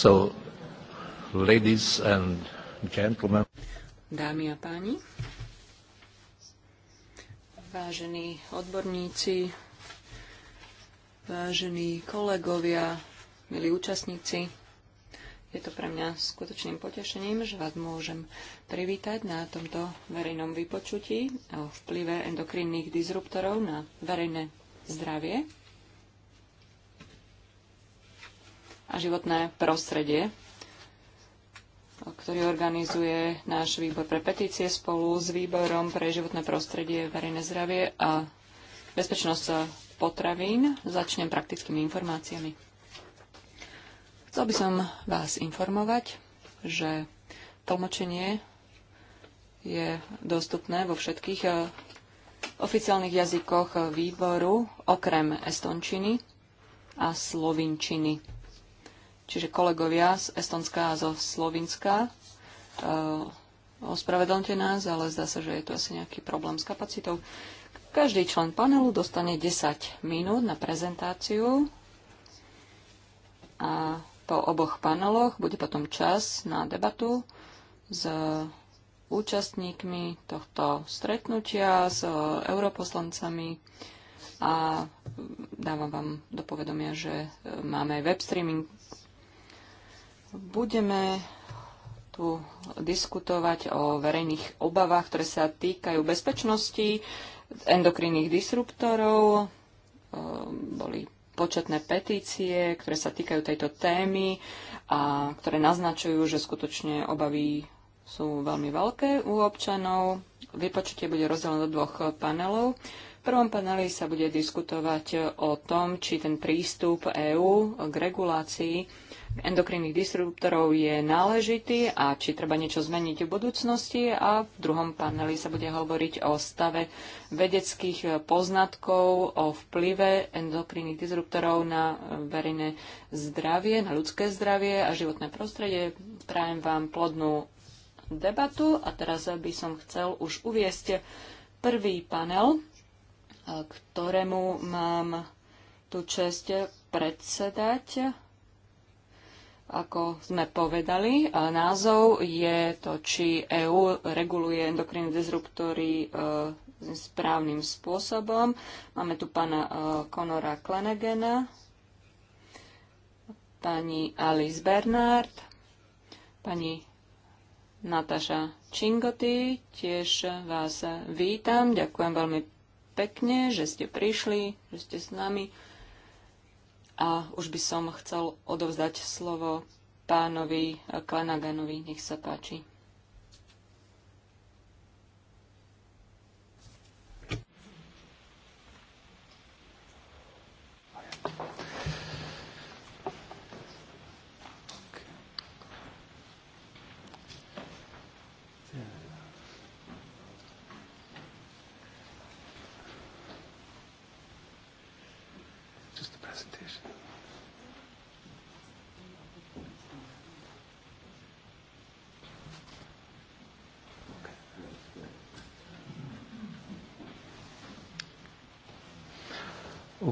So, ladies and gentlemen. Dámy a páni, vážení odborníci, vážení kolegovia, milí účastníci, je to pre mňa skutočným potešením, že vás môžem privítať na tomto verejnom vypočutí o vplyve endokrinných disruptorov na verejné zdravie a životné prostredie, ktorý organizuje náš výbor pre petície spolu s výborom pre životné prostredie, verejné zdravie a bezpečnosť potravín. Začnem praktickými informáciami. Chcel by som vás informovať, že tlmočenie je dostupné vo všetkých eh, oficiálnych jazykoch výboru, okrem estončiny a slovinčiny. Čiže kolegovia z Estonska a zo Slovinska, eh, ospravedlňte nás, ale zdá sa, že je tu asi nejaký problém s kapacitou. Každý člen panelu dostane 10 minút na prezentáciu a po oboch paneloch bude potom čas na debatu s účastníkmi tohto stretnutia, s eh, europoslancami a dávam vám do povedomia, že eh, máme aj web streaming Budeme tu diskutovať o verejných obavách, ktoré sa týkajú bezpečnosti endokrinných disruptorov. Ehm, boli početné petície, ktoré sa týkajú tejto témy a ktoré naznačujú, že skutočne obavy sú veľmi veľké u občanov. Vypočutie bude rozdelené do dvoch panelov. V prvom paneli sa bude diskutovať o tom, či ten prístup EÚ k regulácii endokrinných disruptorov je náležitý a či treba niečo zmeniť v budúcnosti. A v druhom paneli sa bude hovoriť o stave vedeckých poznatkov, o vplyve endokrinných disruptorov na verejné zdravie, na ľudské zdravie a životné prostredie. Prajem vám plodnú debatu a teraz by som chcel už uviesť prvý panel, ktorému mám tú čest predsedať. Ako sme povedali, e, názov je to, či EÚ reguluje endokrinné disruptory e, správnym spôsobom. Máme tu pána Konora e, Klenegena, pani Alice Bernard, pani Nataša Čingoty, tiež vás vítam. Ďakujem veľmi pekne, že ste prišli, že ste s nami. A už by som chcel odovzdať slovo pánovi Klenaganovi, Nech sa páči.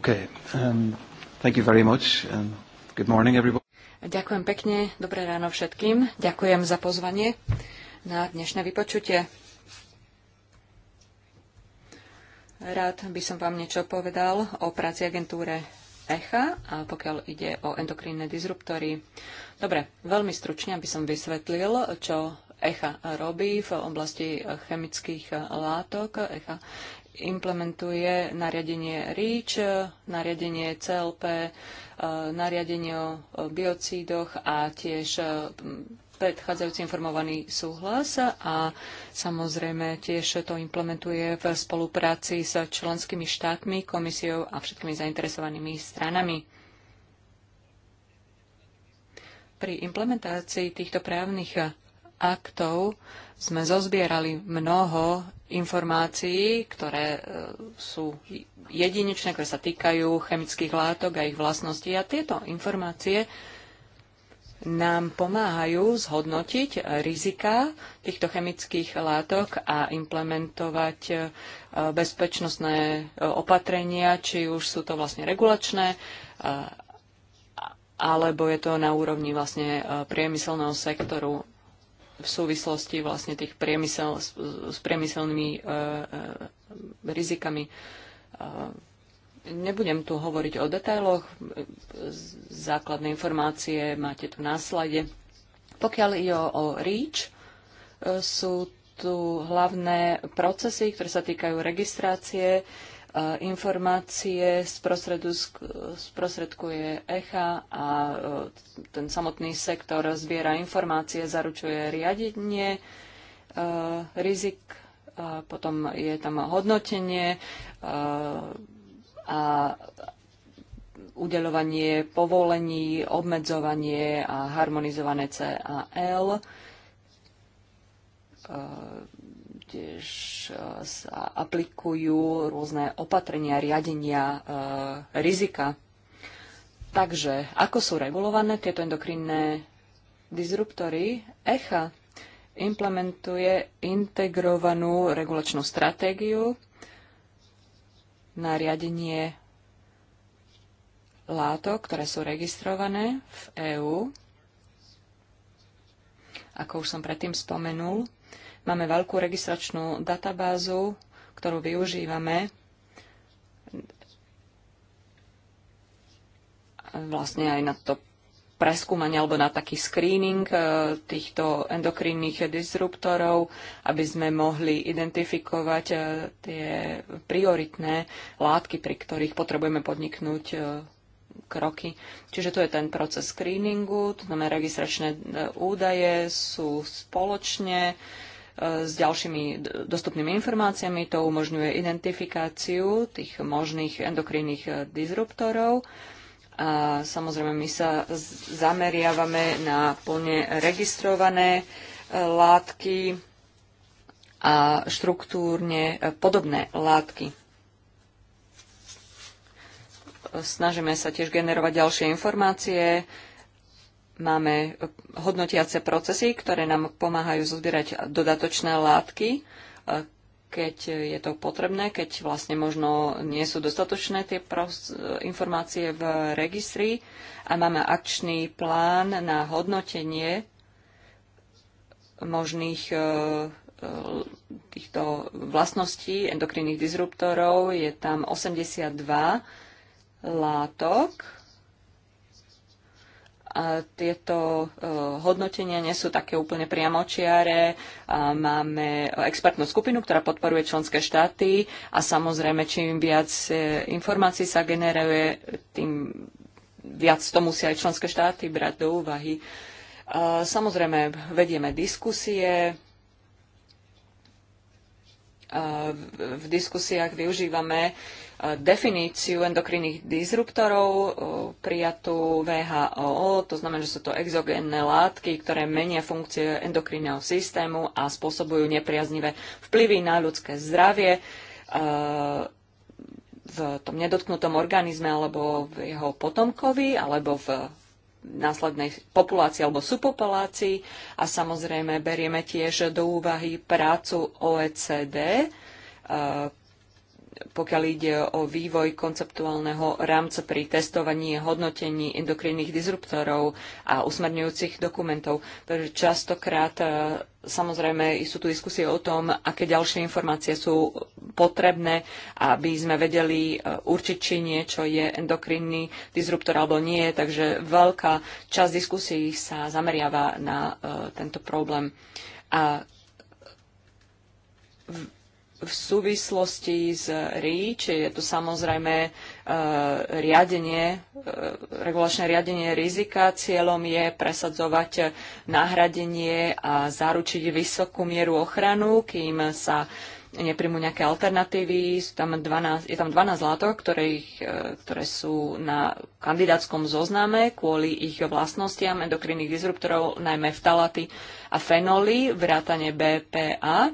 Okay. Um, thank you very much. Um, good morning, everybody. Ďakujem pekne. Dobré ráno všetkým. Ďakujem za pozvanie na dnešné vypočutie. Rád by som vám niečo povedal o práci agentúre ECHA a pokiaľ ide o endokrinné disruptory. Dobre, veľmi stručne, aby som vysvetlil, čo ECHA robí v oblasti chemických látok. ECHA implementuje nariadenie REACH, nariadenie CLP, eh, nariadenie o biocídoch a tiež eh, predchádzajúci informovaný súhlas a samozrejme tiež to implementuje v spolupráci s členskými štátmi, komisiou a všetkými zainteresovanými stranami. Pri implementácii týchto právnych aktov sme zozbierali mnoho informácií, ktoré e, sú jedinečné, ktoré sa týkajú chemických látok a ich vlastností. A tieto informácie nám pomáhajú zhodnotiť rizika týchto chemických látok a implementovať e, bezpečnostné e, opatrenia, či už sú to vlastne regulačné alebo je to na úrovni vlastne priemyselného sektoru v súvislosti vlastne tých priemysel, s, s priemyselnými e, e, rizikami. E, nebudem tu hovoriť o detailoch, základné informácie máte tu na slade. Pokiaľ ide o, o REACH, e, sú tu hlavné procesy, ktoré sa týkajú registrácie, Informácie sprostredkuje ECHA a e, ten samotný sektor zbiera informácie, zaručuje riadenie e, rizik, potom je tam hodnotenie e, a udeľovanie povolení, obmedzovanie a harmonizované CAL tiež e, sa aplikujú rôzne opatrenia, riadenia, e, rizika. Takže ako sú regulované tieto endokrinné disruptory? ECHA implementuje integrovanú regulačnú stratégiu na riadenie látok, ktoré sú registrované v EÚ. Ako už som predtým spomenul, Máme veľkú registračnú databázu, ktorú využívame vlastne aj na to preskúmanie alebo na taký screening e, týchto endokrinných disruptorov, aby sme mohli identifikovať e, tie prioritné látky, pri ktorých potrebujeme podniknúť e, kroky. Čiže to je ten proces screeningu, to znamená registračné údaje sú spoločne s ďalšími dostupnými informáciami. To umožňuje identifikáciu tých možných endokrinných eh, disruptorov. A samozrejme, my sa zameriavame na plne registrované eh, látky a štruktúrne eh, podobné látky. Snažíme sa tiež generovať ďalšie informácie, Máme hodnotiace procesy, ktoré nám pomáhajú zozbierať dodatočné látky, e, keď je to potrebné, keď vlastne možno nie sú dostatočné tie e, informácie v registri a máme akčný plán na hodnotenie možných e, týchto vlastností endokrinných disruptorov. Je tam 82 látok, tieto e, hodnotenia nie sú také úplne priamočiare. Máme expertnú skupinu, ktorá podporuje členské štáty a samozrejme, čím viac e, informácií sa generuje, tým viac to musia aj členské štáty brať do úvahy. Samozrejme, vedieme diskusie, v diskusiách využívame definíciu endokrinných disruptorov eh, prijatú VHO, to znamená, že sú to exogénne látky, ktoré menia funkcie endokrinného systému a spôsobujú nepriaznivé vplyvy na ľudské zdravie eh, v tom nedotknutom organizme alebo v jeho potomkovi alebo v následnej populácii alebo subpopulácii a samozrejme berieme tiež do úvahy prácu OECD, eh, pokiaľ ide o vývoj konceptuálneho rámca pri testovaní, a hodnotení endokrinných disruptorov a usmerňujúcich dokumentov. Takže častokrát e, samozrejme sú tu diskusie o tom, aké ďalšie informácie sú potrebné, aby sme vedeli e, určiť, či niečo je endokrinný disruptor alebo nie. Takže veľká časť diskusí sa zameriava na e, tento problém. A v súvislosti s REACH je to samozrejme e, riadenie, e, regulačné riadenie rizika. Cieľom je presadzovať nahradenie a zaručiť vysokú mieru ochranu, kým sa neprimú nejaké alternatívy. Sú tam 12, je tam 12 látok, ktoré, ich, e, ktoré sú na kandidátskom zozname kvôli ich vlastnostiam endokrinných disruptorov, najmä vtalaty a fenoly, vrátane BPA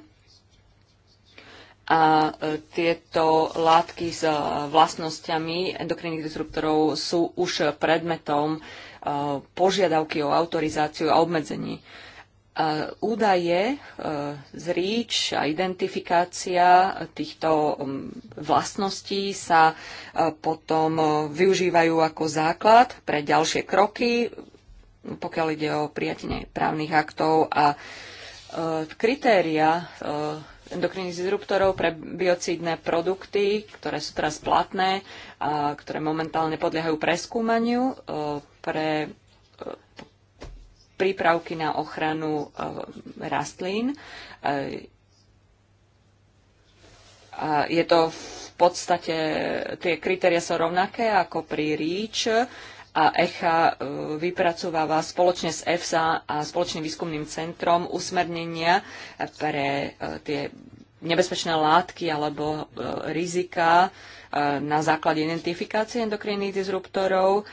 a e, tieto látky s e, vlastnosťami endokrinných disruptorov sú už predmetom e, požiadavky o autorizáciu a obmedzení. Údaje z REACH a identifikácia týchto vlastností sa potom využívajú ako základ pre ďalšie kroky, pokiaľ ide o prijatenie právnych aktov a kritéria endokrinných disruptorov pre biocídne produkty, ktoré sú teraz platné a ktoré momentálne podliehajú preskúmaniu e, pre e, prípravky na ochranu e, rastlín. A je to v podstate, tie kritéria sú rovnaké ako pri REACH a ECHA e, vypracováva spoločne s EFSA a spoločným výskumným centrom usmernenia pre e, tie nebezpečné látky alebo e, rizika na základe identifikácie endokrinných disruptorov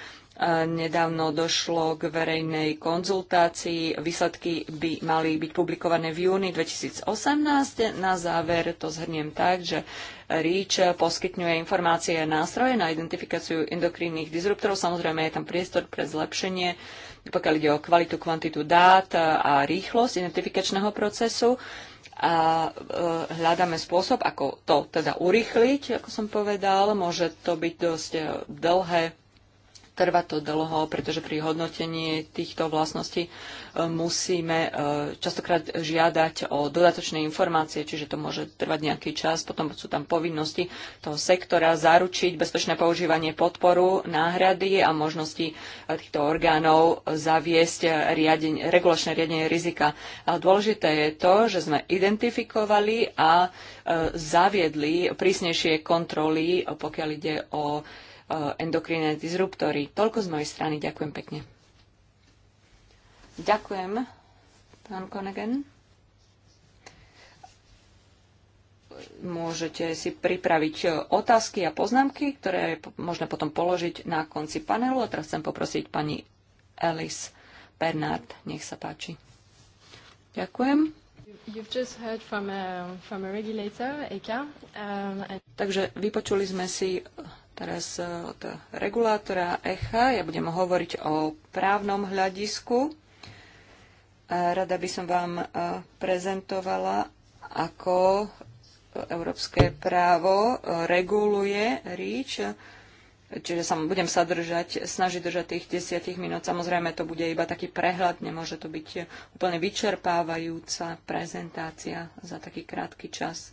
Nedávno došlo k verejnej konzultácii. Výsledky by mali byť publikované v júni 2018. Na záver to zhrniem tak, že REACH poskytňuje informácie a nástroje na identifikáciu endokrínnych disruptorov. Samozrejme je tam priestor pre zlepšenie, pokiaľ ide o kvalitu, kvantitu dát a rýchlosť identifikačného procesu a e, hľadáme spôsob, ako to teda urýchliť, ako som povedal. Môže to byť dosť e, dlhé trvá to dlho, pretože pri hodnotení týchto vlastností e, musíme e, častokrát žiadať o dodatočné informácie, čiže to môže trvať nejaký čas. Potom sú tam povinnosti toho sektora zaručiť bezpečné používanie podporu, náhrady a možnosti e, týchto orgánov zaviesť riadenie, regulačné riadenie rizika. A dôležité je to, že sme identifikovali a zaviedli prísnejšie kontroly, pokiaľ ide o Eh, endokrinné disruptory. Toľko z mojej strany. Ďakujem pekne. Ďakujem, pán Konegen. Môžete si pripraviť eh, otázky a poznámky, ktoré možno potom položiť na konci panelu. A teraz chcem poprosiť pani Alice Bernard. Nech sa páči. Ďakujem. Eh, from a, from a um, and... Takže vypočuli sme si teraz e, od regulátora ECHA. Ja budem hovoriť o právnom hľadisku. E, rada by som vám e, prezentovala, ako európske právo reguluje REACH, čiže sa budem sa držať, snažiť držať tých desiatich minút. Samozrejme, to bude iba taký prehľad, nemôže to byť úplne vyčerpávajúca prezentácia za taký krátky čas.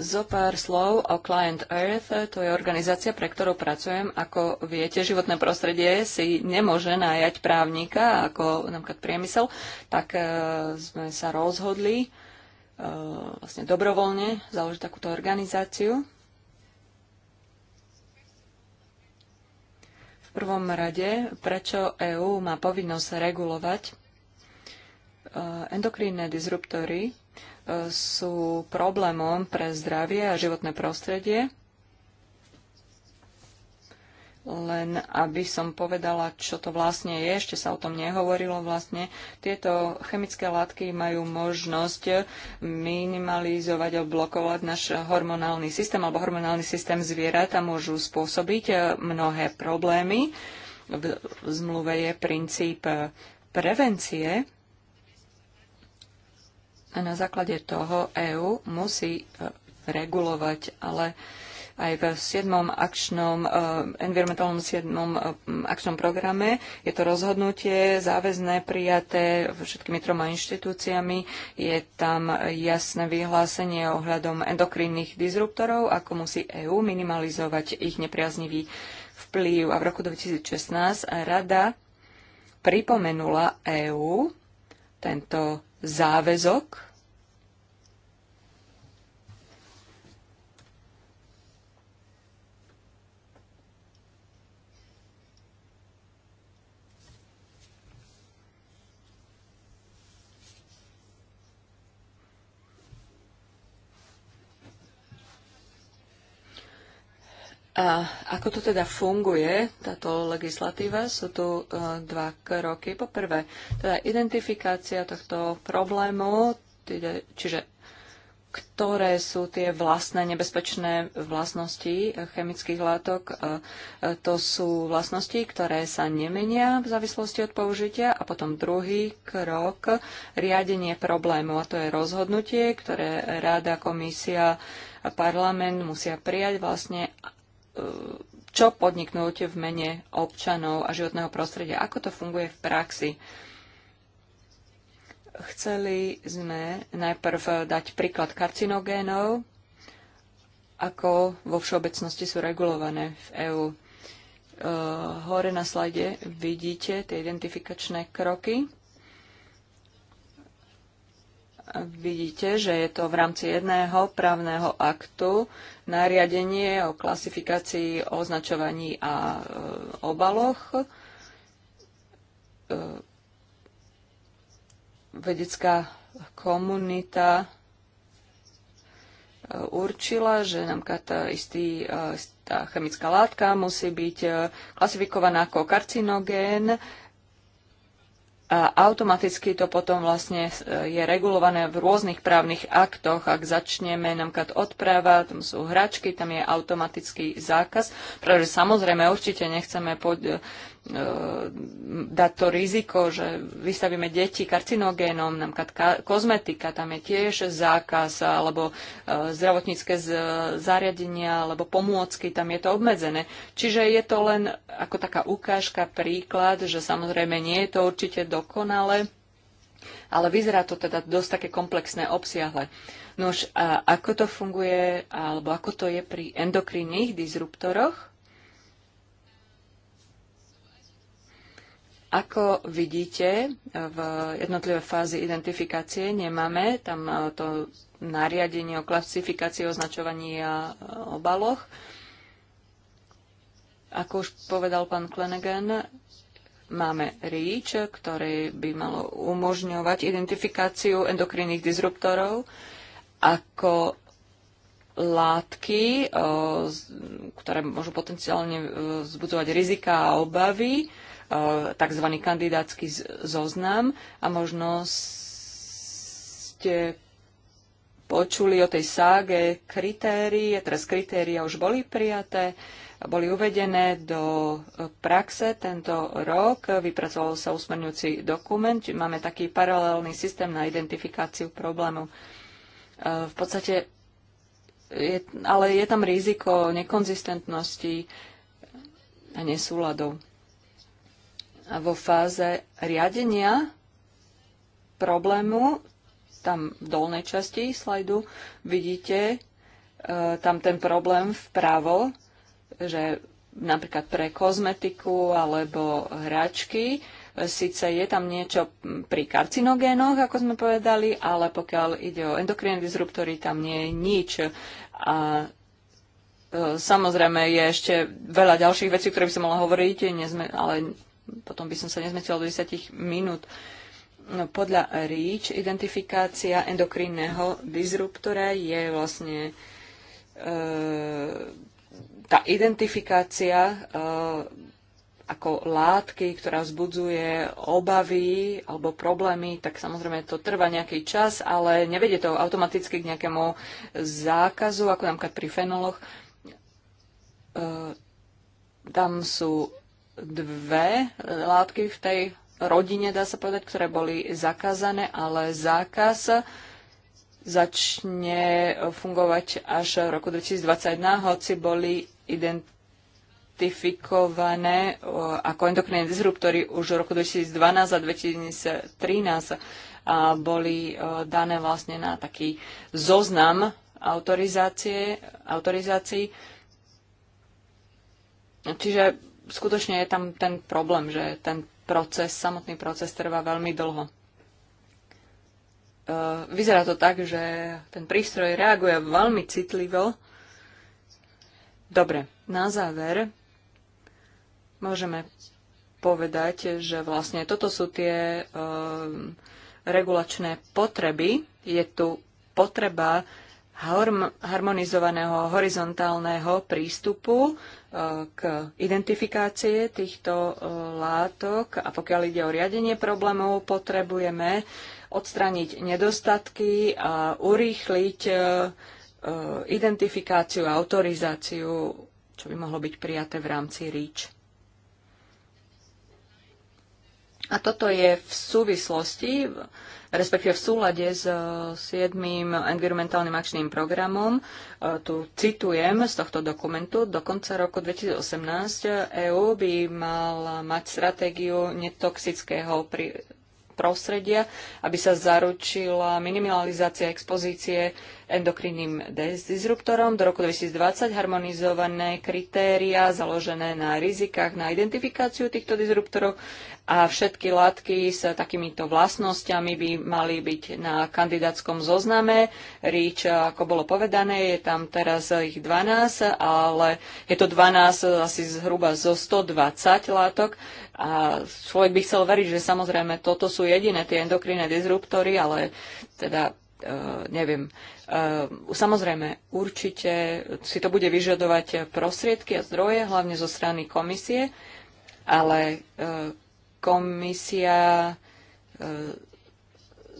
Zo pár slov o Client Earth, to je organizácia, pre ktorú pracujem. Ako viete, životné prostredie si nemôže nájať právnika, ako napríklad priemysel, tak e, sme sa rozhodli e, vlastne dobrovoľne založiť takúto organizáciu. V prvom rade, prečo EÚ má povinnosť regulovať e, endokrínne disruptory, sú problémom pre zdravie a životné prostredie. Len aby som povedala, čo to vlastne je, ešte sa o tom nehovorilo vlastne. Tieto chemické látky majú možnosť minimalizovať a blokovať náš hormonálny systém alebo hormonálny systém zvierat a môžu spôsobiť mnohé problémy. V zmluve je princíp prevencie a na základe toho EÚ musí e, regulovať, ale aj v 7. akčnom, e, environmentálnom 7. E, akčnom programe. Je to rozhodnutie záväzné, prijaté všetkými troma inštitúciami. Je tam jasné vyhlásenie ohľadom endokrinných disruptorov, ako musí EÚ minimalizovať ich nepriaznivý vplyv. A v roku 2016 rada pripomenula EÚ tento záväzok A ako to teda funguje, táto legislatíva? Sú tu e, dva kroky. Po prvé, teda identifikácia tohto problému, teda, čiže ktoré sú tie vlastné nebezpečné vlastnosti chemických látok. E, e, to sú vlastnosti, ktoré sa nemenia v závislosti od použitia a potom druhý krok, riadenie problému a to je rozhodnutie, ktoré ráda, komisia a parlament musia prijať vlastne, čo podniknúť v mene občanov a životného prostredia, ako to funguje v praxi. Chceli sme najprv dať príklad karcinogénov, ako vo všeobecnosti sú regulované v EÚ. E, hore na slajde vidíte tie identifikačné kroky Vidíte, že je to v rámci jedného právneho aktu nariadenie o klasifikácii, označovaní a e, obaloch. E, vedecká komunita e, určila, že napríklad istý, tá chemická látka musí byť klasifikovaná ako karcinogén a automaticky to potom vlastne e, je regulované v rôznych právnych aktoch. Ak začneme napríklad od práva, tam sú hračky, tam je automatický zákaz, pretože samozrejme určite nechceme pod, E, dať to riziko, že vystavíme deti karcinogénom, napríklad kozmetika, tam je tiež zákaz, alebo e, zdravotnícke zariadenia, alebo pomôcky, tam je to obmedzené. Čiže je to len ako taká ukážka, príklad, že samozrejme nie je to určite dokonale, ale vyzerá to teda dosť také komplexné, obsiahle. Nož, a ako to funguje, alebo ako to je pri endokrinných disruptoroch? Ako vidíte, v jednotlivé fázy identifikácie nemáme tam e, to nariadenie o klasifikácii, označovaní a e, obaloch. Ako už povedal pán Klenegen, máme ríč, ktorý by malo umožňovať identifikáciu endokrinných disruptorov ako látky, e, ktoré môžu potenciálne vzbudzovať rizika a obavy Eh, tzv. kandidátsky zoznam a možno ste počuli o tej ságe kritérií, teraz kritéria už boli prijaté, boli uvedené do praxe tento rok, vypracoval sa usmerňujúci dokument, máme taký paralelný systém na identifikáciu problémov. Eh, v podstate, je, ale je tam riziko nekonzistentnosti a nesúladov vo fáze riadenia problému, tam v dolnej časti slajdu vidíte e, tam ten problém vpravo, že napríklad pre kozmetiku alebo hračky, e, Sice je tam niečo pri karcinogénoch, ako sme povedali, ale pokiaľ ide o endokrinné disruptory, tam nie je nič. A e, samozrejme je ešte veľa ďalších vecí, ktoré by som mohla hovoriť, nezme, ale potom by som sa nezmestila do 10 minút. No, podľa REACH identifikácia endokrinného disruptora je vlastne e, tá identifikácia e, ako látky, ktorá vzbudzuje obavy alebo problémy, tak samozrejme to trvá nejaký čas, ale nevedie to automaticky k nejakému zákazu, ako napríklad pri fenoloch. E, tam sú dve e, látky v tej rodine, dá sa povedať, ktoré boli zakázané, ale zákaz začne fungovať až v roku 2021, hoci boli identifikované e, ako endokrinné disruptory už v roku 2012 a 2013 a boli e, dané vlastne na taký zoznam autorizácie, autorizácií. Čiže skutočne je tam ten problém, že ten proces, samotný proces trvá veľmi dlho. E, vyzerá to tak, že ten prístroj reaguje veľmi citlivo. Dobre, na záver môžeme povedať, že vlastne toto sú tie e, regulačné potreby. Je tu potreba harmonizovaného horizontálneho prístupu e, k identifikácie týchto e, látok a pokiaľ ide o riadenie problémov, potrebujeme odstrániť nedostatky a urýchliť e, identifikáciu a autorizáciu, čo by mohlo byť prijaté v rámci REACH. A toto je v súvislosti respektíve v súlade s 7. Eh, environmentálnym akčným programom. Eh, tu citujem z tohto dokumentu, do konca roku 2018 EÚ eh, e by mala mať stratégiu netoxického prostredia, aby sa zaručila minimalizácia expozície endokrinným disruptorom. Do roku 2020 harmonizované kritéria založené na rizikách na identifikáciu týchto disruptorov a všetky látky s takýmito vlastnosťami by mali byť na kandidátskom zozname. Ríč, ako bolo povedané, je tam teraz ich 12, ale je to 12 asi zhruba zo 120 látok. A človek by chcel veriť, že samozrejme toto sú jediné tie endokrinné disruptory, ale teda Eh, neviem. Eh, samozrejme, určite si to bude vyžadovať prostriedky a zdroje, hlavne zo strany komisie, ale eh, komisia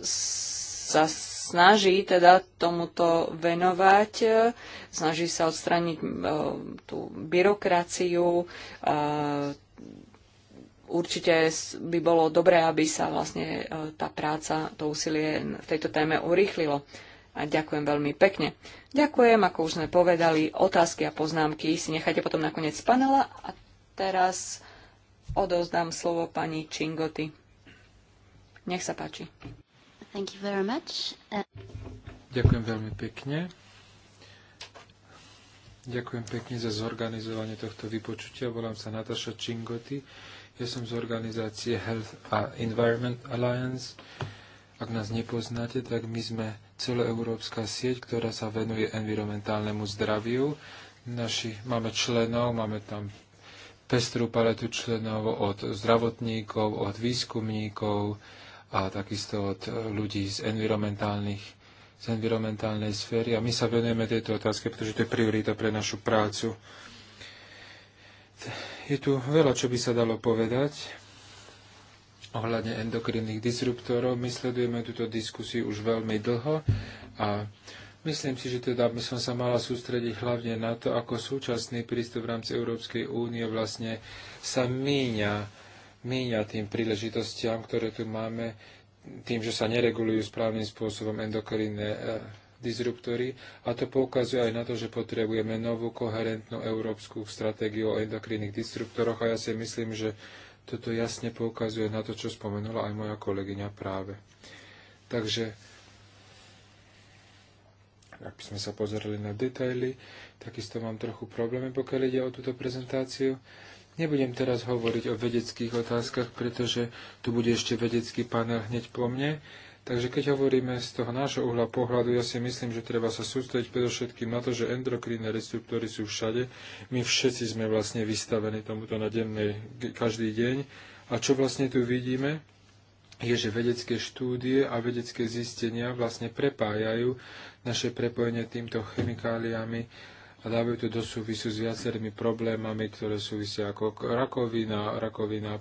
sa snaží teda tomuto venovať, snaží sa odstraniť tú byrokraciu, určite by bolo dobré, aby sa vlastne e, tá práca, to úsilie v tejto téme urýchlilo. A ďakujem veľmi pekne. Ďakujem, ako už sme povedali, otázky a poznámky si nechajte potom nakoniec z panela. A teraz odozdám slovo pani Čingoty. Nech sa páči. Thank you very much. Uh, ďakujem veľmi pekne. Ďakujem pekne za zorganizovanie tohto vypočutia. Volám sa Nataša Čingoty ja som z organizácie Health a Environment Alliance. Ak nás nepoznáte, tak my sme celoeurópska sieť, ktorá sa venuje environmentálnemu zdraviu. Naši, máme členov, máme tam pestrú paletu členov od zdravotníkov, od výskumníkov a takisto od ľudí z environmentálnych z environmentálnej sféry a my sa venujeme tejto otázke, pretože to je priorita pre našu prácu. Je tu veľa, čo by sa dalo povedať ohľadne endokrinných disruptorov. My sledujeme túto diskusiu už veľmi dlho a myslím si, že teda by som sa mala sústrediť hlavne na to, ako súčasný prístup v rámci Európskej únie vlastne sa míňa, míňa tým príležitostiam, ktoré tu máme, tým, že sa neregulujú správnym spôsobom endokrinné eh, disruptory a to poukazuje aj na to, že potrebujeme novú koherentnú európsku stratégiu o endokrinných disruptoroch a ja si myslím, že toto jasne poukazuje na to, čo spomenula aj moja kolegyňa práve. Takže ak by sme sa pozerali na detaily, takisto mám trochu problémy, pokiaľ ide o túto prezentáciu. Nebudem teraz hovoriť o vedeckých otázkach, pretože tu bude ešte vedecký panel hneď po mne Takže keď hovoríme z toho nášho uhla pohľadu, ja si myslím, že treba sa sústrediť predovšetkým na to, že endokrínne receptory sú všade. My všetci sme vlastne vystavení tomuto na dennej, každý deň. A čo vlastne tu vidíme, je, že vedecké štúdie a vedecké zistenia vlastne prepájajú naše prepojenie týmto chemikáliami a dávajú to do súvisu s viacerými problémami, ktoré súvisia ako rakovina, rakovina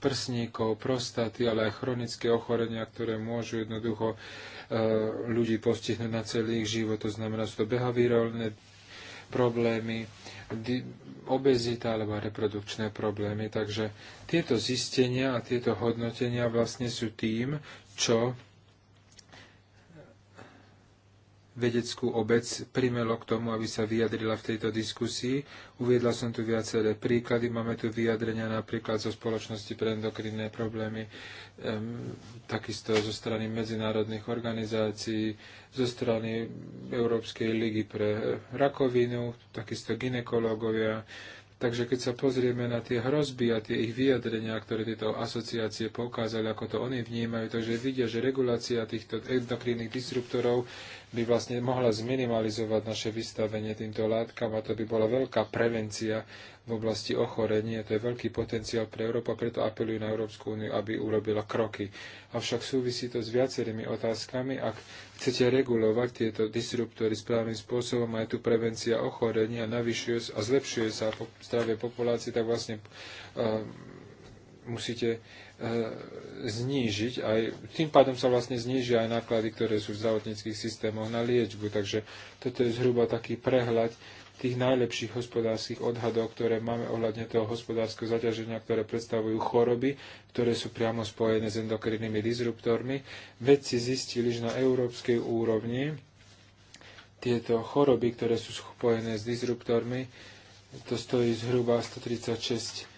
prsníkov, prostaty, ale aj chronické ochorenia, ktoré môžu jednoducho e, ľudí postihnúť na celý ich život. To znamená, sú to behavirálne problémy, obezita alebo reprodukčné problémy. Takže tieto zistenia a tieto hodnotenia vlastne sú tým, čo vedeckú obec primelo k tomu, aby sa vyjadrila v tejto diskusii. Uviedla som tu viaceré príklady. Máme tu vyjadrenia napríklad zo spoločnosti pre endokrinné problémy, takisto zo strany medzinárodných organizácií, zo strany Európskej ligy pre rakovinu, takisto ginekológovia, Takže keď sa pozrieme na tie hrozby a tie ich vyjadrenia, ktoré tieto asociácie poukázali, ako to oni vnímajú, takže vidia, že regulácia týchto endokrinných disruptorov by vlastne mohla zminimalizovať naše vystavenie týmto látkam a to by bola veľká prevencia v oblasti ochorenie, To je veľký potenciál pre Európu, preto apelujú na Európsku úniu, aby urobila kroky. Avšak súvisí to s viacerými otázkami. Ak chcete regulovať tieto disruptory správnym spôsobom, aj tu prevencia ochorenia navyšuje a zlepšuje sa po zdravie populácie, tak vlastne uh, musíte uh, znížiť. Aj, tým pádom sa vlastne znížia aj náklady, ktoré sú v zdravotníckých systémoch na liečbu. Takže toto je zhruba taký prehľad uh, tých najlepších hospodárskych odhadov, ktoré máme ohľadne toho hospodárskeho zaťaženia, ktoré predstavujú choroby, ktoré sú priamo spojené s endokrinnými disruptormi. Vedci zistili, že na európskej úrovni tieto choroby, ktoré sú spojené s disruptormi, to stojí zhruba 136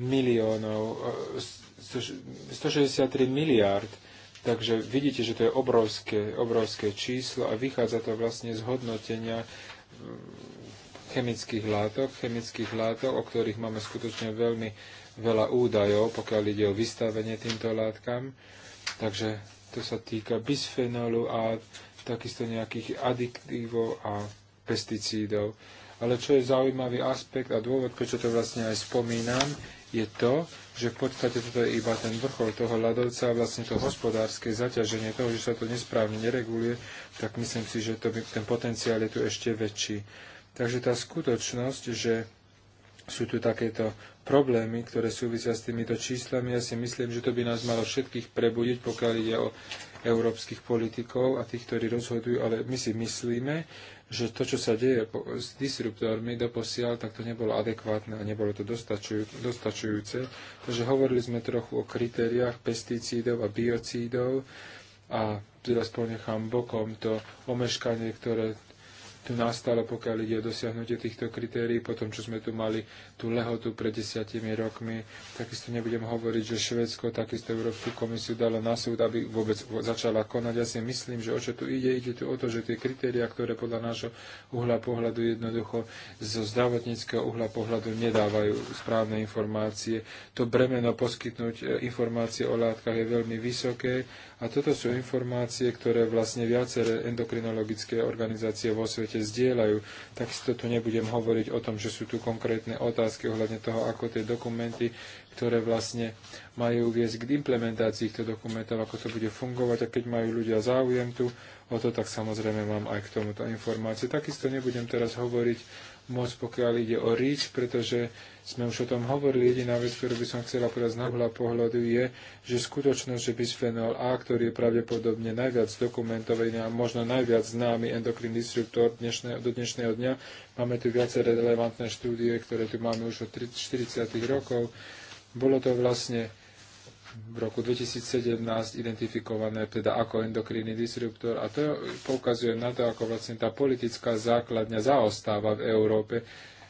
miliónov, 163 e, miliárd Takže vidíte, že to je obrovské, obrovské číslo a vychádza to vlastne z hodnotenia chemických látok, chemických látok, o ktorých máme skutočne veľmi veľa údajov, pokiaľ ide o vystavenie týmto látkam. Takže to sa týka bisfenolu a takisto nejakých adiktívov a pesticídov. Ale čo je zaujímavý aspekt a dôvod, prečo to vlastne aj spomínam, je to, že v podstate toto je iba ten vrchol toho ľadovca a vlastne to hospodárske zaťaženie toho, že sa to nesprávne nereguluje, tak myslím si, že to by, ten potenciál je tu ešte väčší. Takže tá skutočnosť, že sú tu takéto problémy, ktoré súvisia s týmito číslami, ja si myslím, že to by nás malo všetkých prebudiť, pokiaľ ide o európskych politikov a tých, ktorí rozhodujú, ale my si myslíme, že to, čo sa deje s disruptormi doposiaľ, tak to nebolo adekvátne a nebolo to dostačujúce. Takže hovorili sme trochu o kritériách pesticídov a biocídov a teraz ponechám bokom to omeškanie, ktoré tu nastalo, pokiaľ ide o dosiahnutie týchto kritérií, po tom, čo sme tu mali tú lehotu pred desiatimi rokmi. Takisto nebudem hovoriť, že Švedsko takisto Európsku komisiu dalo na súd, aby vôbec začala konať. Ja si myslím, že o čo tu ide, ide tu o to, že tie kritéria, ktoré podľa nášho uhla pohľadu jednoducho zo zdravotníckého uhla pohľadu nedávajú správne informácie. To bremeno poskytnúť eh, informácie o látkach je veľmi vysoké a toto sú informácie, ktoré vlastne viaceré endokrinologické organizácie vo svete zdieľajú. Takisto tu nebudem hovoriť o tom, že sú tu konkrétne otázky ohľadne toho, ako tie dokumenty, ktoré vlastne majú viesť k implementácii týchto dokumentov, ako to bude fungovať a keď majú ľudia záujem tu o to, tak samozrejme mám aj k tomuto informácie. Takisto nebudem teraz hovoriť moc, pokiaľ ide o REACH, pretože sme už o tom hovorili. Jediná vec, ktorú by som chcela povedať z nahľa pohľadu je, že skutočnosť, že bisphenol A, ktorý je pravdepodobne najviac dokumentovaný a možno najviac známy endokrín disruptor dnešné, do dnešného dňa, máme tu viaceré relevantné štúdie, ktoré tu máme už od 40. rokov, bolo to vlastne v roku 2017 identifikované teda ako endokrínny disruptor a to poukazuje na to, ako vlastne tá politická základňa zaostáva v Európe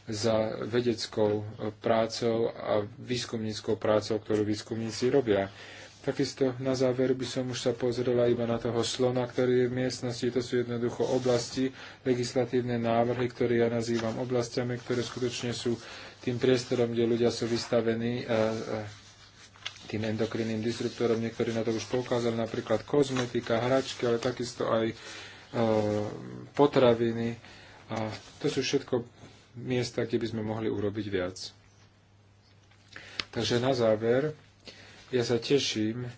za vedeckou eh, prácou a výskumníckou prácou, ktorú výskumníci robia. Takisto na záver by som už sa pozrela iba na toho slona, ktorý je v miestnosti. To sú jednoducho oblasti, legislatívne návrhy, ktoré ja nazývam oblastiami, ktoré skutočne sú tým priestorom, kde ľudia sú vystavení eh, eh, tým endokrinným disruptorom. Niektorí na to už poukázali, napríklad kozmetika, hračky, ale takisto aj potraviny. A to sú všetko miesta, kde by sme mohli urobiť viac. Takže na záver, ja sa teším eh,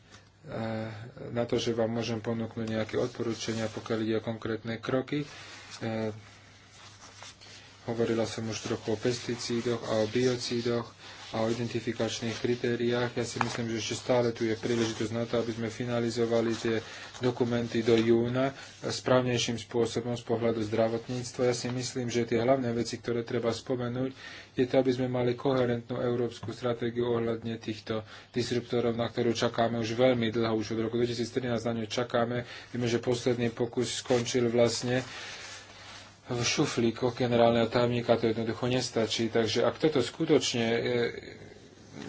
na to, že vám môžem ponúknuť nejaké odporúčania, pokiaľ ide o konkrétne kroky. Eh, hovorila som už trochu o pesticídoch a o biocídoch a o identifikačných kritériách. Ja si myslím, že ešte stále tu je príležitosť na to, aby sme finalizovali tie dokumenty do júna správnejším spôsobom z pohľadu zdravotníctva. Ja si myslím, že tie hlavné veci, ktoré treba spomenúť, je to, aby sme mali koherentnú európsku stratégiu ohľadne týchto disruptorov, na ktorú čakáme už veľmi dlho, už od roku 2013 na ňu čakáme. Vieme, že posledný pokus skončil vlastne v šuflíkoch generálneho tajomníka, to jednoducho nestačí. Takže ak toto skutočne e,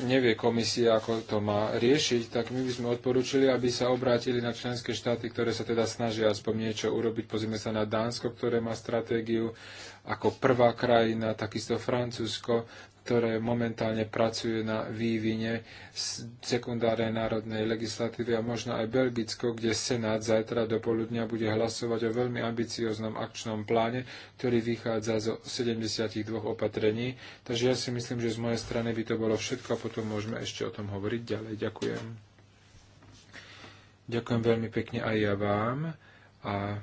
nevie komisia, ako to má riešiť, tak my by sme odporúčili, aby sa obrátili na členské štáty, ktoré sa teda snažia aspoň niečo urobiť. Pozrieme sa na Dánsko, ktoré má stratégiu ako prvá krajina, takisto Francúzsko, ktoré momentálne pracuje na vývine sekundárnej národnej legislatívy a možno aj Belgicko, kde Senát zajtra do poludnia bude hlasovať o veľmi ambicioznom akčnom pláne, ktorý vychádza zo 72 opatrení. Takže ja si myslím, že z mojej strany by to bolo všetko a potom môžeme ešte o tom hovoriť ďalej. Ďakujem. Ďakujem veľmi pekne aj ja vám. A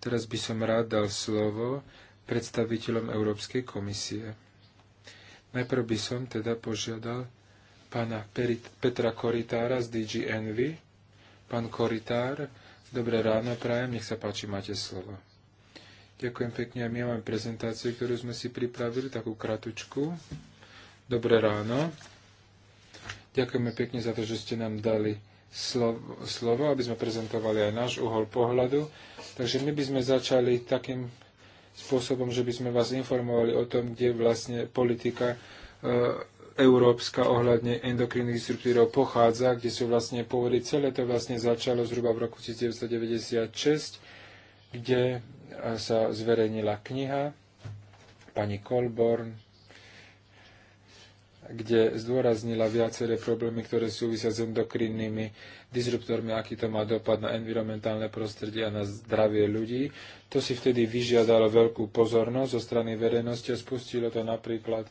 teraz by som rád dal slovo predstaviteľom Európskej komisie. Najprv by som teda požiadal pána Petra Koritára z DG Envy. Pán Koritár, dobré ráno prajem, nech sa páči, máte slovo. Ďakujem pekne a my máme prezentáciu, ktorú sme si pripravili, takú kratučku. Dobré ráno. Ďakujeme pekne za to, že ste nám dali slovo, slovo aby sme prezentovali aj náš uhol pohľadu. Takže my by sme začali takým spôsobom, že by sme vás informovali o tom, kde vlastne politika e, európska ohľadne endokrinných disruptírov pochádza, kde sú vlastne pôvody. Celé to vlastne začalo zhruba v roku 1996, kde sa zverejnila kniha pani Colborn, kde zdôraznila viaceré problémy, ktoré súvisia s endokrinnými disruptormi, aký to má dopad na environmentálne prostredie a na zdravie ľudí. To si vtedy vyžiadalo veľkú pozornosť zo strany verejnosti a spustilo to napríklad,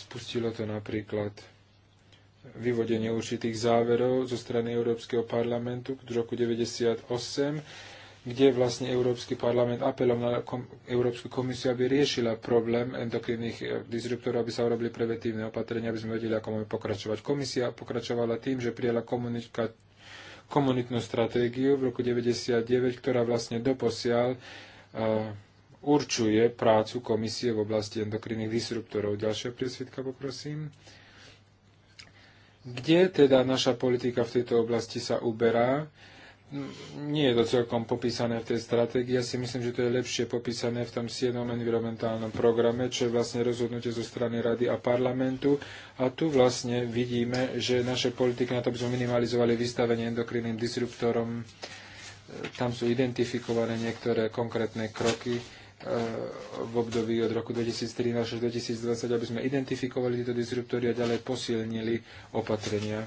spustilo to napríklad vyvodenie určitých záverov zo strany Európskeho parlamentu v roku 1998 kde vlastne Európsky parlament apelom na kom, Európsku komisiu, aby riešila problém endokrinných eh, disruptorov, aby sa urobili preventívne opatrenia, aby sme vedeli, ako máme pokračovať. Komisia pokračovala tým, že prijala komunika- komunitnú stratégiu v roku 1999, ktorá vlastne doposiaľ uh, určuje prácu komisie v oblasti endokrinných disruptorov. Ďalšia priesvitka, poprosím. Kde teda naša politika v tejto oblasti sa uberá? Uh, nie je to celkom popísané v tej stratégii. Ja si myslím, že to je lepšie popísané v tom 7. environmentálnom programe, čo je vlastne rozhodnutie zo strany Rady a parlamentu. A tu vlastne vidíme, že naše politiky na to, aby sme minimalizovali vystavenie endokrinným disruptorom, e, tam sú identifikované niektoré konkrétne kroky e, v období od roku 2013 až 2020, aby sme identifikovali tieto disruptory a ďalej posilnili opatrenia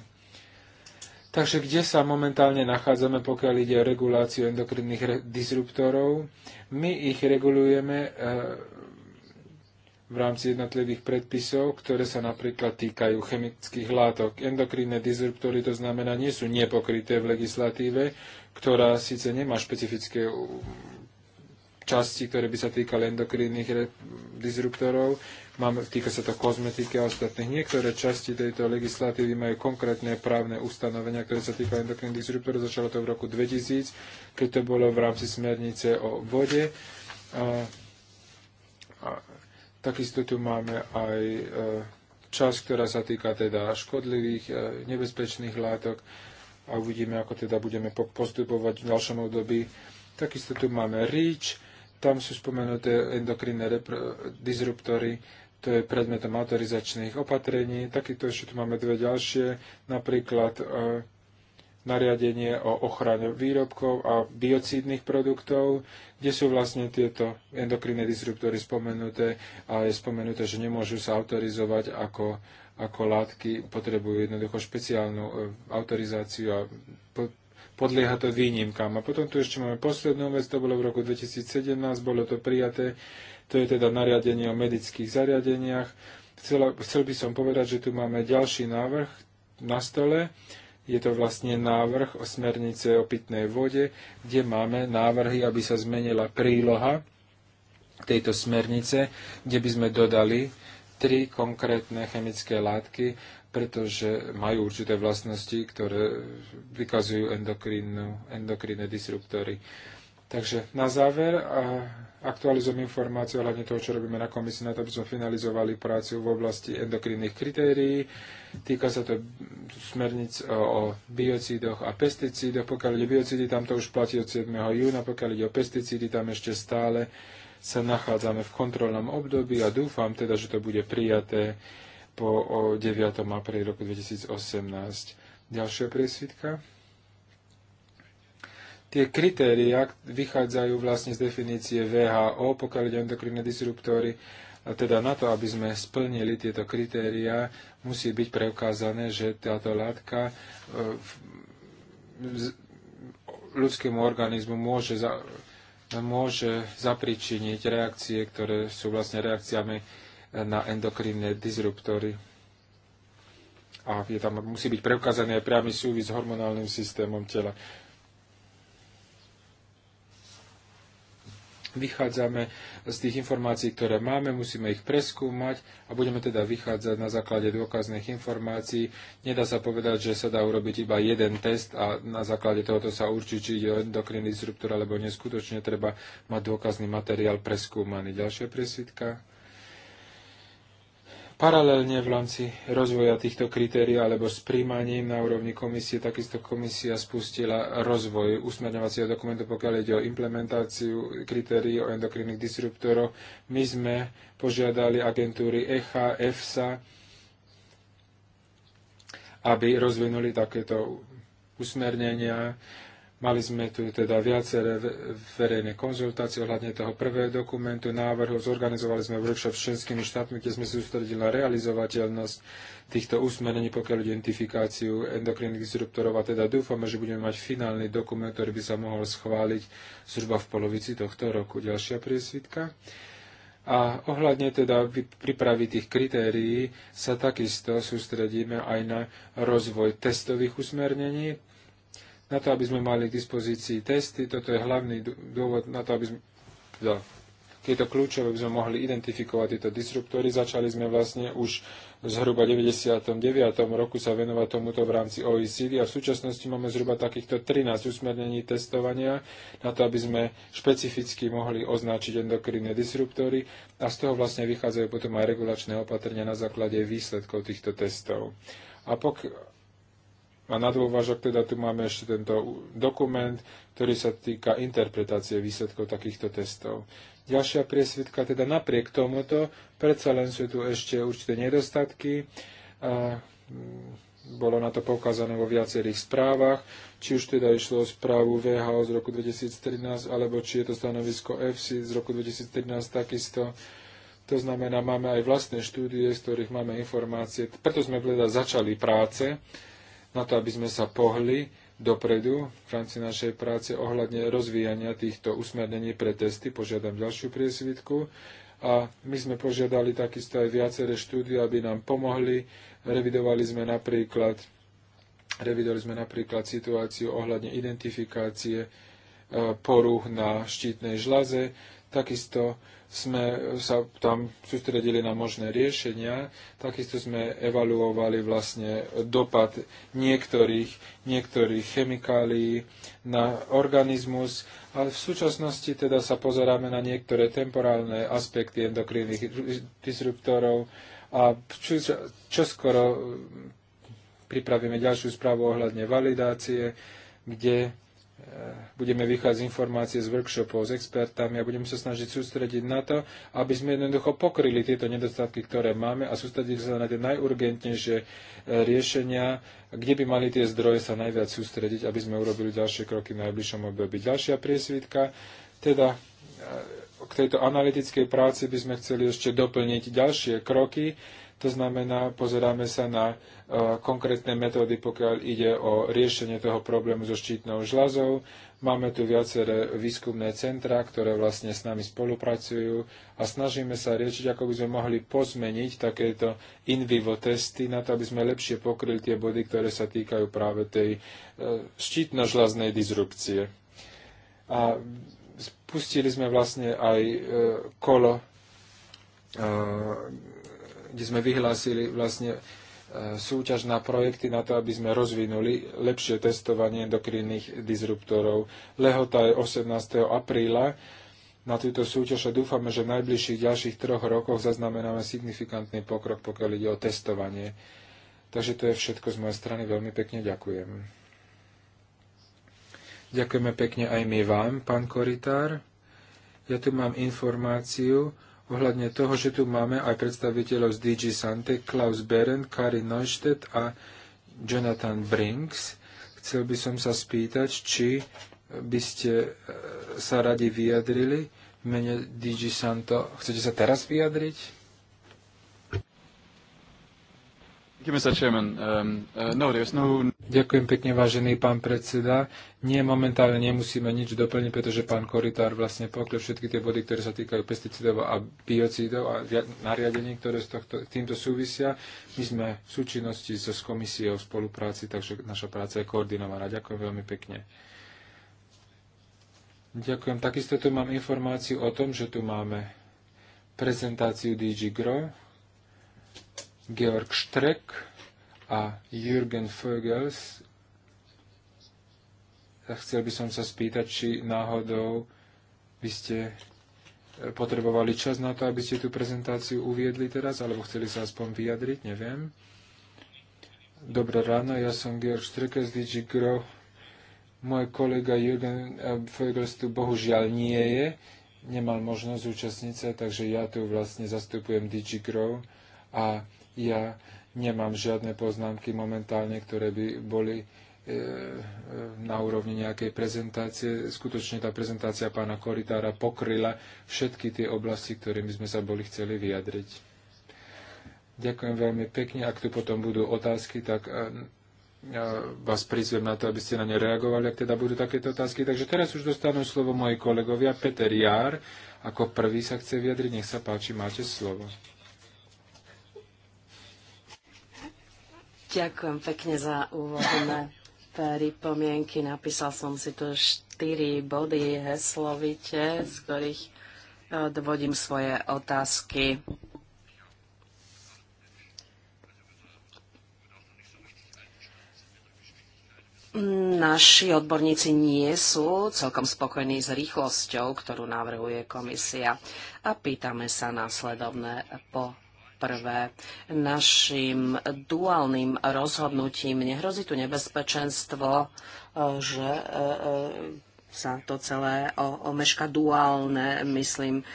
Takže kde sa momentálne nachádzame, pokiaľ ide o reguláciu endokrinných re- disruptorov? My ich regulujeme e, v rámci jednotlivých predpisov, ktoré sa napríklad týkajú chemických látok. Endokrinné disruptory to znamená nie sú nepokryté v legislatíve, ktorá síce nemá špecifické časti, ktoré by sa týkali endokrinných disruptorov, Máme, týka sa to kozmetiky a ostatných. Niektoré časti tejto legislatívy majú konkrétne právne ustanovenia, ktoré sa týkajú endokrinných disruptorov. Začalo to v roku 2000, keď to bolo v rámci smernice o vode. A, a, takisto tu máme aj e, časť, ktorá sa týka teda škodlivých, e, nebezpečných látok a uvidíme, ako teda budeme postupovať v ďalšom období. Takisto tu máme REACH, tam sú spomenuté endokrinné disruptory, to je predmetom autorizačných opatrení. Takýto ešte tu máme dve ďalšie, napríklad e, nariadenie o ochrane výrobkov a biocídnych produktov, kde sú vlastne tieto endokrinné disruptory spomenuté a je spomenuté, že nemôžu sa autorizovať ako, ako látky, potrebujú jednoducho špeciálnu e, autorizáciu a podlieha to výnimkám. A potom tu ešte máme poslednú vec, to bolo v roku 2017, bolo to prijaté to je teda nariadenie o medických zariadeniach. Chcel, chcel by som povedať, že tu máme ďalší návrh na stole. Je to vlastne návrh o smernice o pitnej vode, kde máme návrhy, aby sa zmenila príloha tejto smernice, kde by sme dodali tri konkrétne chemické látky, pretože majú určité vlastnosti, ktoré vykazujú endokrínne disruptory. Takže na záver, a aktualizujem informácie ohľadne toho, čo robíme na komisii, na to, aby sme finalizovali prácu v oblasti endokrinných kritérií. Týka sa to smerníc o, o biocídoch a pesticídoch. Pokiaľ ide biocídy, tam to už platí od 7. júna. Pokiaľ ide o pesticídy, tam ešte stále sa nachádzame v kontrolnom období a dúfam teda, že to bude prijaté po 9. apríli roku 2018. Ďalšia priesvitka tie kritéria vychádzajú vlastne z definície VHO, pokiaľ ide endokrinné disruptory, a teda na to, aby sme splnili tieto kritéria, musí byť preukázané, že táto látka e, ľudskému organizmu môže, za, môže zapričiniť reakcie, ktoré sú vlastne reakciami e, na endokrinné disruptory. A je tam, musí byť preukázané aj priamy súvis s hormonálnym systémom tela. Vychádzame z tých informácií, ktoré máme, musíme ich preskúmať a budeme teda vychádzať na základe dôkazných informácií. Nedá sa povedať, že sa dá urobiť iba jeden test a na základe tohoto sa určí, či ide o endokrinný disruptor alebo neskutočne treba mať dôkazný materiál preskúmaný. Ďalšia presvitka. Paralelne v rámci rozvoja týchto kritérií alebo s príjmaním na úrovni komisie, takisto komisia spustila rozvoj usmerňovacieho dokumentu, pokiaľ ide o implementáciu kritérií o endokrinných disruptoroch. My sme požiadali agentúry ECHA, EFSA, aby rozvinuli takéto usmernenia Mali sme tu teda viaceré verejné konzultácie ohľadne toho prvého dokumentu, návrhu. Zorganizovali sme workshop s členskými štátmi, kde sme sústredili na realizovateľnosť týchto usmerení, pokiaľ identifikáciu endokrinných disruptorov. A teda dúfame, že budeme mať finálny dokument, ktorý by sa mohol schváliť zhruba v polovici tohto roku. Ďalšia priesvitka. A ohľadne teda pripravy tých kritérií sa takisto sústredíme aj na rozvoj testových usmernení, na to, aby sme mali k dispozícii testy. Toto je hlavný dôvod na to, aby sme, teda, tieto kľúčové by sme mohli identifikovať tieto disruptory. Začali sme vlastne už zhruba 99. roku sa venovať tomuto v rámci OECD a v súčasnosti máme zhruba takýchto 13 usmernení testovania na to, aby sme špecificky mohli označiť endokrinné disruptory a z toho vlastne vychádzajú potom aj regulačné opatrenia na základe výsledkov týchto testov. A pokiaľ a na dôvažok teda tu máme ešte tento dokument, ktorý sa týka interpretácie výsledkov takýchto testov. Ďalšia priesvitka, teda napriek tomuto, predsa len sú tu ešte určité nedostatky. A, mm, bolo na to poukázané vo viacerých správach, či už teda išlo o správu VHO z roku 2013, alebo či je to stanovisko FC z roku 2013 takisto. To znamená, máme aj vlastné štúdie, z ktorých máme informácie. Preto sme teda začali práce na to, aby sme sa pohli dopredu v rámci našej práce ohľadne rozvíjania týchto usmernení pre testy. Požiadam ďalšiu priesvitku. A my sme požiadali takisto aj viaceré štúdie, aby nám pomohli. Revidovali sme napríklad, revidovali sme napríklad situáciu ohľadne identifikácie e, poruch na štítnej žlaze. Takisto sme sa tam sústredili na možné riešenia, takisto sme evaluovali vlastne dopad niektorých, niektorých chemikálií na organizmus a v súčasnosti teda sa pozeráme na niektoré temporálne aspekty endokrinných disruptorov a čo, čo skoro pripravíme ďalšiu správu ohľadne validácie, kde Eh, budeme vychádzať z informácie z workshopov s expertami a budeme sa snažiť sústrediť na to, aby sme jednoducho pokryli tieto nedostatky, ktoré máme a sústrediť sa na tie najurgentnejšie eh, riešenia, kde by mali tie zdroje sa najviac sústrediť, aby sme urobili ďalšie kroky v najbližšom období. Ďalšia priesvitka, teda eh, k tejto analytickej práci by sme chceli ešte doplniť ďalšie kroky, to znamená, pozeráme sa na e, konkrétne metódy, pokiaľ ide o riešenie toho problému so štítnou žľazou. Máme tu viaceré výskumné centra, ktoré vlastne s nami spolupracujú a snažíme sa riešiť, ako by sme mohli pozmeniť takéto in vivo testy na to, aby sme lepšie pokryli tie body, ktoré sa týkajú práve tej e, štítno-žľaznej disrupcie. A spustili sme vlastne aj e, kolo kde sme vyhlásili vlastne e, súťaž na projekty na to, aby sme rozvinuli lepšie testovanie endokrinných disruptorov. Lehota je 18. apríla na túto súťaž a dúfame, že v najbližších ďalších troch rokoch zaznamenáme signifikantný pokrok, pokiaľ ide o testovanie. Takže to je všetko z mojej strany. Veľmi pekne ďakujem. Ďakujeme pekne aj my vám, pán Koritár. Ja tu mám informáciu, ohľadne toho, že tu máme aj predstaviteľov z DG Sante, Klaus Berend, Karin Neustedt a Jonathan Brinks. Chcel by som sa spýtať, či by ste e, sa radi vyjadrili v mene DG Santo. Chcete sa teraz vyjadriť? Um, uh, no, no- Ďakujem pekne, vážený pán predseda. Nie, momentálne nemusíme nič doplniť, pretože pán Koritár vlastne pokryl všetky tie body, ktoré sa týkajú pesticidov a biocidov a nariadení, ktoré s tohto, týmto súvisia. My sme v súčinnosti so, s komisiou v spolupráci, takže naša práca je koordinovaná. Ďakujem veľmi pekne. Ďakujem. Takisto tu mám informáciu o tom, že tu máme prezentáciu DG Grow Georg Streck a Jürgen Vögels. A chcel by som sa spýtať, či náhodou by ste e, potrebovali čas na to, aby ste tú prezentáciu uviedli teraz, alebo chceli sa aspoň vyjadriť, neviem. Dobré ráno, ja som Georg Strecker z DigiGrow. Môj kolega Jürgen Feugels tu bohužiaľ nie je, nemal možnosť zúčastniť sa, takže ja tu vlastne zastupujem DigiGrow a ja nemám žiadne poznámky momentálne, ktoré by boli e, e, na úrovni nejakej prezentácie. Skutočne tá prezentácia pána Koritára pokryla všetky tie oblasti, ktorými sme sa boli chceli vyjadriť. Ďakujem veľmi pekne. Ak tu potom budú otázky, tak e, vás prizvem na to, aby ste na ne reagovali, ak teda budú takéto otázky. Takže teraz už dostanú slovo moji kolegovia. Peter Jár ako prvý sa chce vyjadriť. Nech sa páči, máte slovo. Ďakujem pekne za úvodné pripomienky. Napísal som si tu štyri body heslovite, z ktorých e, dovodím svoje otázky. Naši odborníci nie sú celkom spokojní s rýchlosťou, ktorú navrhuje komisia. A pýtame sa následovné po prvé. Našim duálnym rozhodnutím nehrozí tu nebezpečenstvo, e, že e, e, sa to celé omeška duálne, myslím,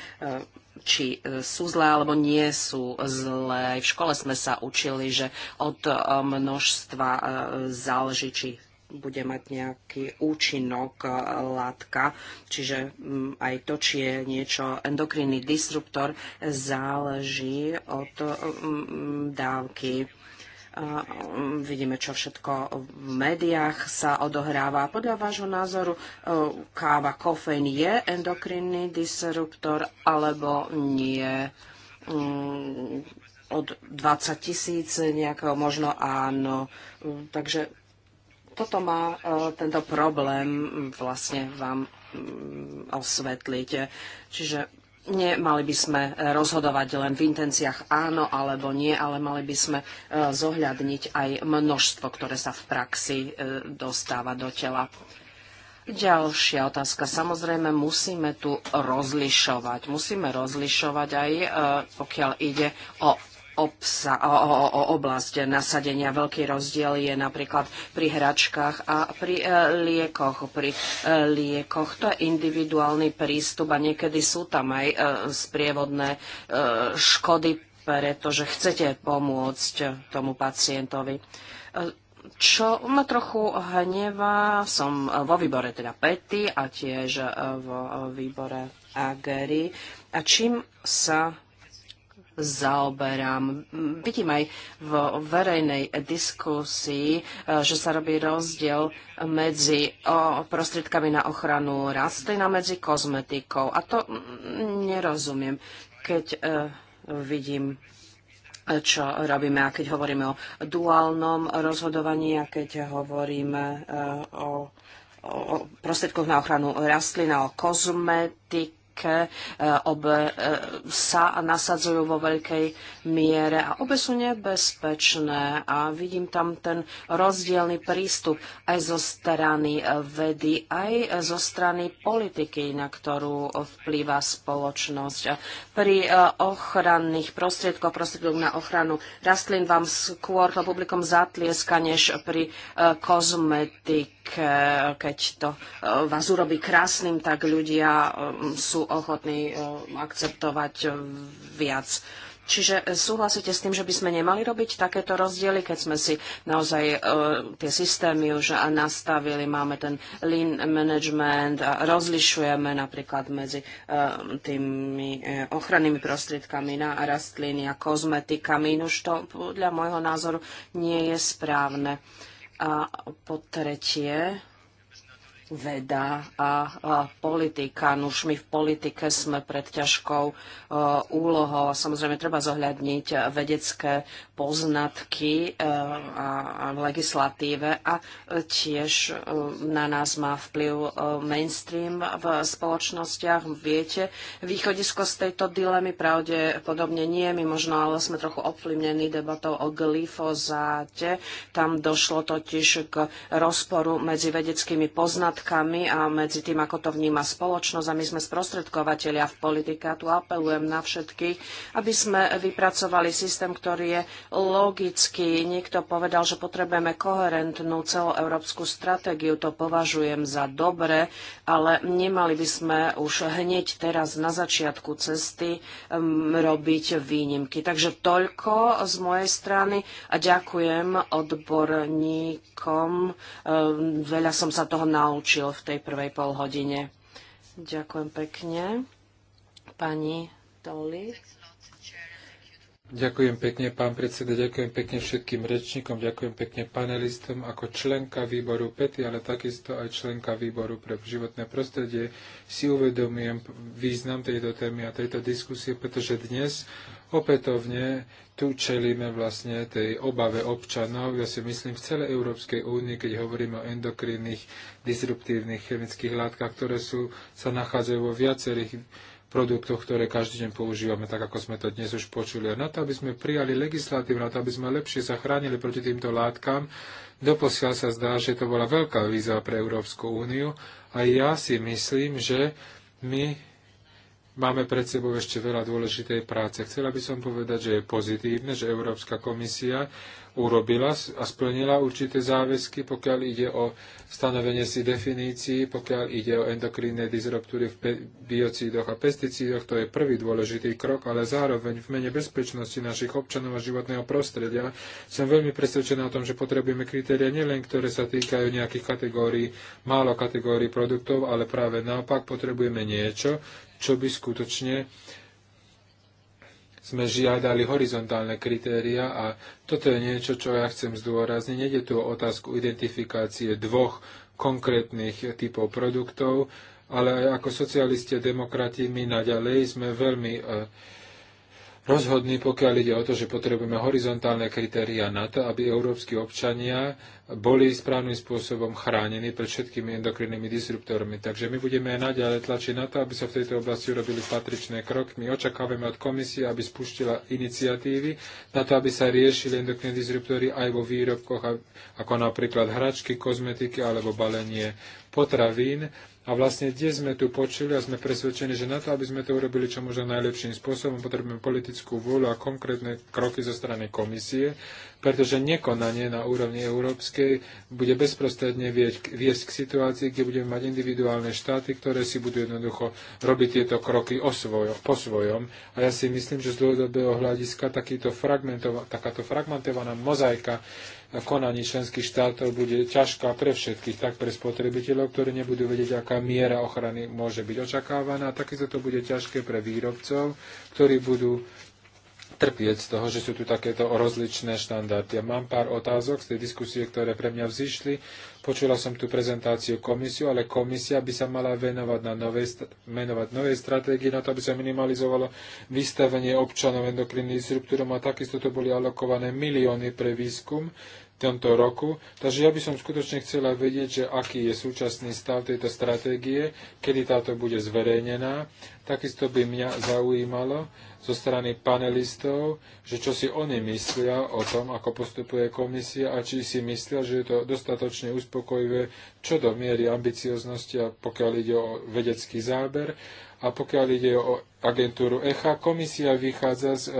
či sú zlé alebo nie sú zlé. V škole sme sa učili, že od množstva záleží, či bude mať nejaký účinok eh, látka, čiže mm, aj to, či je niečo endokrinný disruptor, záleží od eh, mm, dávky eh, mm, vidíme, čo všetko v médiách sa odohráva. Podľa vášho názoru káva, kofeín je endokrinný disruptor alebo nie? Od 20 tisíc nejakého možno áno. Takže toto má e, tento problém vlastne vám mm, osvetliť. Čiže nemali by sme rozhodovať len v intenciách áno alebo nie, ale mali by sme e, zohľadniť aj množstvo, ktoré sa v praxi e, dostáva do tela. Ďalšia otázka. Samozrejme, musíme tu rozlišovať. Musíme rozlišovať aj, pokiaľ ide o obsa, o, o, o oblasť nasadenia. Veľký rozdiel je napríklad pri hračkách a pri e, liekoch. Pri e, liekoch to je individuálny prístup a niekedy sú tam aj e, sprievodné e, škody, pretože chcete pomôcť tomu pacientovi. E, čo ma trochu hnevá, som vo výbore teda Pety a tiež e, v výbore agery. A čím sa zaoberám. Vidím aj v verejnej diskusii, e, že sa robí rozdiel medzi prostriedkami na ochranu rastlín a medzi kozmetikou. A to nerozumiem, keď e, vidím čo robíme. A keď hovoríme o duálnom rozhodovaní a keď hovoríme e, o o prostriedkoch na ochranu rastlín a o kozmetik, veľké, e, Obe e, sa nasadzujú vo veľkej miere a obe sú nebezpečné a vidím tam ten rozdielny prístup aj zo strany e, vedy, aj zo strany politiky, na ktorú vplýva spoločnosť. Pri ochranných prostriedkoch, prostriedkoch na ochranu rastlín vám skôr to publikum zatlieska, než pri kozmetik Eh, keď to eh, vás urobí krásnym, tak ľudia eh, sú ochotní akceptovať viac. Čiže súhlasíte s tým, že by sme nemali robiť takéto rozdiely, keď sme si naozaj tie systémy už nastavili, máme ten lean management a rozlišujeme napríklad medzi tými ochrannými prostriedkami na rastliny a kozmetikami. Už to podľa môjho názoru nie je správne. A po tretie, veda a politika. Nuž no my v politike sme pred ťažkou eh, úlohou a samozrejme treba zohľadniť vedecké poznatky eh, a v legislatíve a tiež eh, na nás má vplyv mainstream v spoločnostiach. Viete, východisko z tejto dilemy pravdepodobne nie, my možno ale sme trochu ovplyvnení debatou o glyfozáte. Tam došlo totiž k rozporu medzi vedeckými poznatkami matkami a medzi tým, ako to vníma spoločnosť. A my sme sprostredkovateľia v politike a tu apelujem na všetkých, aby sme vypracovali systém, ktorý je logický. Niekto povedal, že potrebujeme koherentnú celoeurópsku stratégiu. To považujem za dobre, ale nemali by sme už hneď teraz na začiatku cesty um, robiť výnimky. Takže toľko z mojej strany a ďakujem odborníkom. Um, veľa som sa toho naučil poučil v tej prvej polhodine. Ďakujem pekne. Pani Toli. Ďakujem pekne, pán predseda, ďakujem pekne všetkým rečníkom, ďakujem pekne panelistom ako členka výboru PETI, ale takisto aj členka výboru pre životné prostredie. Si uvedomujem význam tejto témy a tejto diskusie, pretože dnes opätovne tu čelíme vlastne tej obave občanov. Ja si myslím, v celej Európskej únii, keď hovoríme o endokrinných disruptívnych chemických látkach, ktoré sú, sa nachádzajú vo viacerých produktoch, ktoré každý deň používame, tak ako sme to dnes už počuli. A na to, aby sme prijali legislatívu, na to, aby sme lepšie zachránili proti týmto látkam, doposiaľ sa zdá, že to bola veľká výzva pre Európsku úniu a ja si myslím, že my Máme pred sebou ešte veľa dôležitej práce. Chcela by som povedať, že je pozitívne, že Európska komisia urobila a splnila určité záväzky, pokiaľ ide o stanovenie si definícií, pokiaľ ide o endokrinné disruptúry v biocídoch a pesticídoch. To je prvý dôležitý krok, ale zároveň v mene bezpečnosti našich občanov a životného prostredia som veľmi presvedčená o tom, že potrebujeme kritéria nielen, ktoré sa týkajú nejakých kategórií, málo kategórií produktov, ale práve naopak potrebujeme niečo, čo by skutočne sme žiadali horizontálne kritéria a toto je niečo, čo ja chcem zdôrazniť. Nede tu o otázku identifikácie dvoch konkrétnych typov produktov, ale aj ako socialisti a demokrati my naďalej sme veľmi uh, Rozhodný, pokiaľ ide o to, že potrebujeme horizontálne kritéria na to, aby európsky občania boli správnym spôsobom chránení pred všetkými endokrinnými disruptormi. Takže my budeme aj naďalej tlačiť na to, aby sa v tejto oblasti urobili patričné krok. My očakávame od komisie, aby spúštila iniciatívy na to, aby sa riešili endokrinné disruptory aj vo výrobkoch, ako napríklad hračky, kozmetiky alebo balenie potravín a vlastne dnes sme tu počuli a sme presvedčení, že na to, aby sme to urobili čo možno najlepším spôsobom, potrebujeme politickú vôľu a konkrétne kroky zo strany komisie, pretože nekonanie na úrovni európskej bude bezprostredne viesť k situácii, kde budeme mať individuálne štáty, ktoré si budú jednoducho robiť tieto kroky po svojom. A ja si myslím, že z dlhodobého hľadiska takýto takáto fragmentovaná mozaika konaní členských štátov bude ťažká pre všetkých, tak pre spotrebiteľov, ktorí nebudú vedieť, aká miera ochrany môže byť očakávaná. Takisto to bude ťažké pre výrobcov, ktorí budú trpieť z toho, že sú tu takéto rozličné štandardy. Ja mám pár otázok z tej diskusie, ktoré pre mňa vzýšli. Počula som tu prezentáciu komisiu, ale komisia by sa mala venovať na novej, menovať novej stratégii na to, aby sa minimalizovalo vystavenie občanov endokrinným struktúrom a takisto to boli alokované milióny pre výskum tomto roku. Takže ja by som skutočne chcela vedieť, že aký je súčasný stav tejto stratégie, kedy táto bude zverejnená. Takisto by mňa zaujímalo zo strany panelistov, že čo si oni myslia o tom, ako postupuje komisia a či si myslia, že je to dostatočne uspokojivé čo do miery ambicioznosti a pokiaľ ide o vedecký záber. A pokiaľ ide o agentúru ECHA, komisia vychádza z e,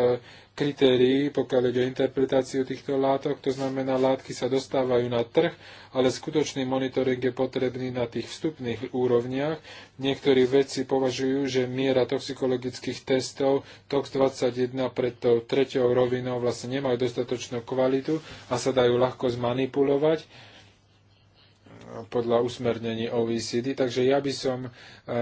kritérií, pokiaľ ide o interpretáciu týchto látok. To znamená, látky sa dostávajú na trh, ale skutočný monitoring je potrebný na tých vstupných úrovniach. Niektorí vedci považujú, že miera toxikologických testov TOX21 pred tou treťou rovinou vlastne nemajú dostatočnú kvalitu a sa dajú ľahko zmanipulovať podľa usmernení OECD. Takže ja by som e,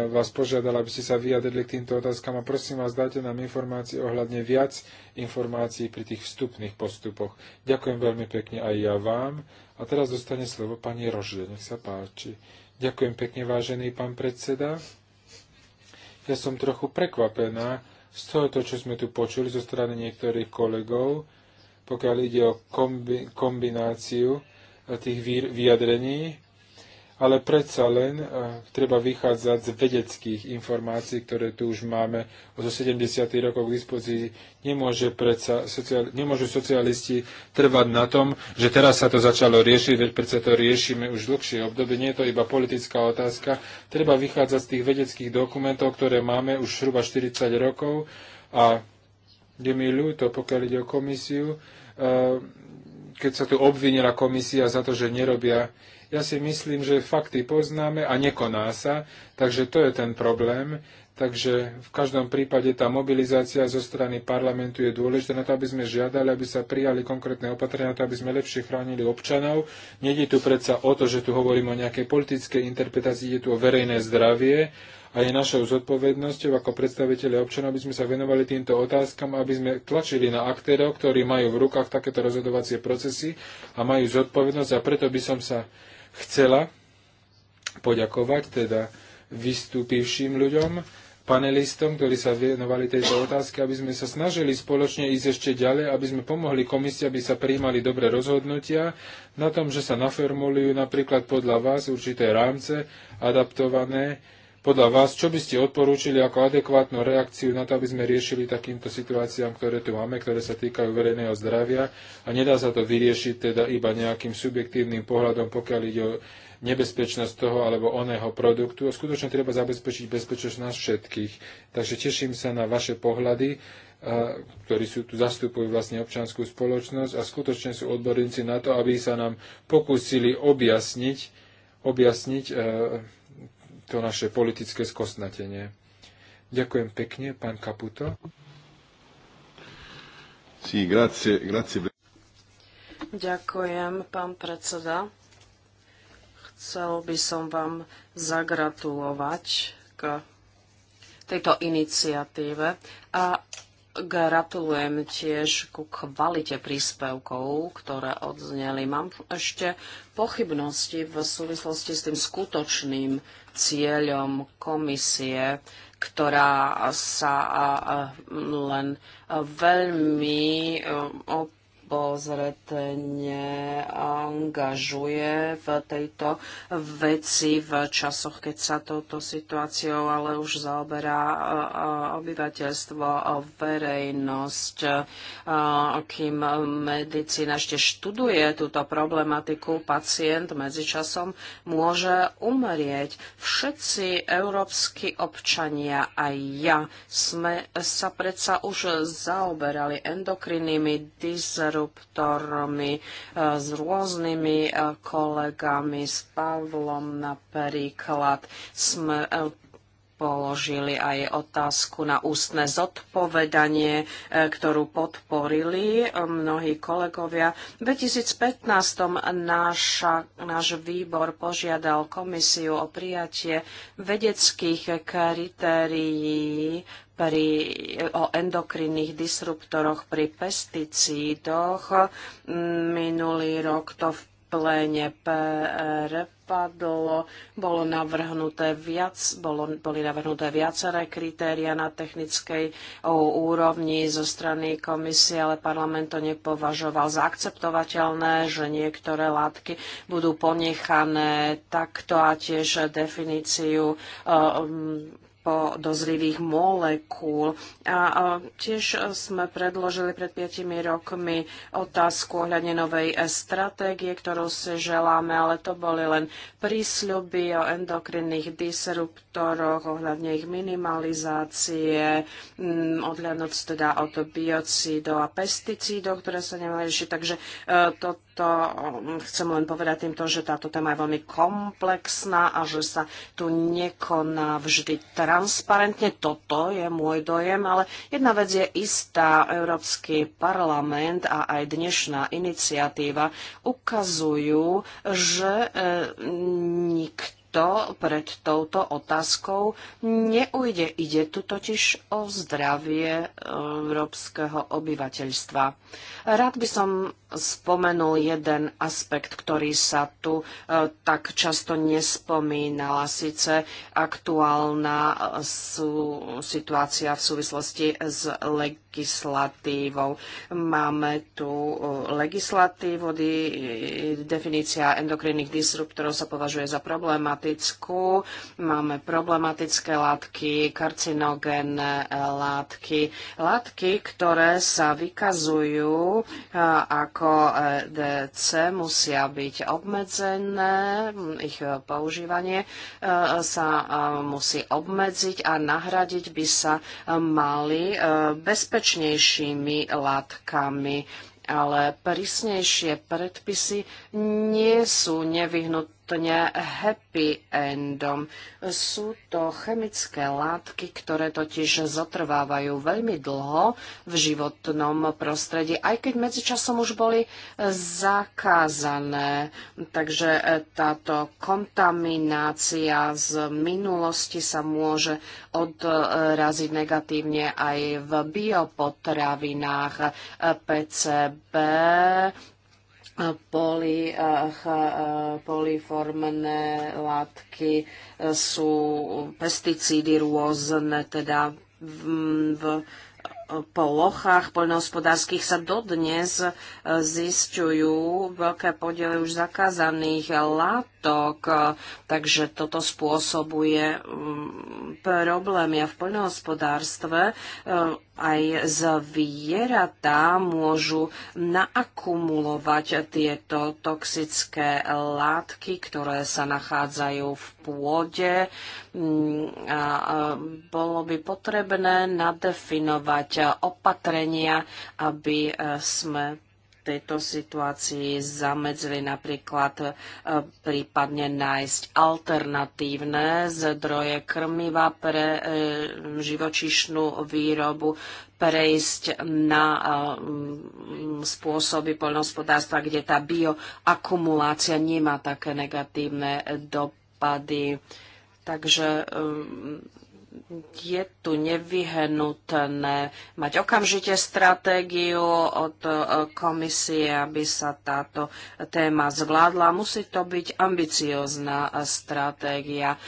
vás požiadala, aby ste sa vyjadrili k týmto otázkam a prosím vás, dajte nám informácie ohľadne viac informácií pri tých vstupných postupoch. Ďakujem veľmi pekne aj ja vám. A teraz dostane slovo pani Rožie, nech sa páči. Ďakujem pekne, vážený pán predseda. Ja som trochu prekvapená z toho, čo sme tu počuli zo strany niektorých kolegov, pokiaľ ide o kombi- kombináciu tých vyjadrení ale predsa len uh, treba vychádzať z vedeckých informácií, ktoré tu už máme zo 70. rokov k dispozícii. Nemôže predsa, sociál, nemôžu socialisti trvať na tom, že teraz sa to začalo riešiť, veď predsa to riešime už dlhšie obdobie. Nie je to iba politická otázka. Treba vychádzať z tých vedeckých dokumentov, ktoré máme už zhruba 40 rokov a je mi ľúto, pokiaľ ide o komisiu, uh, keď sa tu obvinila komisia za to, že nerobia ja si myslím, že fakty poznáme a nekoná sa, takže to je ten problém. Takže v každom prípade tá mobilizácia zo strany parlamentu je dôležitá na to, aby sme žiadali, aby sa prijali konkrétne opatrenia na to, aby sme lepšie chránili občanov. Nede tu predsa o to, že tu hovoríme o nejakej politickej interpretácii, ide tu o verejné zdravie a je našou zodpovednosťou ako predstaviteľe občanov, aby sme sa venovali týmto otázkam, aby sme tlačili na aktérov, ktorí majú v rukách takéto rozhodovacie procesy a majú zodpovednosť a preto by som sa chcela poďakovať teda vystúpivším ľuďom, panelistom, ktorí sa venovali tejto otázke, aby sme sa snažili spoločne ísť ešte ďalej, aby sme pomohli komisii, aby sa prijímali dobré rozhodnutia na tom, že sa naformulujú napríklad podľa vás určité rámce adaptované podľa vás, čo by ste odporúčili ako adekvátnu reakciu na to, aby sme riešili takýmto situáciám, ktoré tu máme, ktoré sa týkajú verejného zdravia a nedá sa to vyriešiť teda iba nejakým subjektívnym pohľadom, pokiaľ ide o nebezpečnosť toho alebo oného produktu. Skutočne treba zabezpečiť bezpečnosť nás všetkých. Takže teším sa na vaše pohľady, ktorí sú tu zastupujú vlastne občanskú spoločnosť a skutočne sú odborníci na to, aby sa nám pokúsili objasniť, objasniť e, to naše politické skosnatenie. Ďakujem pekne, pán Kaputo. Sí, grazie, grazie. Ďakujem, pán predseda. Chcel by som vám zagratulovať k tejto iniciatíve a gratulujem tiež ku kvalite príspevkov, ktoré odzneli. Mám ešte pochybnosti v súvislosti s tým skutočným cieľom komisie, ktorá sa len veľmi obozretne angažuje v tejto veci v časoch, keď sa touto situáciou ale už zaoberá obyvateľstvo, verejnosť, kým medicína ešte študuje túto problematiku, pacient medzičasom môže umrieť. Všetci európsky občania aj ja sme sa predsa už zaoberali endokrinnými disruptormi inštruktormi, e, s rôznymi e, kolegami, s Pavlom napríklad. Sme e, položili aj otázku na ústne zodpovedanie, e, ktorú podporili e, mnohí kolegovia. V 2015 náša, náš výbor požiadal komisiu o prijatie vedeckých kritérií pri, o endokrinných disruptoroch pri pesticídoch. Minulý rok to v pléne padlo, Bolo navrhnuté viac, bolo, boli navrhnuté viaceré kritéria na technickej úrovni zo strany komisie, ale parlament to nepovažoval za akceptovateľné, že niektoré látky budú ponechané takto a tiež definíciu um, podozrivých molekúl. A tiež sme predložili pred 5 rokmi otázku ohľadne novej stratégie, ktorú si želáme, ale to boli len prísľuby o endokrinných disruptoroch, ohľadne ich minimalizácie, odhľadnúť teda od biocidov a pesticídov, ktoré sa nemajú riešiť. Takže e, to to um, chcem len povedať týmto, že táto téma je veľmi komplexná a že sa tu nekoná vždy transparentne. Toto je môj dojem, ale jedna vec je istá. Európsky parlament a aj dnešná iniciatíva ukazujú, že e, nikto to pred touto otázkou neujde. Ide tu totiž o zdravie e, európskeho obyvateľstva. Rád by som spomenul jeden aspekt, ktorý sa tu e, tak často nespomínala, síce aktuálna e, situácia v súvislosti s legislatívou. Máme tu e, legislatívu, definícia endokrinných disruptorov sa považuje za problematickú. Máme problematické látky, karcinogénne látky, látky, ktoré sa vykazujú ako ako e DC musia byť obmedzené, ich používanie e, sa e, musí obmedziť a nahradiť by sa mali bezpečnejšími látkami ale prísnejšie predpisy nie sú nevyhnutné úplne happy endom. Sú to chemické látky, ktoré totiž zotrvávajú veľmi dlho v životnom prostredí, aj keď medzičasom už boli zakázané. Takže e, táto kontaminácia z minulosti sa môže odraziť negatívne aj v biopotravinách e, PCB, Poli, poliformné látky e, sú pesticídy rôzne, teda v, v plochách poľnohospodárskych sa dodnes e, zisťujú veľké podiely už zakázaných látok, e, takže toto spôsobuje mm, problémy. A v poľnohospodárstve e, aj zvieratá môžu naakumulovať tieto toxické látky, ktoré sa nachádzajú v pôde mm, a bolo by potrebné nadefinovať opatrenia, aby e, sme tejto situácii zamedzili napríklad e, prípadne nájsť alternatívne zdroje krmiva pre e, živočišnú výrobu, prejsť na spôsoby poľnohospodárstva, kde tá bioakumulácia nemá také negatívne dopady dopady. Takže um, je tu nevyhnutné mať okamžite stratégiu od uh, komisie, aby sa táto téma zvládla. Musí to byť ambiciozná stratégia.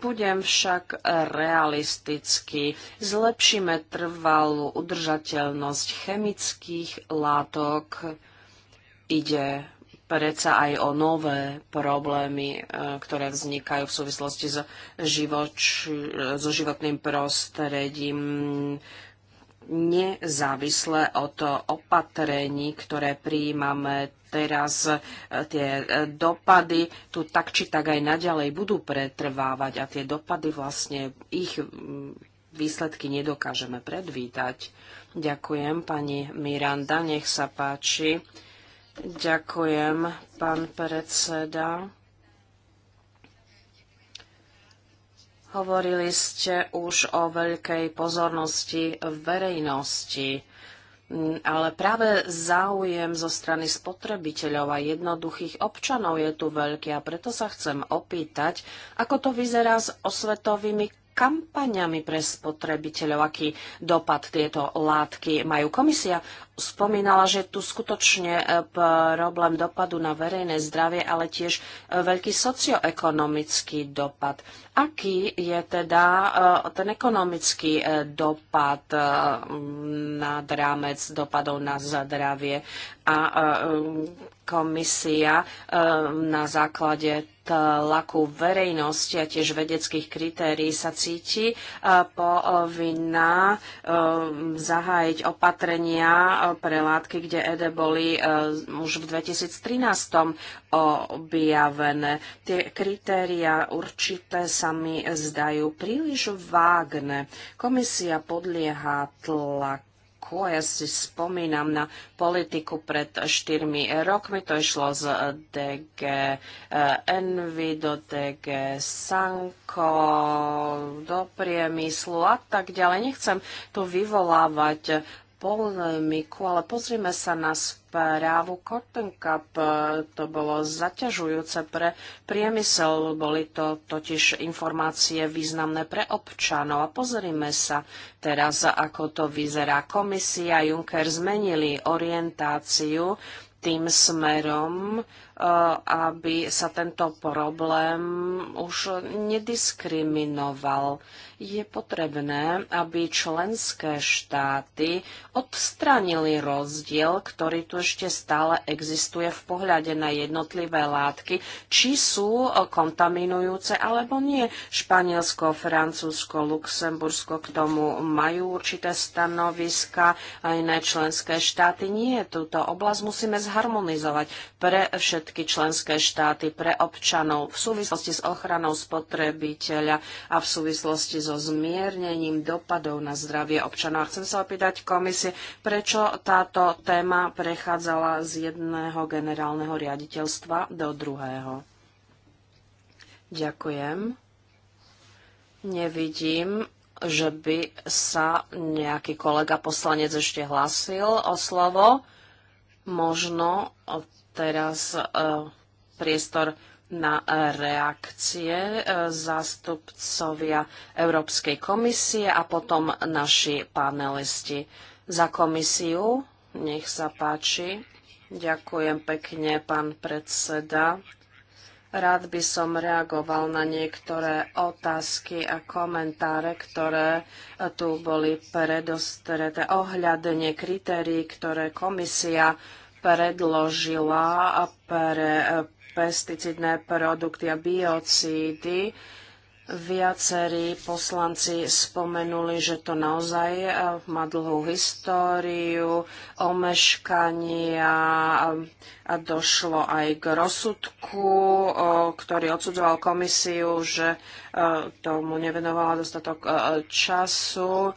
Budem však realistický. Zlepšíme trvalú udržateľnosť chemických látok. Ide predsa aj o nové problémy, e, ktoré vznikajú v súvislosti so, živoč, e, so životným prostredím nezávisle od opatrení, ktoré prijímame teraz, e, tie dopady tu tak či tak aj naďalej budú pretrvávať a tie dopady vlastne ich výsledky nedokážeme predvídať. Ďakujem pani Miranda, nech sa páči. Ďakujem, pán predseda. Hovorili ste už o veľkej pozornosti verejnosti, ale práve záujem zo strany spotrebiteľov a jednoduchých občanov je tu veľký a preto sa chcem opýtať, ako to vyzerá s osvetovými kampaňami pre spotrebiteľov, aký dopad tieto látky majú. Komisia spomínala, že tu skutočne e, problém dopadu na verejné zdravie, ale tiež e, veľký socioekonomický dopad. Aký je teda e, ten ekonomický dopad na rámec dopadov na zdravie a komisia eh, na základe tlaku verejnosti a tiež vedeckých kritérií sa cíti eh, povinná eh, zahájiť opatrenia pre látky, kde EDE boli už v 2013 objavené. Tie kritéria určité sa mi zdajú príliš vágne. Komisia podlieha tlaku roku. ja si spomínam na politiku pred 4 rokmi. To išlo z eh, DG Envy eh, do DG Sanko, do priemyslu a tak ďalej. Nechcem tu vyvolávať eh, polemiku, ale pozrime sa na správu Cotton Cup. To bolo zaťažujúce pre priemysel. Boli to totiž informácie významné pre občanov. A pozrime sa teraz, ako to vyzerá. Komisia Juncker zmenili orientáciu tým smerom, Eh, aby sa tento problém už nediskriminoval. Je potrebné, aby členské štáty odstranili rozdiel, ktorý tu ešte stále existuje v pohľade na jednotlivé látky, či sú eh, kontaminujúce alebo nie. Španielsko, Francúzsko, Luxembursko k tomu majú určité stanoviska a iné členské štáty nie. Túto oblasť musíme zharmonizovať pre všetko všetky členské štáty pre občanov v súvislosti s ochranou spotrebiteľa a v súvislosti so zmiernením dopadov na zdravie občanov. A chcem sa opýtať komisie, prečo táto téma prechádzala z jedného generálneho riaditeľstva do druhého. Ďakujem. Nevidím že by sa nejaký kolega poslanec ešte hlasil o slovo. Možno teraz e, priestor na reakcie e, zástupcovia Európskej komisie a potom naši panelisti. Za komisiu, nech sa páči. Ďakujem pekne, pán predseda. Rád by som reagoval na niektoré otázky a komentáre, ktoré e, tu boli predostreté ohľadne kritérií, ktoré komisia predložila pre eh, pesticidné produkty a biocídy. Viacerí poslanci spomenuli, že to naozaj eh, má dlhú históriu, omeškania eh, a došlo aj k rozsudku, ktorý odsudzoval komisiu, že tomu nevenovala dostatok času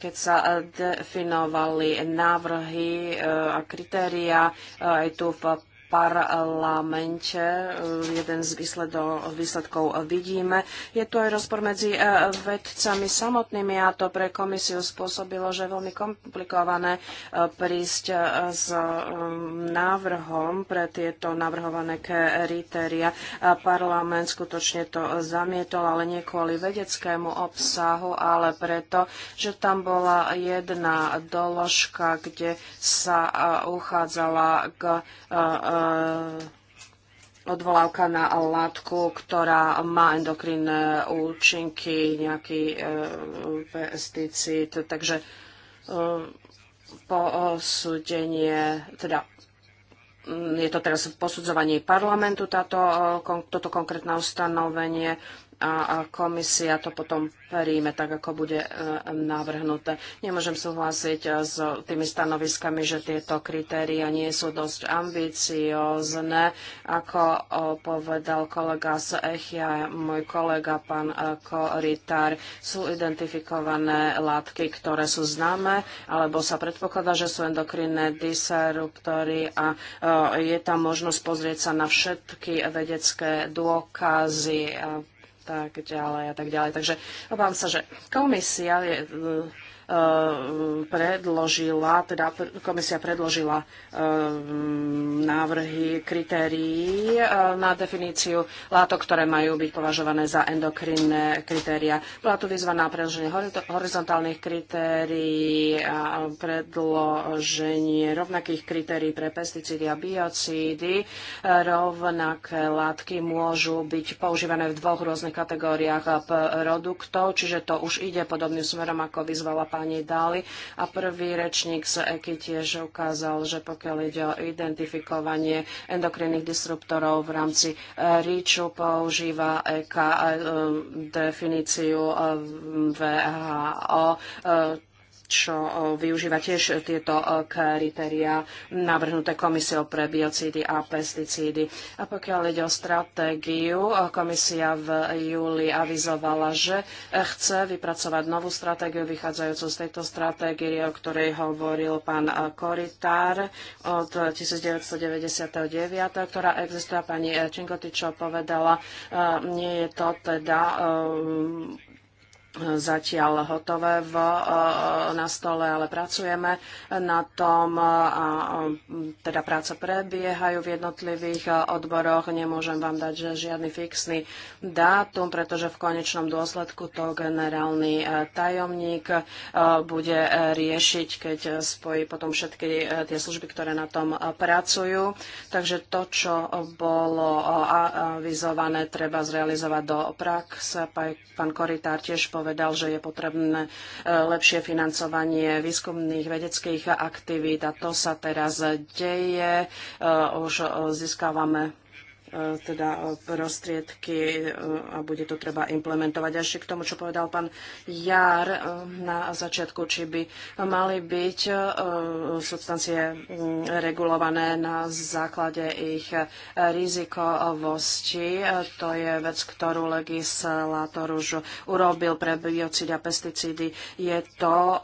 keď sa e, definovali návrhy e, a kritéria e, aj tu v parlamente. Jeden z výsledkov vidíme. Je tu aj rozpor medzi e, vedcami samotnými a to pre komisiu spôsobilo, že je veľmi komplikované e, prísť e, s návrhom pre tieto navrhované kritéria. Parlament skutočne to zamietol, ale nie kvôli vedeckému obsahu, ale preto, že tam bola jedna doložka, kde sa uchádzala k E, odvolávka na látku, ktorá má endokrinné účinky, nejaký e, Takže e, posúdenie, teda je to teraz v posudzovaní parlamentu táto, e, toto konkrétne ustanovenie a komisia to potom príjme tak, ako bude e, navrhnuté. Nemôžem súhlasiť e, s tými stanoviskami, že tieto kritéria nie sú dosť ambiciózne. Ako e, povedal kolega z Echia, môj kolega pán Koritár, sú identifikované látky, ktoré sú známe, alebo sa predpokladá, že sú endokrinné disruptory a je tam možnosť pozrieť sa na všetky vedecké dôkazy tak ďalej a tak ďalej. Takže obávam sa, že komisia je Eh, predložila, teda komisia predložila eh, návrhy kritérií eh, na definíciu látok, ktoré majú byť považované za endokrinné kritéria. Bola tu vyzvaná predloženie horizontálnych kritérií a predloženie rovnakých kritérií pre pesticídy a biocídy. Rovnaké látky môžu byť používané v dvoch rôznych kategóriách produktov, čiže to už ide podobným smerom, ako vyzvala pani pani dali. A prvý rečník z EKI tiež ukázal, že pokiaľ ide o identifikovanie endokrinných disruptorov v rámci e, REACHu, používa EKA e, definíciu e, VHO, čo e, využíva tiež e, tieto e, kritériá navrhnuté komisiou pre biocídy a pesticídy. A pokiaľ ide o stratégiu, komisia v júli avizovala, že chce vypracovať novú stratégiu vychádzajúcu z tejto stratégie, o ktorej hovoril pán Koritár od 1999, ktorá existuje. Pani Čingotičo povedala, nie je to teda zatiaľ hotové v, e, na stole, ale pracujeme na tom a teda práce prebiehajú v jednotlivých e, odboroch. Nemôžem vám dať že žiadny fixný dátum, pretože v konečnom dôsledku to generálny e, tajomník bude riešiť, keď spojí potom všetky tie služby, ktoré na tom pracujú. Takže to, čo bolo avizované, treba zrealizovať do praxe. Pán Koritár tiež povedal, povedal, že je potrebné e, lepšie financovanie výskumných vedeckých aktivít a to sa teraz deje. E, už e, získavame E, teda e, prostriedky e, a bude to treba implementovať. A ešte k tomu, čo povedal pán Jar na začiatku, či by mali byť substancie regulované na základe ich rizikovosti. To je vec, ktorú legislátor už urobil pre biocid a pesticídy. Je to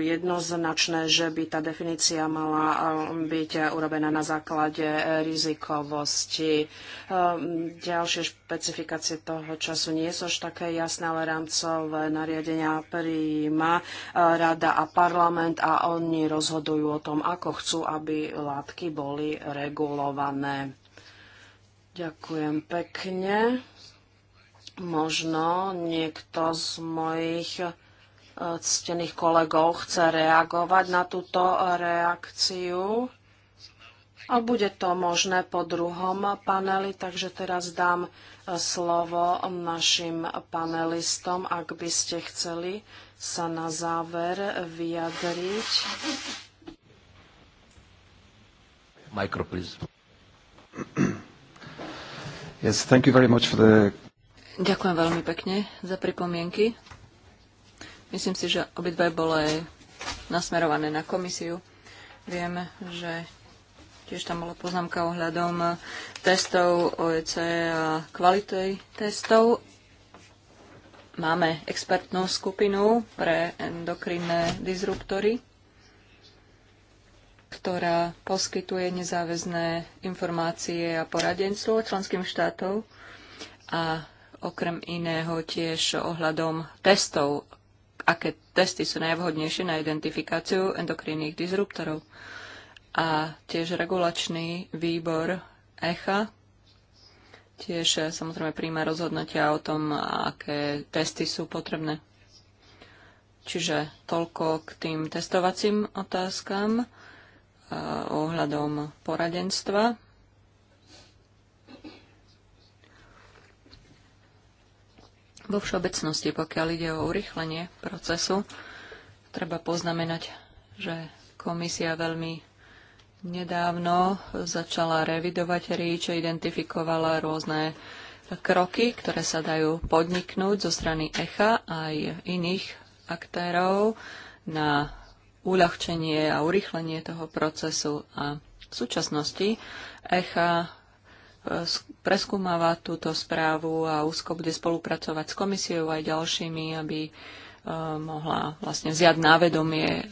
jednoznačné, že by tá definícia mala byť urobená na základe rizikovosti. Ehm, ďalšie špecifikácie toho času nie sú až také jasné, ale rámcové nariadenia príjma e, rada a parlament a oni rozhodujú o tom, ako chcú, aby látky boli regulované. Ďakujem pekne. Možno niekto z mojich e, ctených kolegov chce reagovať na túto reakciu. A bude to možné po druhom paneli, takže teraz dám e, slovo našim panelistom, ak by ste chceli sa na záver vyjadriť. Micro, Yes, thank you very much for the... Ďakujem veľmi pekne za pripomienky. Myslím si, že obidve boli nasmerované na komisiu. Viem, že Tiež tam bola poznámka ohľadom testov OEC a kvality testov. Máme expertnú skupinu pre endokrinné disruptory, ktorá poskytuje nezáväzné informácie a poradenstvo členským štátov a okrem iného tiež ohľadom testov, aké testy sú najvhodnejšie na identifikáciu endokrinných disruptorov a tiež regulačný výbor ECHA tiež eh, samozrejme príjma rozhodnutia o tom, aké testy sú potrebné. Čiže toľko k tým testovacím otázkam eh, ohľadom poradenstva. Vo všeobecnosti, pokiaľ ide o urychlenie procesu, treba poznamenať, že komisia veľmi nedávno začala revidovať REACH, identifikovala rôzne kroky, ktoré sa dajú podniknúť zo strany ECHA aj iných aktérov na uľahčenie a urychlenie toho procesu a v súčasnosti ECHA e, preskúmava túto správu a úzko bude spolupracovať s komisiou aj ďalšími, aby e, mohla vlastne vziať na vedomie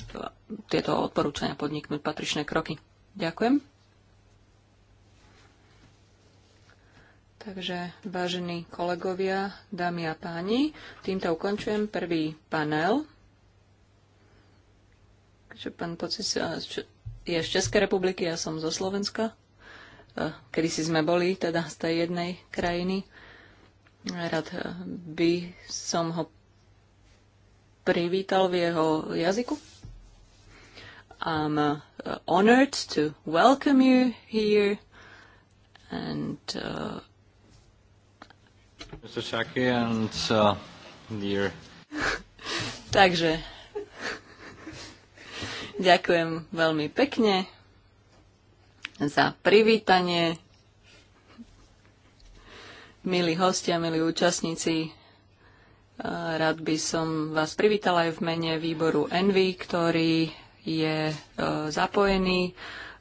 tieto odporúčania podniknúť patričné kroky. Ďakujem. Takže, vážení kolegovia, dámy a páni, týmto ukončujem prvý panel. Takže pán Pocis je z Českej republiky, ja som zo Slovenska. E, Kedy si sme boli, teda z tej jednej krajiny. Rád e, by som ho privítal v jeho jazyku. A uh, honored to welcome you here. And uh, Mr. Shaki and uh, dear. Takže ďakujem veľmi pekne za privítanie. Milí hostia, milí účastníci, uh, rád by som vás privítala aj v mene výboru Envy, ktorý je e, zapojený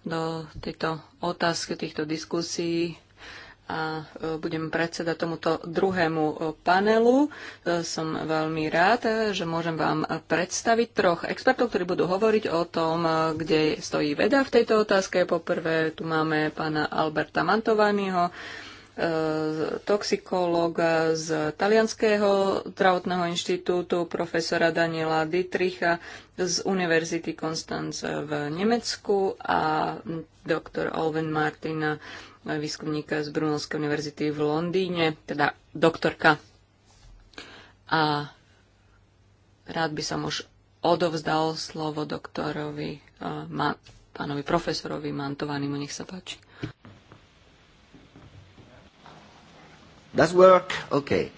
do tejto otázky, týchto diskusí a e, budem predseda tomuto druhému e, panelu. Som veľmi rád, že môžem vám predstaviť troch expertov, ktorí budú hovoriť o tom, kde stojí veda v tejto otázke. Poprvé tu máme pána Alberta Mantovaniho, toxikológa z Talianského zdravotného inštitútu, profesora Daniela Dietricha z Univerzity Konstanz v Nemecku a doktor Olven Martina, výskumníka z Brunelskej univerzity v Londýne, teda doktorka. A rád by som už odovzdal slovo doktorovi, eh, pánovi profesorovi Mantovanimu, nech sa páči. Does work? OK.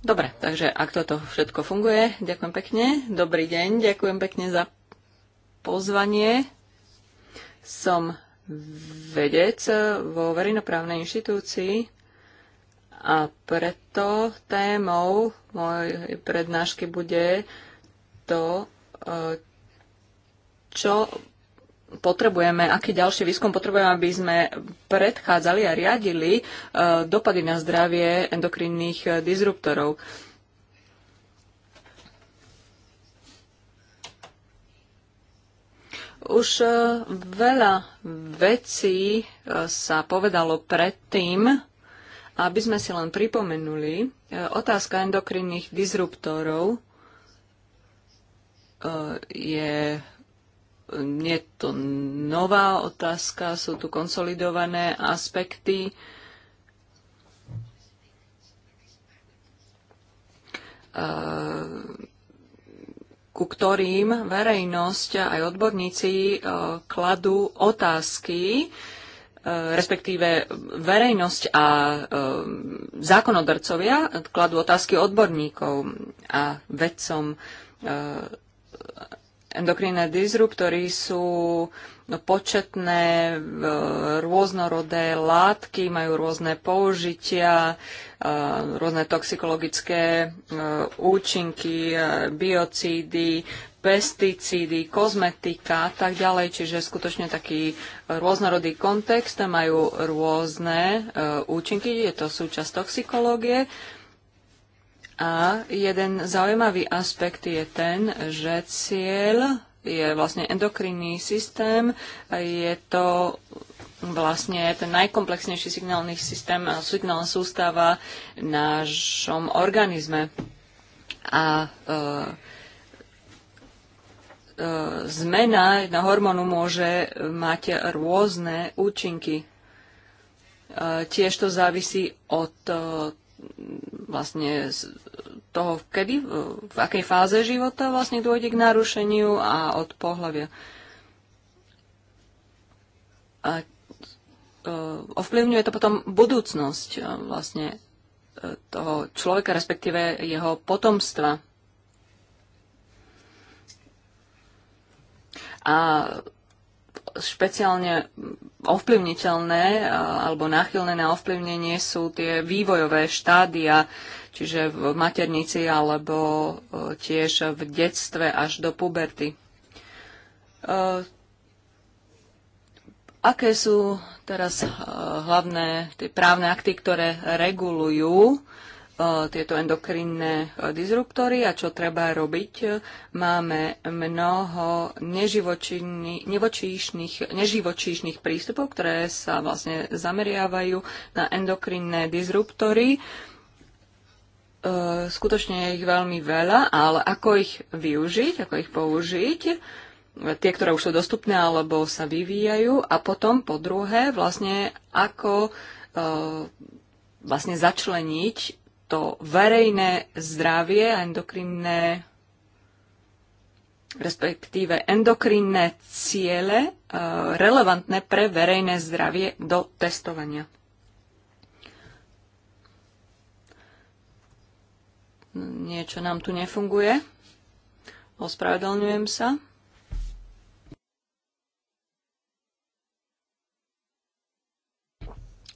Dobre, takže ak toto všetko funguje, ďakujem pekne. Dobrý deň, ďakujem pekne za pozvanie. Som vedec vo verejnoprávnej inštitúcii a preto témou mojej prednášky bude to, čo potrebujeme, aký ďalší výskum potrebujeme, aby sme predchádzali a riadili e, dopady na zdravie endokrinných e, disruptorov. Už e, veľa vecí sa povedalo predtým, aby sme si len pripomenuli. Otázka endokrinných disruptorov je nie je to nová otázka, sú tu konsolidované aspekty. E, ku ktorým verejnosť aj odborníci e, kladú otázky, e, respektíve verejnosť a zákonodarcovia kladú otázky odborníkov a vedcom endokrinné disruptory sú no, početné, rôznorodé látky, majú rôzne použitia, rôzne toxikologické e, účinky, e, biocídy, pesticídy, kozmetika a tak ďalej, čiže skutočne taký rôznorodý kontext, majú rôzne e, účinky, je to súčasť toxikológie. A jeden zaujímavý aspekt je ten, že cieľ je vlastne endokrinný systém, je to vlastne ten najkomplexnejší signálny systém, signálna sústava v našom organizme. A e, e, zmena na hormónu môže mať rôzne účinky. E, tiež to závisí od vlastne z toho, kedy, v akej fáze života vlastne dôjde k narušeniu a od pohľavia. A e, ovplyvňuje to potom budúcnosť e, vlastne e, toho človeka, respektíve jeho potomstva. A špeciálne ovplyvniteľné eh, alebo náchylné na ovplyvnenie sú tie vývojové štádia, čiže v maternici alebo eh, tiež v detstve až do puberty. Eh, aké sú teraz hlavné tie právne akty, ktoré regulujú E, tieto endokrinné e, disruptory a čo treba robiť. E, máme mnoho neživočíšnych, neživočíšnych prístupov, ktoré sa vlastne zameriavajú na endokrinné disruptory. Skutočne je ich veľmi veľa, ale ako ich využiť, ako ich použiť, tie, ktoré už sú dostupné alebo sa vyvíjajú a potom po druhé vlastne ako vlastne začleniť to verejné zdravie a endokrinné respektíve endokrinné ciele e, relevantné pre verejné zdravie do testovania. Niečo nám tu nefunguje. Ospravedlňujem sa.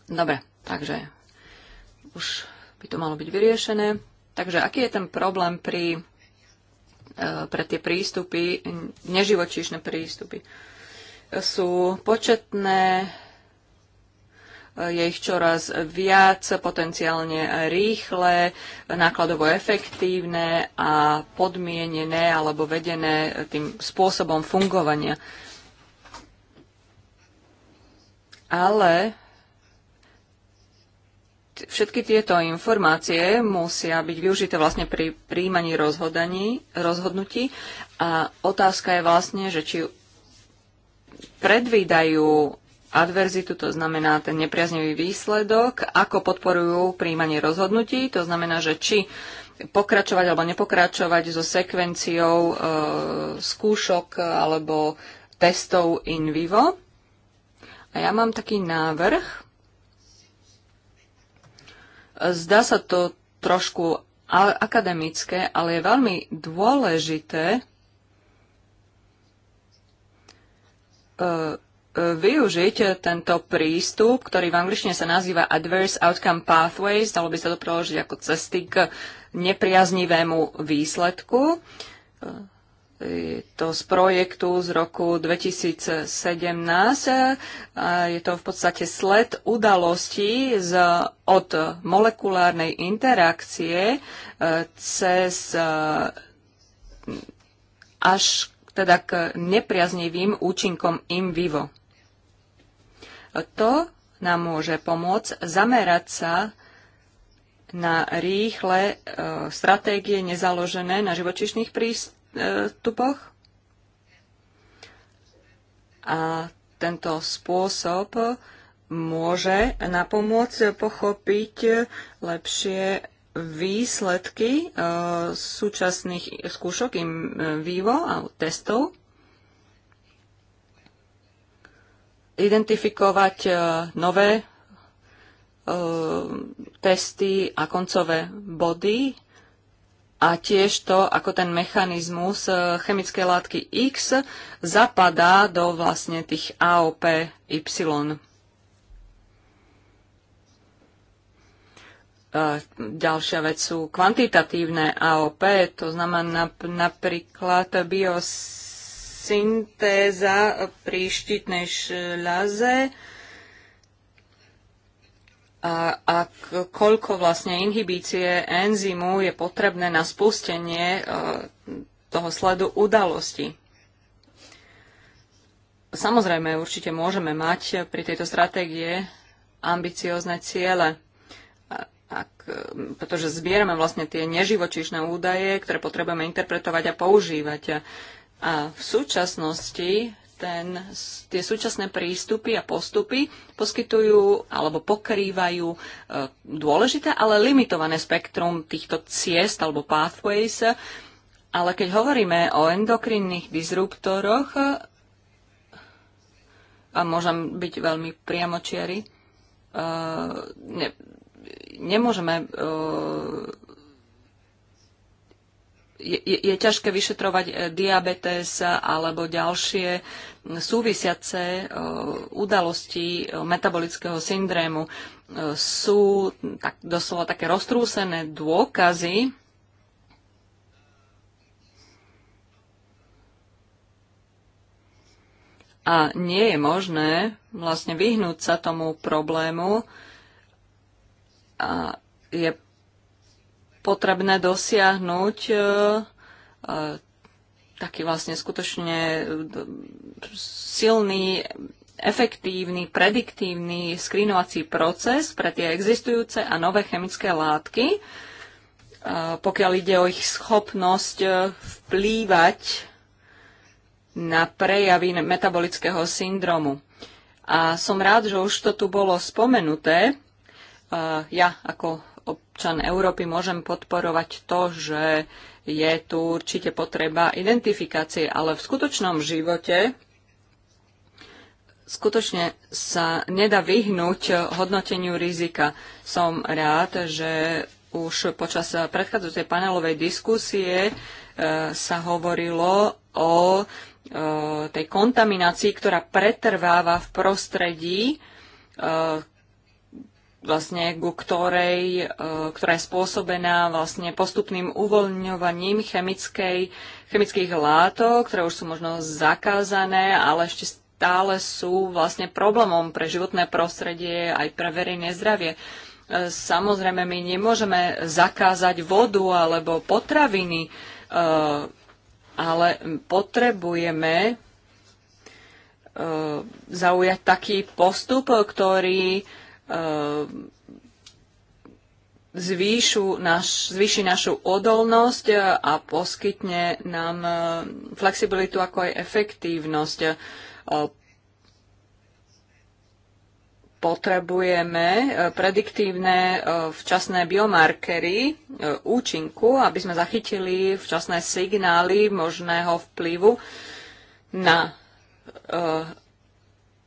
Dobre, takže už by to malo byť vyriešené. Takže aký je ten problém pri, e, pre tie prístupy, neživočíšne prístupy? Sú početné, e, je ich čoraz viac, potenciálne rýchle, nákladovo efektívne a podmienené alebo vedené tým spôsobom fungovania. Ale všetky tieto informácie musia byť využité vlastne pri príjmaní rozhodnutí a otázka je vlastne, že či predvídajú adverzitu, to znamená ten nepriaznivý výsledok, ako podporujú príjmanie rozhodnutí, to znamená, že či pokračovať alebo nepokračovať so sekvenciou e, skúšok alebo testov in vivo. A ja mám taký návrh, Zdá sa to trošku akademické, ale je veľmi dôležité e, e, využiť tento prístup, ktorý v angličtine sa nazýva Adverse Outcome Pathways, dalo by sa to preložiť ako cesty k nepriaznivému výsledku. E, je to z projektu z roku 2017. Je to v podstate sled udalostí z, od molekulárnej interakcie e, cez e, až teda k nepriaznivým účinkom in vivo. E, to nám môže pomôcť zamerať sa na rýchle e, stratégie nezaložené na živočišných prístupoch stupoch. A tento spôsob môže napomôcť pochopiť lepšie výsledky e, súčasných skúšok im e, vivo a testov. Identifikovať e, nové testy a koncové body a tiež to, ako ten mechanizmus e, chemickej látky X zapadá do vlastne tých AOP Y. E, ďalšia vec sú kvantitatívne AOP, to znamená napríklad biosyntéza pri štítnej šľaze, a, a koľko vlastne inhibície enzymu je potrebné na spustenie e, toho sledu udalostí. Samozrejme, určite môžeme mať pri tejto stratégie ambiciozne ciele, ak, pretože zbierame vlastne tie neživočišné údaje, ktoré potrebujeme interpretovať a používať. A v súčasnosti ten, tie súčasné prístupy a postupy poskytujú alebo pokrývajú e, dôležité, ale limitované spektrum týchto ciest alebo pathways. Ale keď hovoríme o endokrinných disruptoroch, e, a môžem byť veľmi priamočiari, e, ne, nemôžeme e, je, je ťažké vyšetrovať eh, diabetes eh, alebo ďalšie eh, súvisiace udalosti metabolického syndrému. Sú tak, doslova také roztrúsené dôkazy, a nie je možné vlastne vyhnúť sa tomu problému. A je potrebné dosiahnuť e, e, taký vlastne skutočne e, silný, efektívny, prediktívny skrinovací proces pre tie existujúce a nové chemické látky, pokiaľ ide o ich schopnosť vplývať na prejavy metabolického syndromu. A som rád, že už to tu bolo spomenuté. Ja ako občan Európy môžem podporovať to, že je tu určite potreba identifikácie, ale v skutočnom živote skutočne sa nedá vyhnúť hodnoteniu rizika. Som rád, že už počas predchádzajúcej panelovej diskusie e, sa hovorilo o e, tej kontaminácii, ktorá pretrváva v prostredí, e, vlastne ku ktorej, eh, ktorá je spôsobená vlastne postupným uvoľňovaním chemickej, chemických látok, ktoré už sú možno zakázané, ale ešte stále sú vlastne problémom pre životné prostredie aj pre verejné zdravie. Eh, samozrejme, my nemôžeme zakázať vodu alebo potraviny, eh, ale potrebujeme zaujať taký postup, ktorý E, zvýšu naš, zvýši našu odolnosť e, a poskytne nám e, flexibilitu ako aj efektívnosť. Potrebujeme prediktívne včasné biomarkery účinku, aby sme zachytili včasné signály možného vplyvu na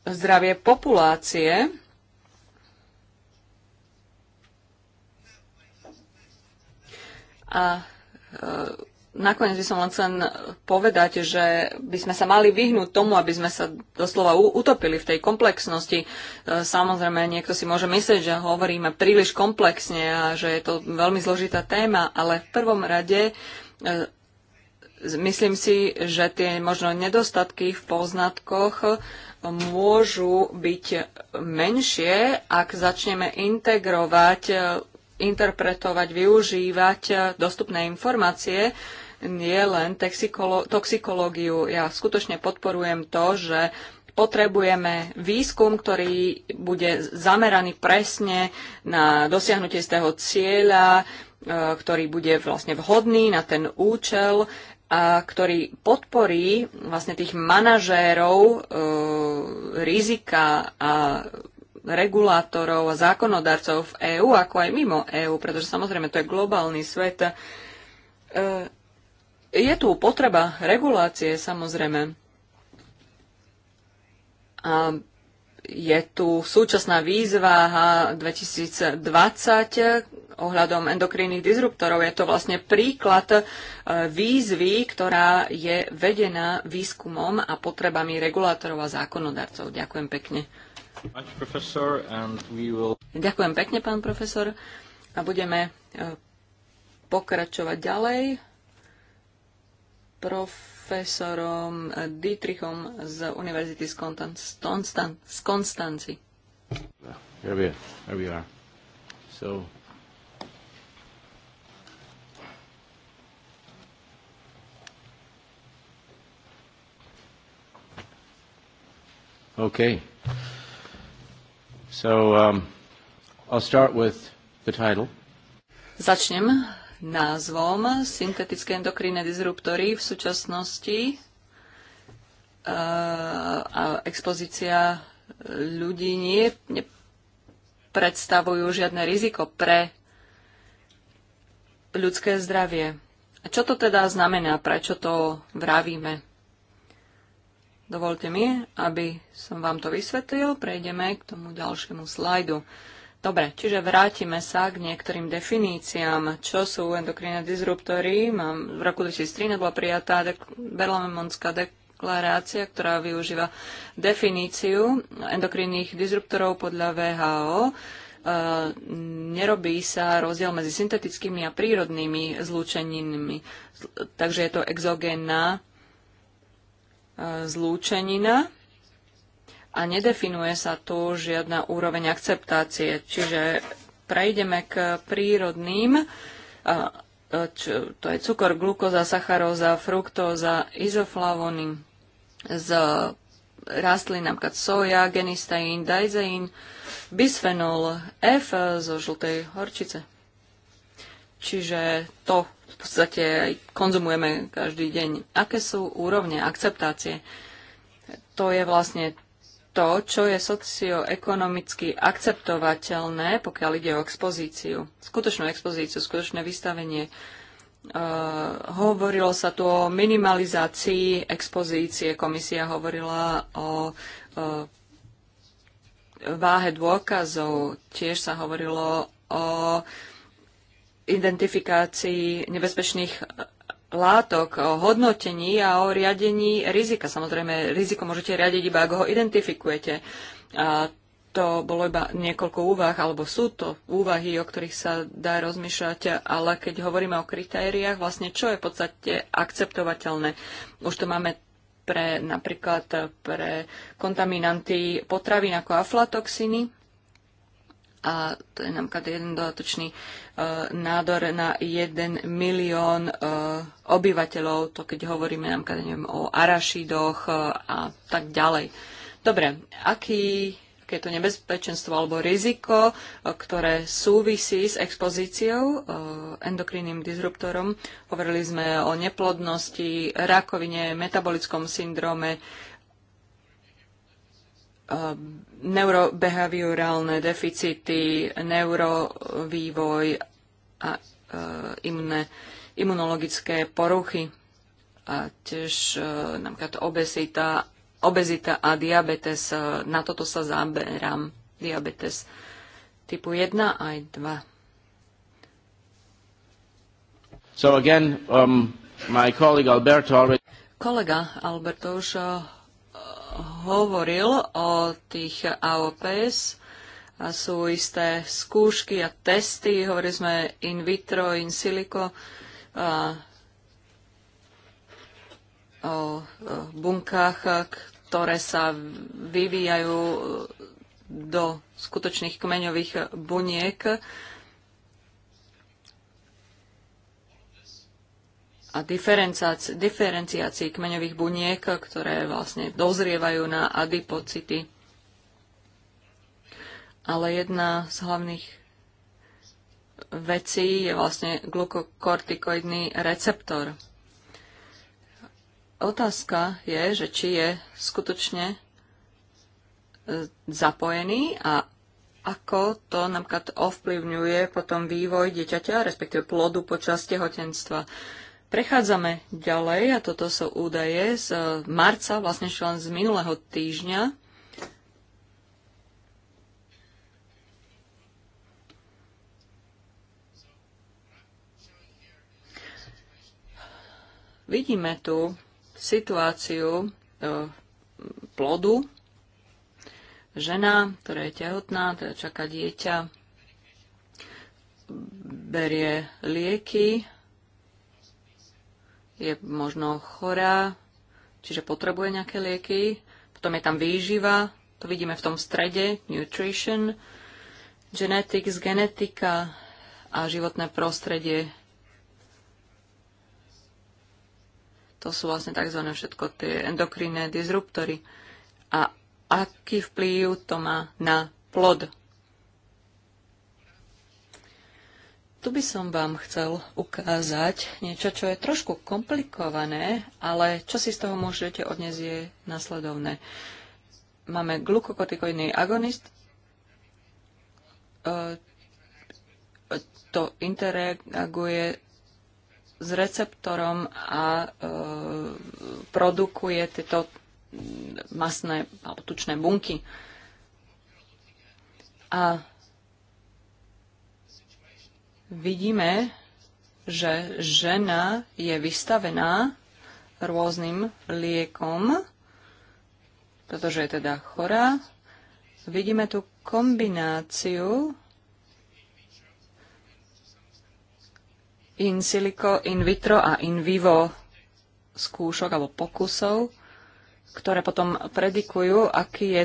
zdravie populácie A e, nakoniec by som len chcel povedať, že by sme sa mali vyhnúť tomu, aby sme sa doslova utopili v tej komplexnosti. E, samozrejme, niekto si môže myslieť, že hovoríme príliš komplexne a že je to veľmi zložitá téma, ale v prvom rade e, myslím si, že tie možno nedostatky v poznatkoch môžu byť menšie, ak začneme integrovať interpretovať, využívať dostupné informácie, nie len toxikolo- toxikológiu. Ja skutočne podporujem to, že potrebujeme výskum, ktorý bude zameraný presne na dosiahnutie z toho cieľa, e, ktorý bude vlastne vhodný na ten účel, a ktorý podporí vlastne tých manažérov e, rizika a regulátorov a zákonodarcov v EÚ, ako aj mimo EÚ, pretože samozrejme to je globálny svet. E, je tu potreba regulácie, samozrejme. A je tu súčasná výzva 2020 ohľadom endokrinných disruptorov. Je to vlastne príklad e, výzvy, ktorá je vedená výskumom a potrebami regulátorov a zákonodarcov. Ďakujem pekne. Ďakujem pekne, pán profesor. A budeme e, pokračovať ďalej profesorom e, Dietrichom z Univerzity z, Konstan- z Konstanci. Here we, here we are. So, okay. So, um, I'll start with the title. Začnem názvom syntetické endokrinné disruptory v súčasnosti uh, a expozícia ľudí nie, nie predstavujú žiadne riziko pre ľudské zdravie. A čo to teda znamená? Prečo to vravíme? Dovolte mi, aby som vám to vysvetlil. Prejdeme k tomu ďalšiemu slajdu. Dobre, čiže vrátime sa k niektorým definíciám, čo sú endokrinné disruptory. Mám, v roku 2013 bola prijatá dek- Berlamemonská deklarácia, ktorá využíva definíciu endokrinných disruptorov podľa VHO. E, nerobí sa rozdiel medzi syntetickými a prírodnými zlúčeninami, takže je to exogénna zlúčenina a nedefinuje sa tu žiadna úroveň akceptácie. Čiže prejdeme k prírodným, to je cukor, glukoza, sacharóza, fruktóza, izoflavony z rastlín, napríklad soja, genistein, dajzein, bisfenol F zo žltej horčice. Čiže to v podstate aj konzumujeme každý deň. Aké sú úrovne akceptácie? To je vlastne to, čo je socioekonomicky akceptovateľné, pokiaľ ide o expozíciu, skutočnú expozíciu, skutočné vystavenie. Uh, hovorilo sa tu o minimalizácii expozície. Komisia hovorila o uh, váhe dôkazov. Tiež sa hovorilo o uh, identifikácii nebezpečných látok, o hodnotení a o riadení rizika. Samozrejme, riziko môžete riadiť iba, ak ho identifikujete. A to bolo iba niekoľko úvah, alebo sú to úvahy, o ktorých sa dá rozmýšľať, ale keď hovoríme o kritériách, vlastne čo je v podstate akceptovateľné. Už to máme pre napríklad pre kontaminanty potravín ako aflatoxiny, a to je napríklad jeden dodatočný uh, nádor na jeden milión uh, obyvateľov, to keď hovoríme napríklad neviem, o arašidoch uh, e, a tak ďalej. Dobre, aký, aké je to nebezpečenstvo alebo riziko, ktoré súvisí s expozíciou e, endokrinným disruptorom? Hovorili sme o neplodnosti, rakovine, metabolickom syndróme, Ehm, neurobehaviorálne deficity, neurovývoj a e, imné, imunologické poruchy a tiež e, napríklad obezita, obezita a diabetes. E, na toto sa zaberám. Diabetes typu 1 aj 2. So again, um, my colleague Alberto already... Kolega Alberto už hovoril o tých AOPs. A sú isté skúšky a testy, hovorili sme in vitro, in silico, a o bunkách, ktoré sa vyvíjajú do skutočných kmeňových buniek a diferenciácii kmeňových buniek, ktoré vlastne dozrievajú na adipocity. Ale jedna z hlavných vecí je vlastne glukokortikoidný receptor. Otázka je, že či je skutočne e, zapojený a ako to napríklad ovplyvňuje potom vývoj dieťaťa, respektíve plodu počas tehotenstva. Prechádzame ďalej a toto sú údaje z e, marca, vlastne len z minulého týždňa. Vidíme tu situáciu e, plodu. Žena, ktorá je tehotná, teda čaká dieťa, berie lieky, je možno chorá, čiže potrebuje nejaké lieky. Potom je tam výživa, to vidíme v tom strede, nutrition, genetics, genetika a životné prostredie. To sú vlastne tzv. všetko tie endokrinné disruptory. A aký vplyv to má na plod tu by som vám chcel ukázať niečo, čo je trošku komplikované, ale čo si z toho môžete odniesť je nasledovné. Máme glukokotikoidný agonist, e, to interaguje s receptorom a e, produkuje tieto masné alebo tučné bunky. A vidíme, že žena je vystavená rôznym liekom, pretože je teda chorá. Vidíme tu kombináciu in silico, in vitro a in vivo skúšok alebo pokusov, ktoré potom predikujú, aký je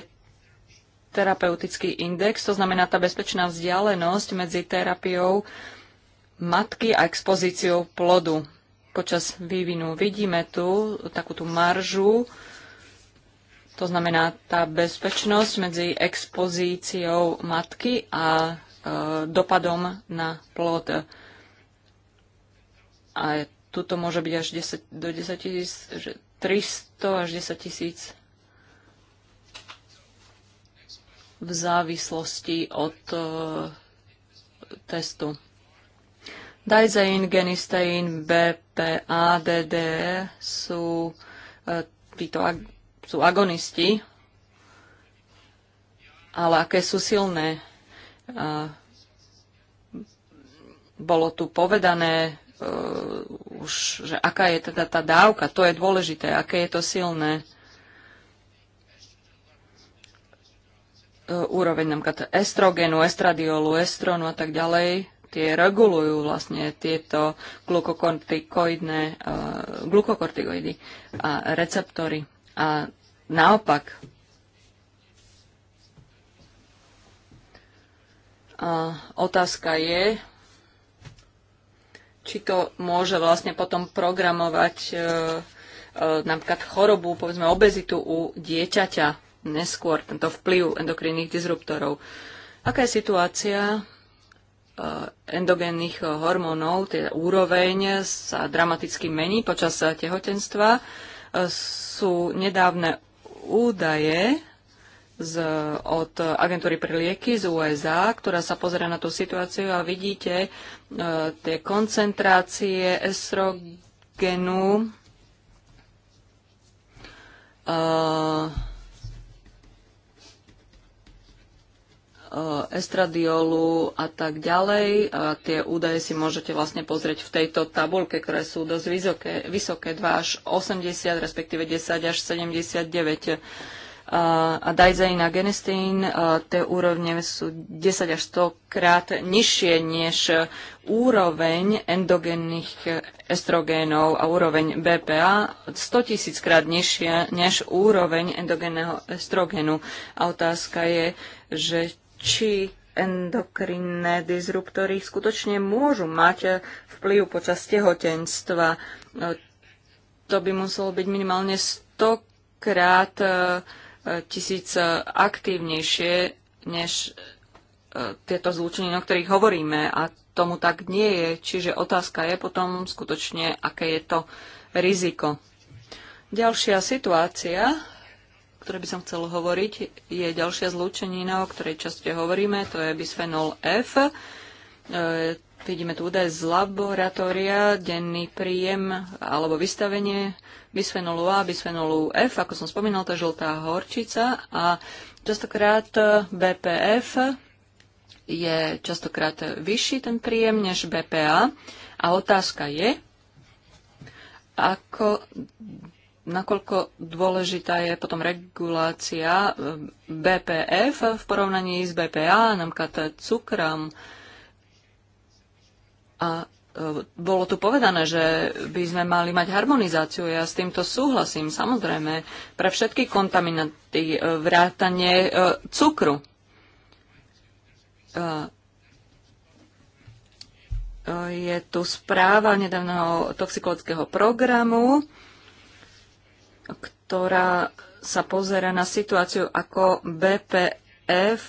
terapeutický index, to znamená tá bezpečná vzdialenosť medzi terapiou matky a expozíciou plodu. Počas vývinu vidíme tu takú tú maržu, to znamená tá bezpečnosť medzi expozíciou matky a e, dopadom na plod. A tuto môže byť až 10, do 10 tisíc, 300 až 10 tisíc v závislosti od e, testu. Dajzein, genistein, BPA, DDE sú, e, títo, sú agonisti, ale aké sú silné. Bolo tu povedané e, už, že aká je teda tá dávka, to je dôležité, aké je to silné. E, úroveň nám estrogenu, estradiolu, estronu a tak ďalej tie regulujú vlastne tieto glukokortikoidné, uh, glukokortikoidy a receptory. A naopak, a otázka je, či to môže vlastne potom programovať eh, eh, napríklad chorobu, povedzme obezitu u dieťaťa neskôr, tento vplyv endokrinných disruptorov. Aká je situácia Eh, endogénnych eh, hormónov, teda úroveň sa dramaticky mení počas eh, tehotenstva. Sú nedávne údaje z, od agentúry pre lieky z USA, ktorá sa pozera na tú situáciu a vidíte e, tie koncentrácie estrogenu e, Eh, estradiolu a tak ďalej. A tie údaje si môžete vlastne pozrieť v tejto tabulke, ktoré sú dosť vysoké, vysoké 2 až 80, respektíve 10 až 79. Eh, a, a dajzein a genestín, eh, tie úrovne sú 10 až 100 krát nižšie než úroveň endogénnych estrogénov a úroveň BPA 100 tisíc krát nižšie než úroveň endogénneho estrogénu. A otázka je, že či endokrinné disruptory skutočne môžu mať eh, vplyv počas tehotenstva. No, to by muselo byť minimálne 100 krát eh, tisíc eh, aktívnejšie než tieto zlúčeniny, o ktorých hovoríme a tomu tak nie je. Čiže otázka je potom skutočne, aké je to riziko. Ďalšia situácia, ktoré by som chcel hovoriť, je ďalšia zlúčenina, o ktorej časte hovoríme, to je bisphenol F. E, vidíme tu údaje z laboratória, denný príjem alebo vystavenie bisphenolu A, bisphenolu F, ako som spomínal, to je žltá horčica a častokrát BPF je častokrát vyšší ten príjem než BPA a otázka je, ako nakoľko dôležitá je potom regulácia ehm, BPF v porovnaní s BPA, napríklad cukrom? A ehm, bolo tu povedané, že by sme mali mať harmonizáciu. Ja s týmto súhlasím, samozrejme, pre všetky kontaminanty, ehm, vrátanie cukru. Je tu správa nedávneho toxikologického programu, ktorá sa pozera na situáciu ako BPF,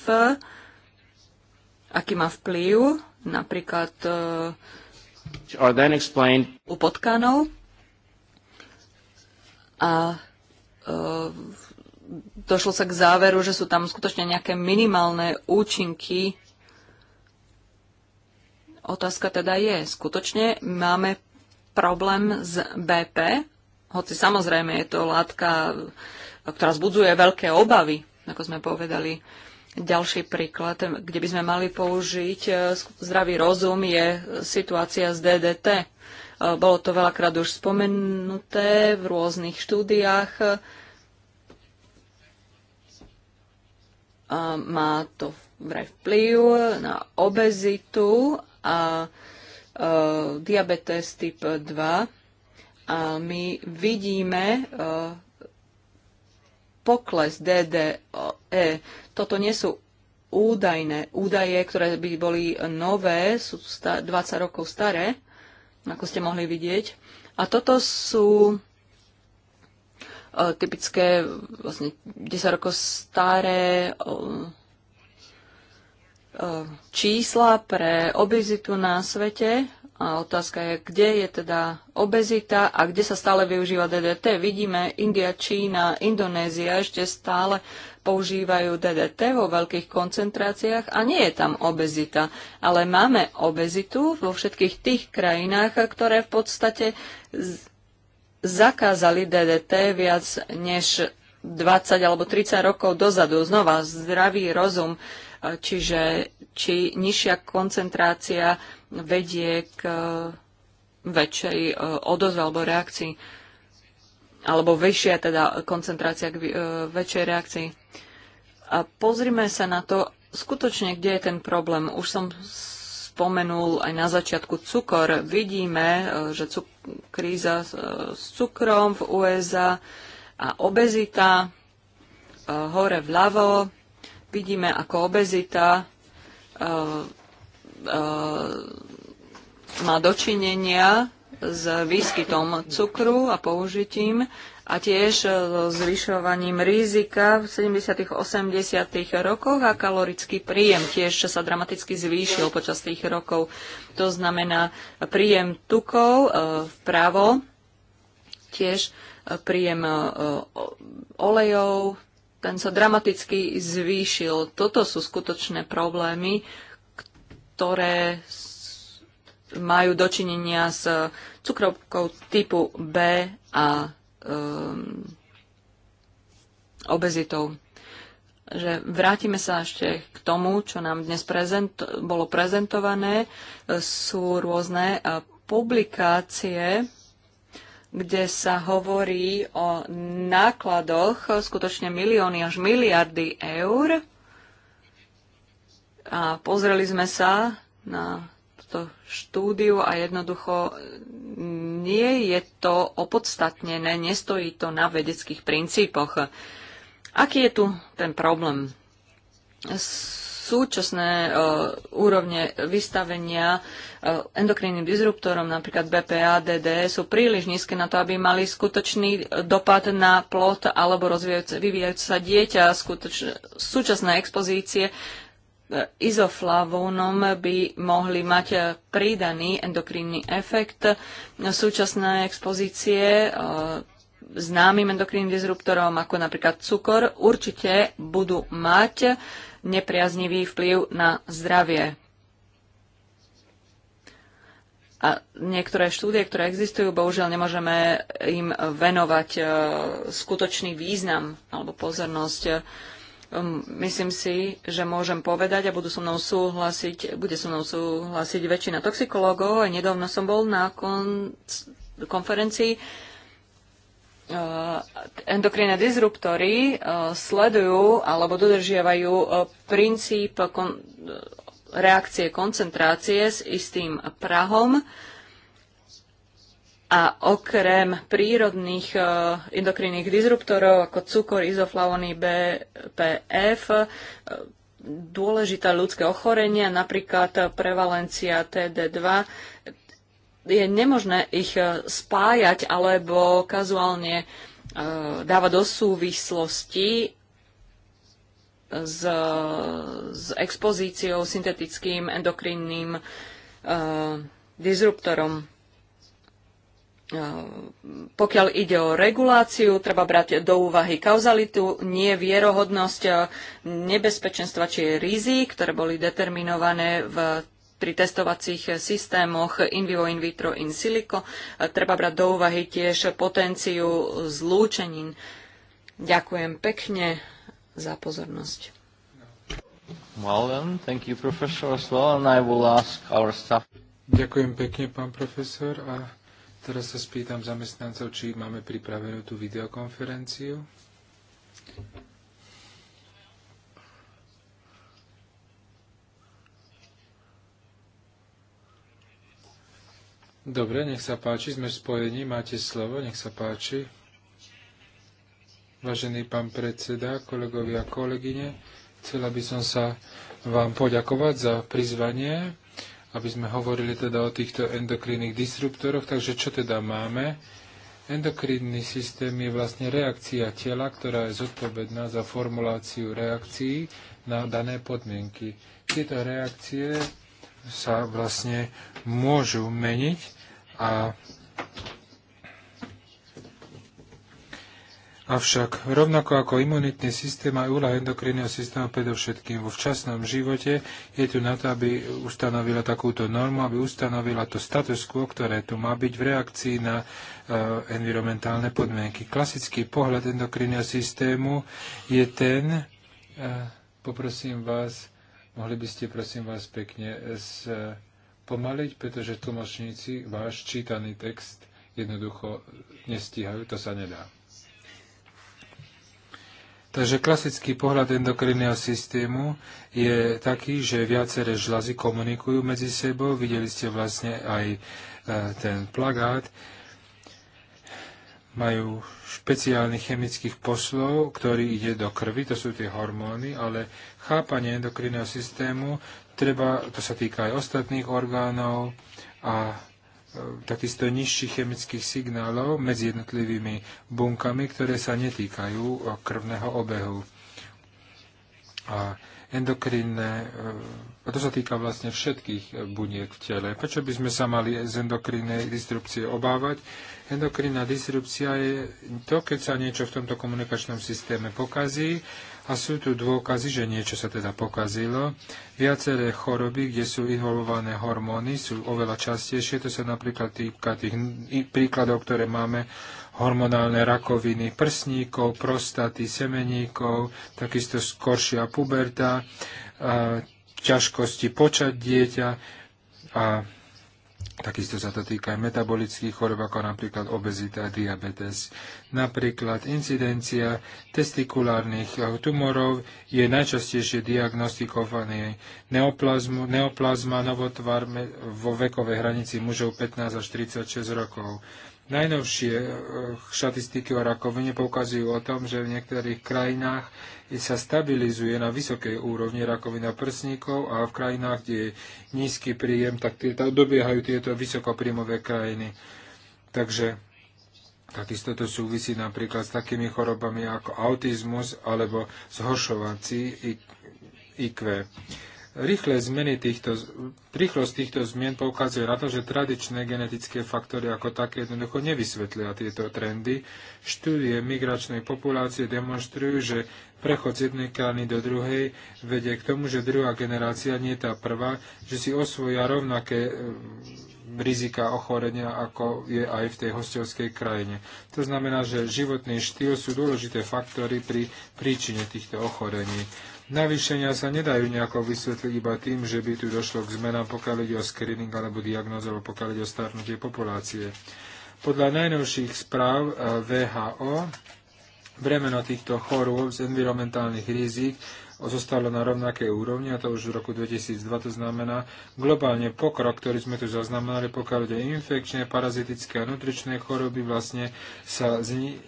aký má vplyv napríklad e, u potkanov a e, došlo sa k záveru, že sú tam skutočne nejaké minimálne účinky. Otázka teda je, skutočne máme problém s BP hoci samozrejme je to látka, ktorá zbudzuje veľké obavy, ako sme povedali. Ďalší príklad, kde by sme mali použiť e, zdravý rozum, je situácia z DDT. E, bolo to veľakrát už spomenuté v rôznych štúdiách. E, má to vraj vplyv na obezitu a diabetes typ 2 a my vidíme e, pokles DDE. Toto nie sú údajné údaje, ktoré by boli nové, sú 20 rokov staré, ako ste mohli vidieť. A toto sú e, typické vlastne 10 rokov staré e, čísla pre obezitu na svete. A otázka je, kde je teda obezita a kde sa stále využíva DDT. Vidíme, India, Čína, Indonézia ešte stále používajú DDT vo veľkých koncentráciách a nie je tam obezita. Ale máme obezitu vo všetkých tých krajinách, ktoré v podstate zakázali DDT viac než 20 alebo 30 rokov dozadu. Znova zdravý rozum, čiže či nižšia koncentrácia vedie k e, väčšej e, odozve alebo reakcii, alebo väčšia teda koncentrácia k e, väčšej reakcii. A pozrime sa na to skutočne, kde je ten problém. Už som spomenul aj na začiatku cukor. Vidíme, že cuk- kríza s cukrom v USA a obezita hore vľavo. Vidíme, ako obezita má dočinenia s výskytom cukru a použitím a tiež e, so zvyšovaním rizika v 70. 80. rokoch a kalorický príjem tiež sa dramaticky zvýšil počas tých rokov. To znamená príjem tukov e, vpravo, tiež e, príjem olejov, ten sa dramaticky zvýšil. Toto sú skutočné problémy, ktoré majú dočinenia s eh, cukrovkou typu B a um, obezitou. Že vrátime sa ešte k tomu, čo nám dnes prezent- bolo prezentované. Eh, sú rôzne eh, publikácie, kde sa hovorí o nákladoch skutočne milióny až miliardy eur. A pozreli sme sa na túto štúdiu a jednoducho nie je to opodstatnené, nestojí to na vedeckých princípoch. Aký je tu ten problém? Súčasné uh, úrovne vystavenia uh, endokrinným disruptorom, napríklad BPA, DD, sú príliš nízke na to, aby mali skutočný dopad na plot alebo rozvíjajúce, vyvíjajúce sa dieťa. Skutoč, súčasné expozície izoflavónom by mohli mať prídaný endokrínny efekt. Súčasné expozície e, známym endokrinným disruptorom, ako napríklad cukor, určite budú mať nepriaznivý vplyv na zdravie. A niektoré štúdie, ktoré existujú, bohužiaľ nemôžeme im venovať e, skutočný význam alebo pozornosť Ehm, myslím si, že môžem povedať a budú so mnou súhlasiť, bude so mnou súhlasiť väčšina toxikológov. Aj nedávno som bol na kon- konferencii ehm, endokrinné disruptory ehm, sledujú alebo dodržiavajú princíp kon- reakcie koncentrácie s istým prahom a okrem prírodných e, endokrinných disruptorov ako cukor, izoflavony, BPF, e, dôležité ľudské ochorenia, napríklad prevalencia TD2, je nemožné ich e, spájať alebo kazuálne dávať do súvislosti s, s expozíciou syntetickým endokrinným disruptorom. Ehm, pokiaľ ide o reguláciu, treba brať do úvahy kauzalitu, nie vierohodnosť eh, nebezpečenstva či rizik, ktoré boli determinované v pri testovacích systémoch in vivo, in vitro, in silico. Eh, treba brať do úvahy tiež potenciu zlúčenín. Ďakujem pekne za pozornosť. Well then, thank you, professor, as well, and I will ask our staff. Ďakujem pekne, pán profesor, a Teraz sa spýtam zamestnancov, či máme pripravenú tú videokonferenciu. Dobre, nech sa páči, sme spojení, máte slovo, nech sa páči. Vážený pán predseda, kolegovia a kolegyne, chcela by som sa vám poďakovať za prizvanie aby sme hovorili teda o týchto endokrinných disruptoroch. Takže čo teda máme? Endokrinný systém je vlastne reakcia tela, ktorá je zodpovedná za formuláciu reakcií na dané podmienky. Tieto reakcie sa vlastne môžu meniť a Avšak rovnako ako imunitný systém aj úloha endokrinného systému predovšetkým vo včasnom živote je tu na to, aby ustanovila takúto normu, aby ustanovila to status quo, ktoré tu má byť v reakcii na eh, environmentálne podmienky. Klasický pohľad endokrinného systému je ten, e, poprosím vás, mohli by ste prosím vás pekne eh, pomaliť, pretože tlmočníci váš čítaný text jednoducho nestíhajú, to sa nedá. Takže klasický pohľad endokrinného systému je taký, že viaceré žlazy komunikujú medzi sebou. Videli ste vlastne aj e, ten plagát. Majú špeciálnych chemických poslov, ktorý ide do krvi, to sú tie hormóny, ale chápanie endokrinného systému treba, to sa týka aj ostatných orgánov a takisto nižších chemických signálov medzi jednotlivými bunkami, ktoré sa netýkajú e, krvného obehu. A endokrinné, e, a to sa týka vlastne všetkých e, buniek v tele. Prečo by sme sa mali z endokrinnej disrupcie obávať? Endokrinná disrupcia je to, keď sa niečo v tomto komunikačnom systéme pokazí a sú tu dôkazy, že niečo sa teda pokazilo. Viaceré choroby, kde sú vyholované hormóny, sú oveľa častejšie. To sa napríklad týka tých príkladov, ktoré máme hormonálne rakoviny prsníkov, prostaty, semeníkov, takisto skoršia puberta, ťažkosti počať dieťa a Takisto sa to týka aj metabolických chorob, ako napríklad obezita a diabetes. Napríklad incidencia testikulárnych eh, tumorov je najčastejšie diagnostikovaný neoplazma novotvar vo vekovej hranici mužov 15 až 36 rokov. Najnovšie eh, štatistiky o rakovine poukazujú o tom, že v niektorých krajinách sa stabilizuje na vysokej úrovni rakovina prsníkov a v krajinách, kde je nízky príjem, tak tieto, dobiehajú tieto vysokopríjmové krajiny. Takže takisto to súvisí napríklad s takými chorobami ako autizmus alebo zhoršovací IQ. Rýchle zmeny týchto, rýchlosť týchto zmien poukazuje na to, že tradičné genetické faktory ako také jednoducho nevysvetlia tieto trendy. Štúdie migračnej populácie demonstrujú, že prechod z jednej krajiny do druhej vedie k tomu, že druhá generácia nie je tá prvá, že si osvoja rovnaké rizika ochorenia, ako je aj v tej hostovskej krajine. To znamená, že životný štýl sú dôležité faktory pri príčine týchto ochorení. Navýšenia sa nedajú nejako vysvetliť iba tým, že by tu došlo k zmenám, pokiaľ ide o screening alebo diagnózu, alebo pokiaľ ide o starnutie populácie. Podľa najnovších správ eh, VHO bremeno týchto chorôb z environmentálnych rizik zostalo na rovnakej úrovni, a to už v roku 2002, to znamená globálne pokrok, ktorý sme tu zaznamenali, pokiaľ ide infekčné, parazitické a nutričné choroby, vlastne sa zni, e,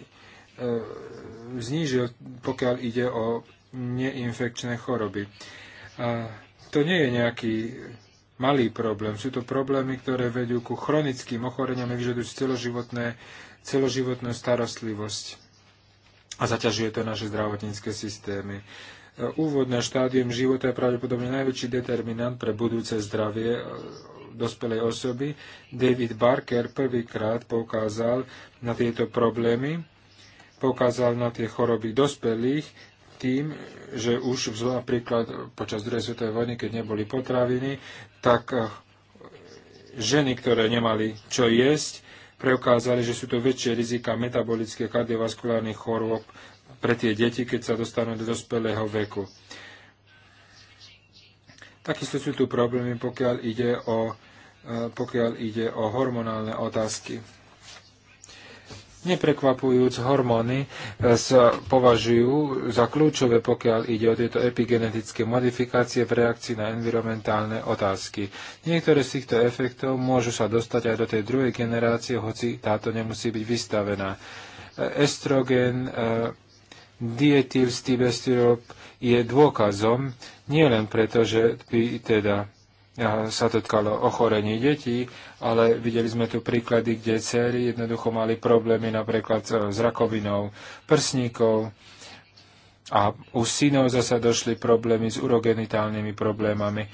znížil, pokiaľ ide o neinfekčné choroby. A to nie je nejaký malý problém. Sú to problémy, ktoré vedú ku chronickým ochoreniam a vyžadujú celoživotné, celoživotnú starostlivosť. A zaťažuje to naše zdravotnícke systémy. Úvodné štádium života je pravdepodobne najväčší determinant pre budúce zdravie e, dospelej osoby. David Barker prvýkrát poukázal na tieto problémy, poukázal na tie choroby dospelých tým, že už napríklad počas druhej svetovej vojny, keď neboli potraviny, tak eh, ženy, ktoré nemali čo jesť, preukázali, že sú to väčšie rizika metabolických kardiovaskulárnych chorôb pre tie deti, keď sa dostanú do dospelého veku. Takisto sú tu problémy, pokiaľ ide o, eh, pokiaľ ide o hormonálne otázky. Neprekvapujúc, hormóny e, sa považujú za kľúčové, pokiaľ ide o tieto epigenetické modifikácie v reakcii na environmentálne otázky. Niektoré z týchto efektov môžu sa dostať aj do tej druhej generácie, hoci táto nemusí byť vystavená. E, estrogen, e, dietylstibestyrok je dôkazom, nielen preto, že by teda sa to tkalo ochorení detí, ale videli sme tu príklady, kde céry jednoducho mali problémy napríklad s rakovinou prsníkov a u synov zasa došli problémy s urogenitálnymi problémami.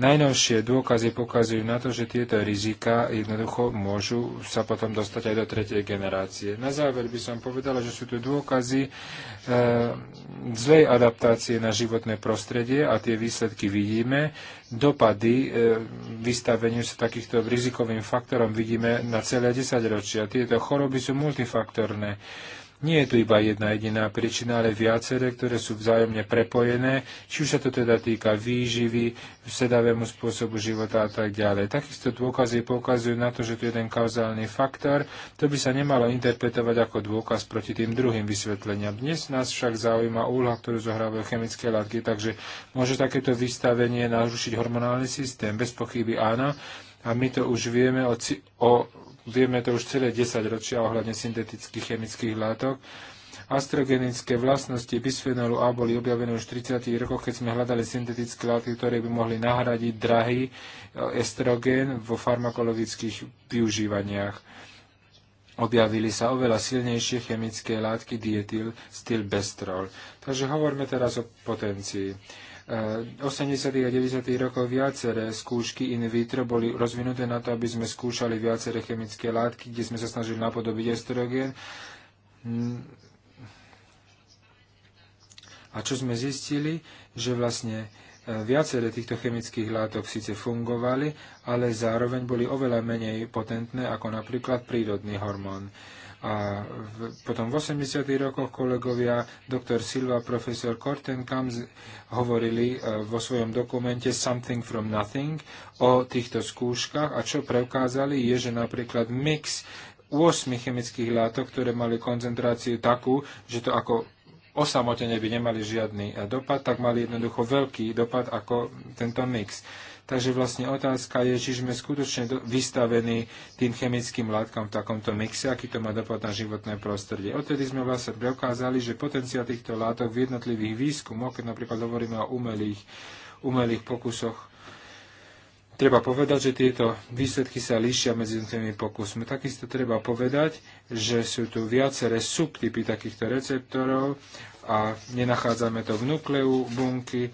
Najnovšie dôkazy pokazujú na to, že tieto rizika jednoducho môžu sa potom dostať aj do tretej generácie. Na záver by som povedala, že sú tu dôkazy e, zlej adaptácie na životné prostredie a tie výsledky vidíme. Dopady e, vystaveniu sa takýchto rizikovým faktorom vidíme na celé 10 ročia. Tieto choroby sú multifaktorné. Nie je tu iba jedna jediná príčina, ale viaceré, ktoré sú vzájomne prepojené, či už sa to teda týka výživy, sedavému spôsobu života a tak ďalej. Takisto dôkazy poukazujú na to, že tu je jeden kauzálny faktor, to by sa nemalo interpretovať ako dôkaz proti tým druhým vysvetleniam. Dnes nás však zaujíma úloha, ktorú zohrávajú chemické látky, takže môže takéto vystavenie narušiť hormonálny systém? Bez pochyby áno. A my to už vieme o, o vieme to už celé 10 ročia ohľadne syntetických chemických látok. Astrogenické vlastnosti bisfenolu A boli objavené už v 30. rokoch, keď sme hľadali syntetické látky, ktoré by mohli nahradiť drahý e, estrogen vo farmakologických využívaniach. Objavili sa oveľa silnejšie chemické látky dietyl styl bestrol. Takže hovorme teraz o potencii. 80. Eh, a 90. rokov viaceré skúšky in vitro boli rozvinuté na to, aby sme skúšali viaceré chemické látky, kde sme sa snažili napodobiť estrogen. A čo sme zistili, že vlastne eh, viaceré týchto chemických látok síce fungovali, ale zároveň boli oveľa menej potentné ako napríklad prírodný hormón. A v, potom v 80. rokoch kolegovia doktor Silva a profesor Kortenkam hovorili e, vo svojom dokumente Something from Nothing o týchto skúškach a čo preukázali je, že napríklad mix 8 chemických látok, ktoré mali koncentráciu takú, že to ako osamotene by nemali žiadny e, dopad, tak mali jednoducho veľký dopad ako tento mix. Takže vlastne otázka je, či sme skutočne vystavení tým chemickým látkam v takomto mixe, aký to má dopad na životné prostredie. Odtedy sme vlastne preukázali, že potenciál týchto látok v jednotlivých výskumoch, keď napríklad hovoríme o umelých, umelých pokusoch, Treba povedať, že tieto výsledky sa líšia medzi tými pokusmi. Takisto treba povedať, že sú tu viaceré subtypy takýchto receptorov a nenachádzame to v nukleu bunky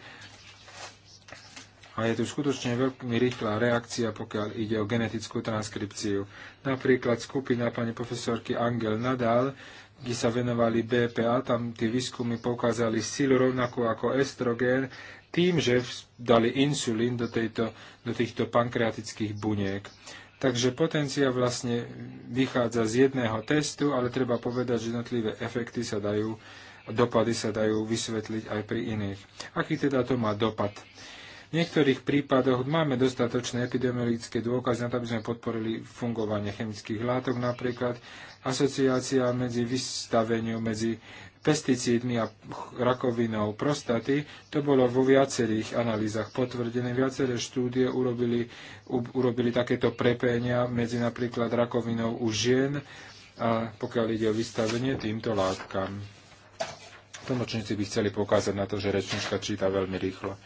a je tu skutočne veľmi rýchla reakcia, pokiaľ ide o genetickú transkripciu. Napríklad skupina pani profesorky Angel Nadal, kde sa venovali BPA, tam tie výskumy pokázali silu rovnakú ako estrogén, tým, že dali insulín do, tejto, do týchto pankreatických buniek. Takže potencia vlastne vychádza z jedného testu, ale treba povedať, že jednotlivé efekty sa dajú, dopady sa dajú vysvetliť aj pri iných. Aký teda to má dopad? V niektorých prípadoch máme dostatočné epidemiologické dôkazy na to, aby sme podporili fungovanie chemických látok, napríklad asociácia medzi vystaveniu, medzi pesticídmi a rakovinou prostaty. To bolo vo viacerých analýzach potvrdené. Viaceré štúdie urobili, u, urobili takéto prepenia medzi napríklad rakovinou u žien a pokiaľ ide o vystavenie týmto látkam. Tlmočníci by chceli pokázať na to, že rečnička číta veľmi rýchlo.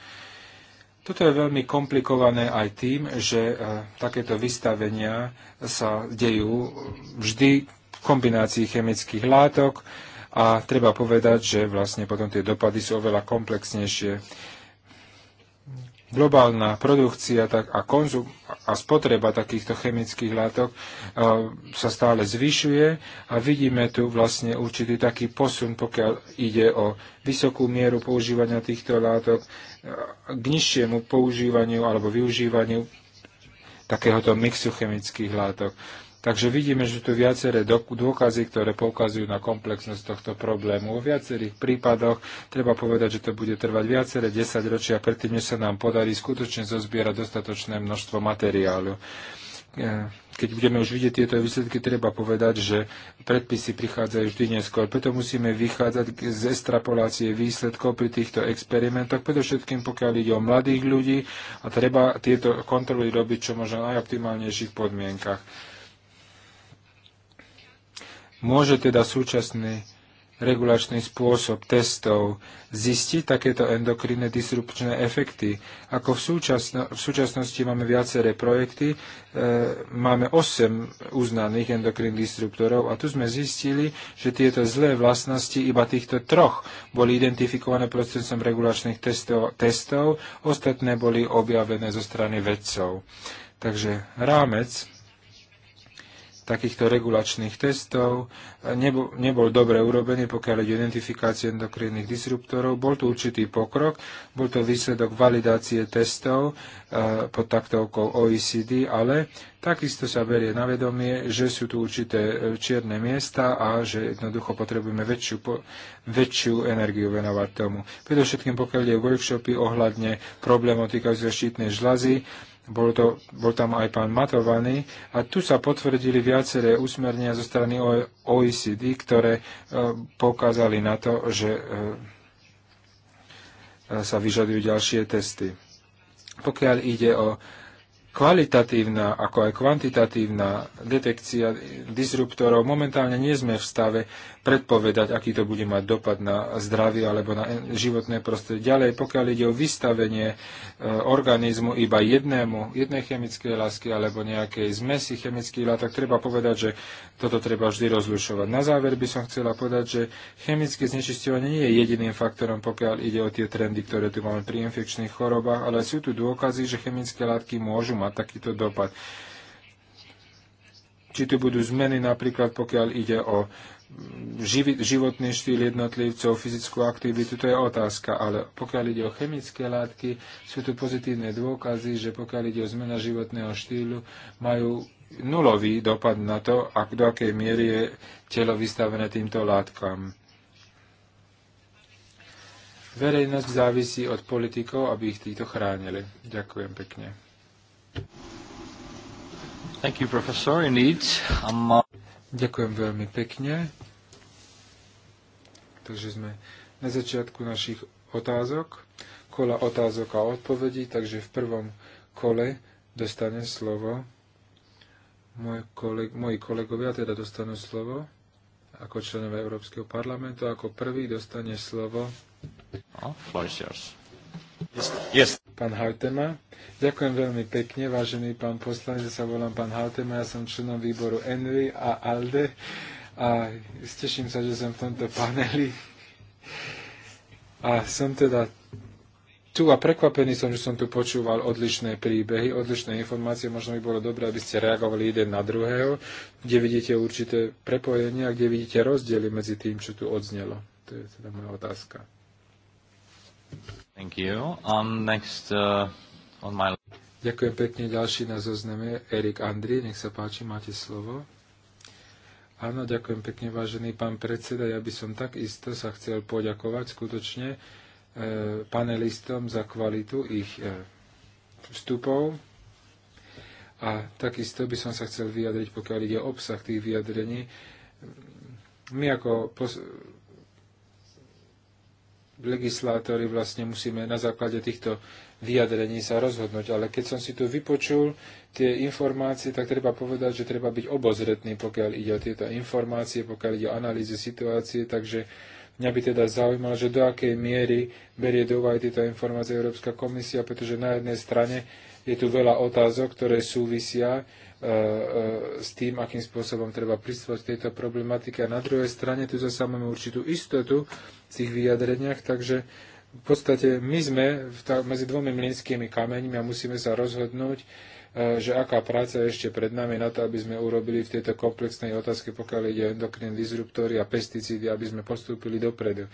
Toto je veľmi komplikované aj tým, že e, takéto vystavenia sa dejú vždy v kombinácii chemických látok a treba povedať, že vlastne potom tie dopady sú oveľa komplexnejšie globálna produkcia tak a, konzum, a spotreba takýchto chemických látok a, eh, sa stále zvyšuje a vidíme tu vlastne určitý taký posun, pokiaľ ide o vysokú mieru používania týchto látok eh, k nižšiemu používaniu alebo využívaniu takéhoto mixu chemických látok. Takže vidíme, že tu viaceré dôkazy, ktoré poukazujú na komplexnosť tohto problému. Vo viacerých prípadoch treba povedať, že to bude trvať viaceré 10 ročia, predtým, než sa nám podarí skutočne zozbierať dostatočné množstvo materiálu. E, keď budeme už vidieť tieto výsledky, treba povedať, že predpisy prichádzajú vždy neskôr. Preto musíme vychádzať z extrapolácie výsledkov pri týchto experimentoch, predovšetkým pokiaľ ide o mladých ľudí a treba tieto kontroly robiť čo možno najoptimálnejších podmienkach. Môže teda súčasný regulačný spôsob testov zistiť takéto endokrinné disrupčné efekty. Ako v, súčasno, v súčasnosti máme viaceré projekty, e, máme 8 uznaných endokrinných disruptorov a tu sme zistili, že tieto zlé vlastnosti iba týchto troch boli identifikované prostredstvom regulačných testov, testov, ostatné boli objavené zo strany vedcov. Takže rámec takýchto regulačných testov nebol, nebol dobre urobený, pokiaľ ide identifikácie endokrinných disruptorov. Bol tu určitý pokrok, bol to výsledok validácie testov e, pod taktovkou OECD, ale takisto sa berie na vedomie, že sú tu určité e, čierne miesta a že jednoducho potrebujeme väčšiu, po, väčšiu energiu venovať tomu. Predovšetkým pokiaľ je workshopy ohľadne problémov týkajúcich štítnej žlazy, bol, to, bol tam aj pán Matovaný a tu sa potvrdili viaceré úsmernia zo strany OECD, ktoré e, pokázali na to, že e, e, sa vyžadujú ďalšie testy. Pokiaľ ide o kvalitatívna ako aj kvantitatívna detekcia disruptorov. Momentálne nie sme v stave predpovedať, aký to bude mať dopad na zdravie alebo na životné prostredie. Ďalej, pokiaľ ide o vystavenie e, organizmu iba jednému, jednej chemickej lásky alebo nejakej zmesi chemických látok, treba povedať, že toto treba vždy rozlišovať. Na záver by som chcela povedať, že chemické znečisťovanie nie je jediným faktorom, pokiaľ ide o tie trendy, ktoré tu máme pri infekčných chorobách, ale sú tu dôkazy, že chemické látky môžu mať takýto dopad či tu budú zmeny napríklad, pokiaľ ide o životný štýl jednotlivcov, fyzickú aktivitu, to je otázka, ale pokiaľ ide o chemické látky, sú tu pozitívne dôkazy, že pokiaľ ide o zmena životného štýlu, majú nulový dopad na to, ak do akej miery je telo vystavené týmto látkam. Verejnosť závisí od politikov, aby ich títo chránili. Ďakujem pekne. Thank you, Ďakujem veľmi pekne. Takže sme na začiatku našich otázok, kola otázok a odpovedí, takže v prvom kole dostane slovo môj koleg, moji kolegovia, teda dostanú slovo ako členové Európskeho parlamentu, ako prvý dostane slovo. Oh, yes. Yes pán Haltema. Ďakujem veľmi pekne, vážený pán poslanec, ja sa volám pán Haltema, ja som členom výboru Envy a ALDE a steším sa, že som v tomto paneli. A som teda tu a prekvapený som, že som tu počúval odlišné príbehy, odlišné informácie. Možno by bolo dobré, aby ste reagovali jeden na druhého, kde vidíte určité prepojenia, kde vidíte rozdiely medzi tým, čo tu odznelo. To je teda moja otázka. Thank you. Um, next, uh, on my... Ďakujem pekne. Ďalší na zozname Erik Andri. Nech sa páči, máte slovo. Áno, ďakujem pekne, vážený pán predseda. Ja by som takisto sa chcel poďakovať skutočne e, panelistom za kvalitu ich e, vstupov. A takisto by som sa chcel vyjadriť, pokiaľ ide obsah tých vyjadrení. My ako pos- legislátori vlastne musíme na základe týchto vyjadrení sa rozhodnúť. Ale keď som si tu vypočul tie informácie, tak treba povedať, že treba byť obozretný, pokiaľ ide o tieto informácie, pokiaľ ide o analýzy situácie, takže Mňa by teda zaujímalo, že do akej miery berie do úvahy tieto informácie Európska komisia, pretože na jednej strane je tu veľa otázok, ktoré súvisia E, e, s tým, akým spôsobom treba pristúpať k tejto problematike. A na druhej strane tu zase máme určitú istotu v tých vyjadreniach, takže v podstate my sme medzi dvomi mlinskými kameňmi a musíme sa rozhodnúť, e, že aká práca je ešte pred nami na to, aby sme urobili v tejto komplexnej otázke, pokiaľ ide o endokrín disruptory a pesticídy, aby sme postúpili dopredu.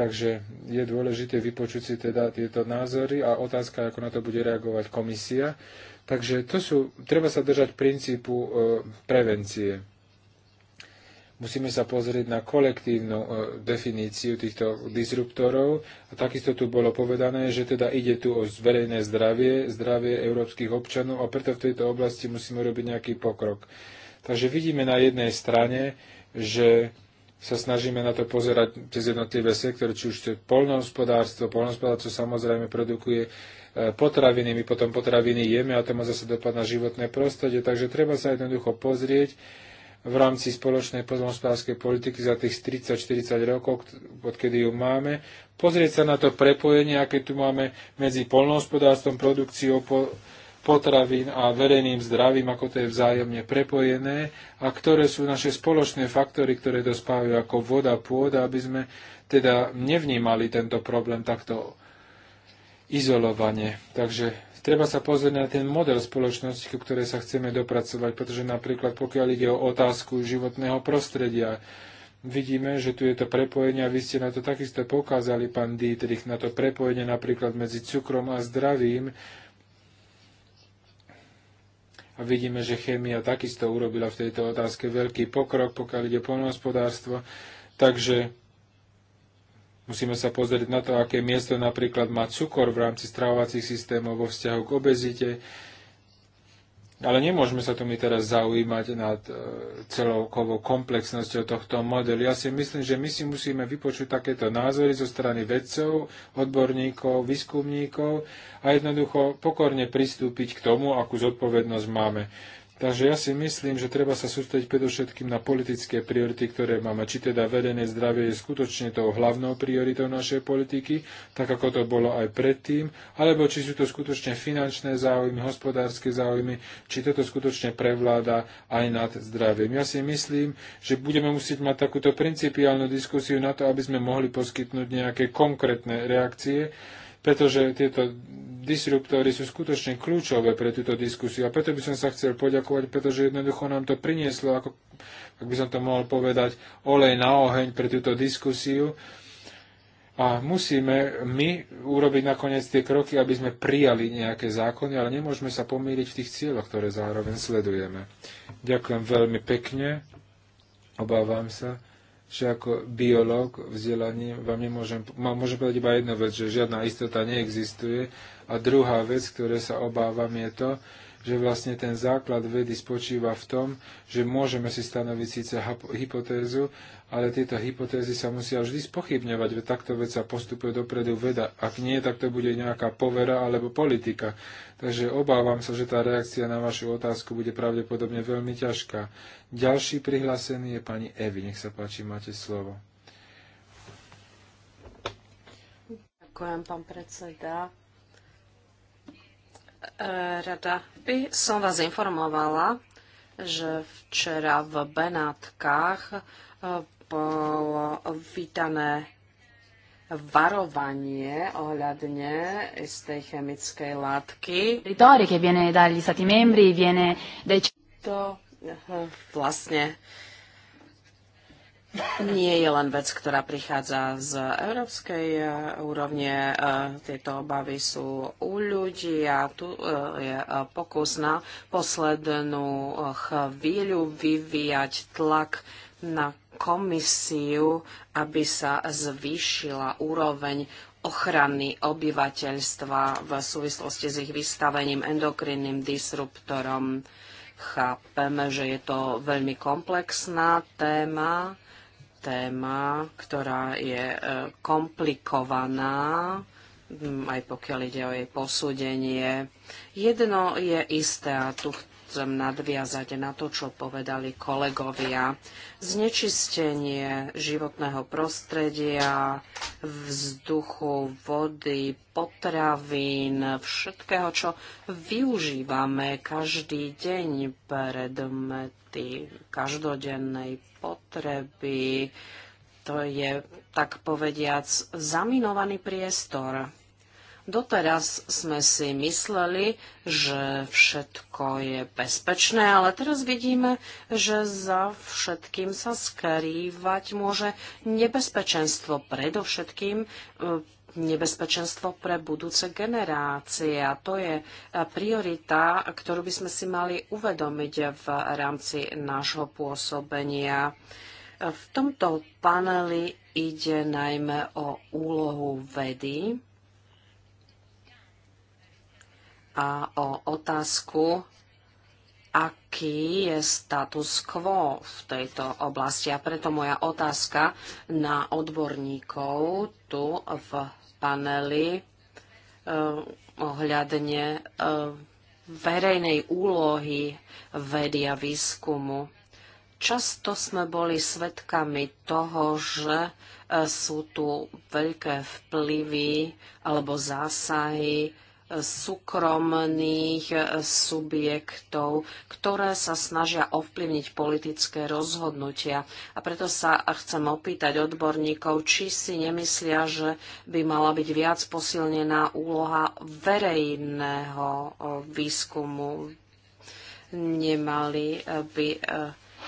Takže je dôležité vypočuť si teda tieto názory a otázka, ako na to bude reagovať komisia. Takže to sú, treba sa držať princípu e, prevencie. Musíme sa pozrieť na kolektívnu e, definíciu týchto disruptorov. A takisto tu bolo povedané, že teda ide tu o verejné zdravie, zdravie európskych občanov a preto v tejto oblasti musíme robiť nejaký pokrok. Takže vidíme na jednej strane, že sa snažíme na to pozerať cez jednotlivé sektory, či už to je polnohospodárstvo, polnohospodárstvo samozrejme produkuje e, potraviny, my potom potraviny jeme a to má zase dopad na životné prostredie, takže treba sa jednoducho pozrieť v rámci spoločnej polnohospodárskej politiky za tých 30-40 rokov, odkedy ju máme, pozrieť sa na to prepojenie, aké tu máme medzi polnohospodárstvom, produkciou, po, potravín a verejným zdravím, ako to je vzájomne prepojené a ktoré sú naše spoločné faktory, ktoré dospávajú ako voda, pôda, aby sme teda nevnímali tento problém takto izolovane. Takže treba sa pozrieť na ten model spoločnosti, ku ktorej sa chceme dopracovať, pretože napríklad pokiaľ ide o otázku životného prostredia, vidíme, že tu je to prepojenie, a vy ste na to takisto pokázali, pán Dietrich, na to prepojenie napríklad medzi cukrom a zdravím, a vidíme, že chémia takisto urobila v tejto otázke veľký pokrok, pokiaľ ide poľnohospodárstvo. Takže musíme sa pozrieť na to, aké miesto napríklad má cukor v rámci stravovacích systémov vo vzťahu k obezite, ale nemôžeme sa tu my teraz zaujímať nad e, celokovou komplexnosťou tohto modelu. Ja si myslím, že my si musíme vypočuť takéto názory zo strany vedcov, odborníkov, výskumníkov a jednoducho pokorne pristúpiť k tomu, akú zodpovednosť máme. Takže ja si myslím, že treba sa sústrediť predovšetkým na politické priority, ktoré máme. Či teda verejné zdravie je skutočne tou hlavnou prioritou našej politiky, tak ako to bolo aj predtým, alebo či sú to skutočne finančné záujmy, hospodárske záujmy, či toto skutočne prevláda aj nad zdravím. Ja si myslím, že budeme musieť mať takúto principiálnu diskusiu na to, aby sme mohli poskytnúť nejaké konkrétne reakcie pretože tieto disruptory sú skutočne kľúčové pre túto diskusiu. A preto by som sa chcel poďakovať, pretože jednoducho nám to prinieslo, ako, ak by som to mohol povedať, olej na oheň pre túto diskusiu. A musíme my urobiť nakoniec tie kroky, aby sme prijali nejaké zákony, ale nemôžeme sa pomýliť v tých cieľoch, ktoré zároveň sledujeme. Ďakujem veľmi pekne. Obávam sa, že ako biológ vzdelaním vám nemôžem, môžem povedať iba jednu vec, že žiadna istota neexistuje. A druhá vec, ktoré sa obávam, je to, že vlastne ten základ vedy spočíva v tom, že môžeme si stanoviť síce hypotézu, ale tieto hypotézy sa musia vždy spochybňovať, veď takto vec sa postupuje dopredu veda. Ak nie, tak to bude nejaká povera alebo politika. Takže obávam sa, že tá reakcia na vašu otázku bude pravdepodobne veľmi ťažká. Ďalší prihlásený je pani Evi. Nech sa páči, máte slovo. Ďakujem, pán predseda. Rada by som vás informovala, že včera v Benátkach e, bolo vítané varovanie ohľadne istej chemickej látky. Ritore, che viene dagli stati membri, viene dai... To e, vlastne nie je len vec, ktorá prichádza z európskej e, úrovne. E, tieto obavy sú u ľudí a tu e, je pokus na poslednú chvíľu vyvíjať tlak na komisiu, aby sa zvýšila úroveň ochrany obyvateľstva v súvislosti s ich vystavením endokrinným disruptorom. Chápeme, že je to veľmi komplexná téma téma, ktorá je e, komplikovaná, aj pokiaľ ide o jej posúdenie. Jedno je isté, a tu chcem nadviazať na to, čo povedali kolegovia. Znečistenie životného prostredia, vzduchu, vody, potravín, všetkého, čo využívame každý deň predmety každodennej potreby. To je, tak povediac, zaminovaný priestor. Doteraz sme si mysleli, že všetko je bezpečné, ale teraz vidíme, že za všetkým sa skrývať môže nebezpečenstvo, predovšetkým e, nebezpečenstvo pre budúce generácie. A to je eh, priorita, ktorú by sme si mali uvedomiť v rámci nášho pôsobenia. V tomto paneli ide najmä o úlohu vedy a o otázku, aký je status quo v tejto oblasti. A preto moja otázka na odborníkov tu v panely eh, ohľadne eh, verejnej úlohy vedy a výskumu. Často sme boli svedkami toho, že eh, sú tu veľké vplyvy alebo zásahy súkromných subjektov, ktoré sa snažia ovplyvniť politické rozhodnutia. A preto sa chcem opýtať odborníkov, či si nemyslia, že by mala byť viac posilnená úloha verejného e, výskumu. Nemali e, by e,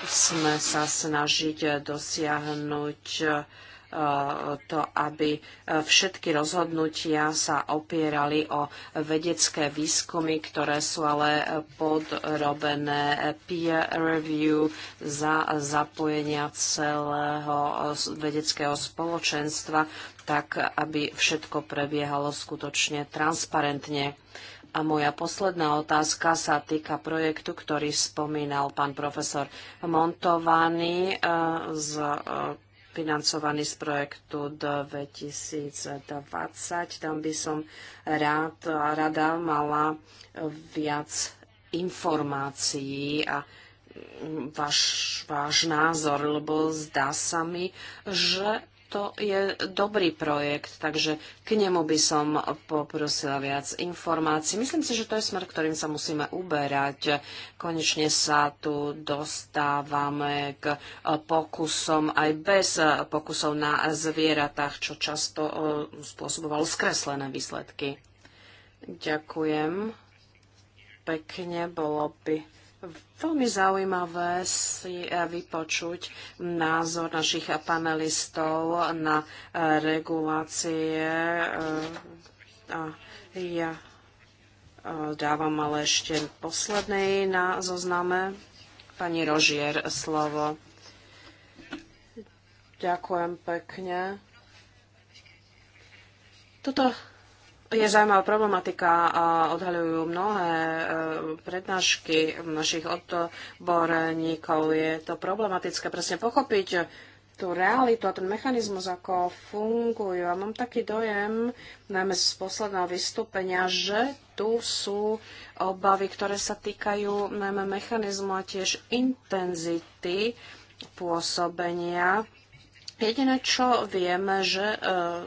sme sa snažiť dosiahnuť to, aby e, všetky rozhodnutia sa opierali o vedecké výskumy, ktoré sú ale podrobené peer review za zapojenia celého vedeckého spoločenstva, tak aby všetko prebiehalo skutočne transparentne. A moja posledná otázka sa týka projektu, ktorý spomínal pán profesor Montovaný. E, z e, financovaný z projektu 2020. Tam by som rád, rada mala viac informácií a váš, váš názor, lebo zdá sa mi, že to je dobrý projekt, takže k nemu by som poprosila viac informácií. Myslím si, že to je smer, ktorým sa musíme uberať. Konečne sa tu dostávame k pokusom aj bez pokusov na zvieratách, čo často e, spôsobovalo skreslené výsledky. Ďakujem. Pekne bolo by veľmi zaujímavé si e, vypočuť názor našich panelistov na e, regulácie e, a ja dávam ale ešte poslednej na zozname pani Rožier slovo. Ďakujem pekne. Toto je zaujímavá problematika a odhaľujú mnohé e, prednášky našich odborníkov. Je to problematické presne pochopiť tú realitu a ten mechanizmus, ako fungujú. A mám taký dojem, najmä z posledného vystúpenia, že tu sú obavy, ktoré sa týkajú najmä mechanizmu a tiež intenzity pôsobenia Jediné, čo vieme, že e,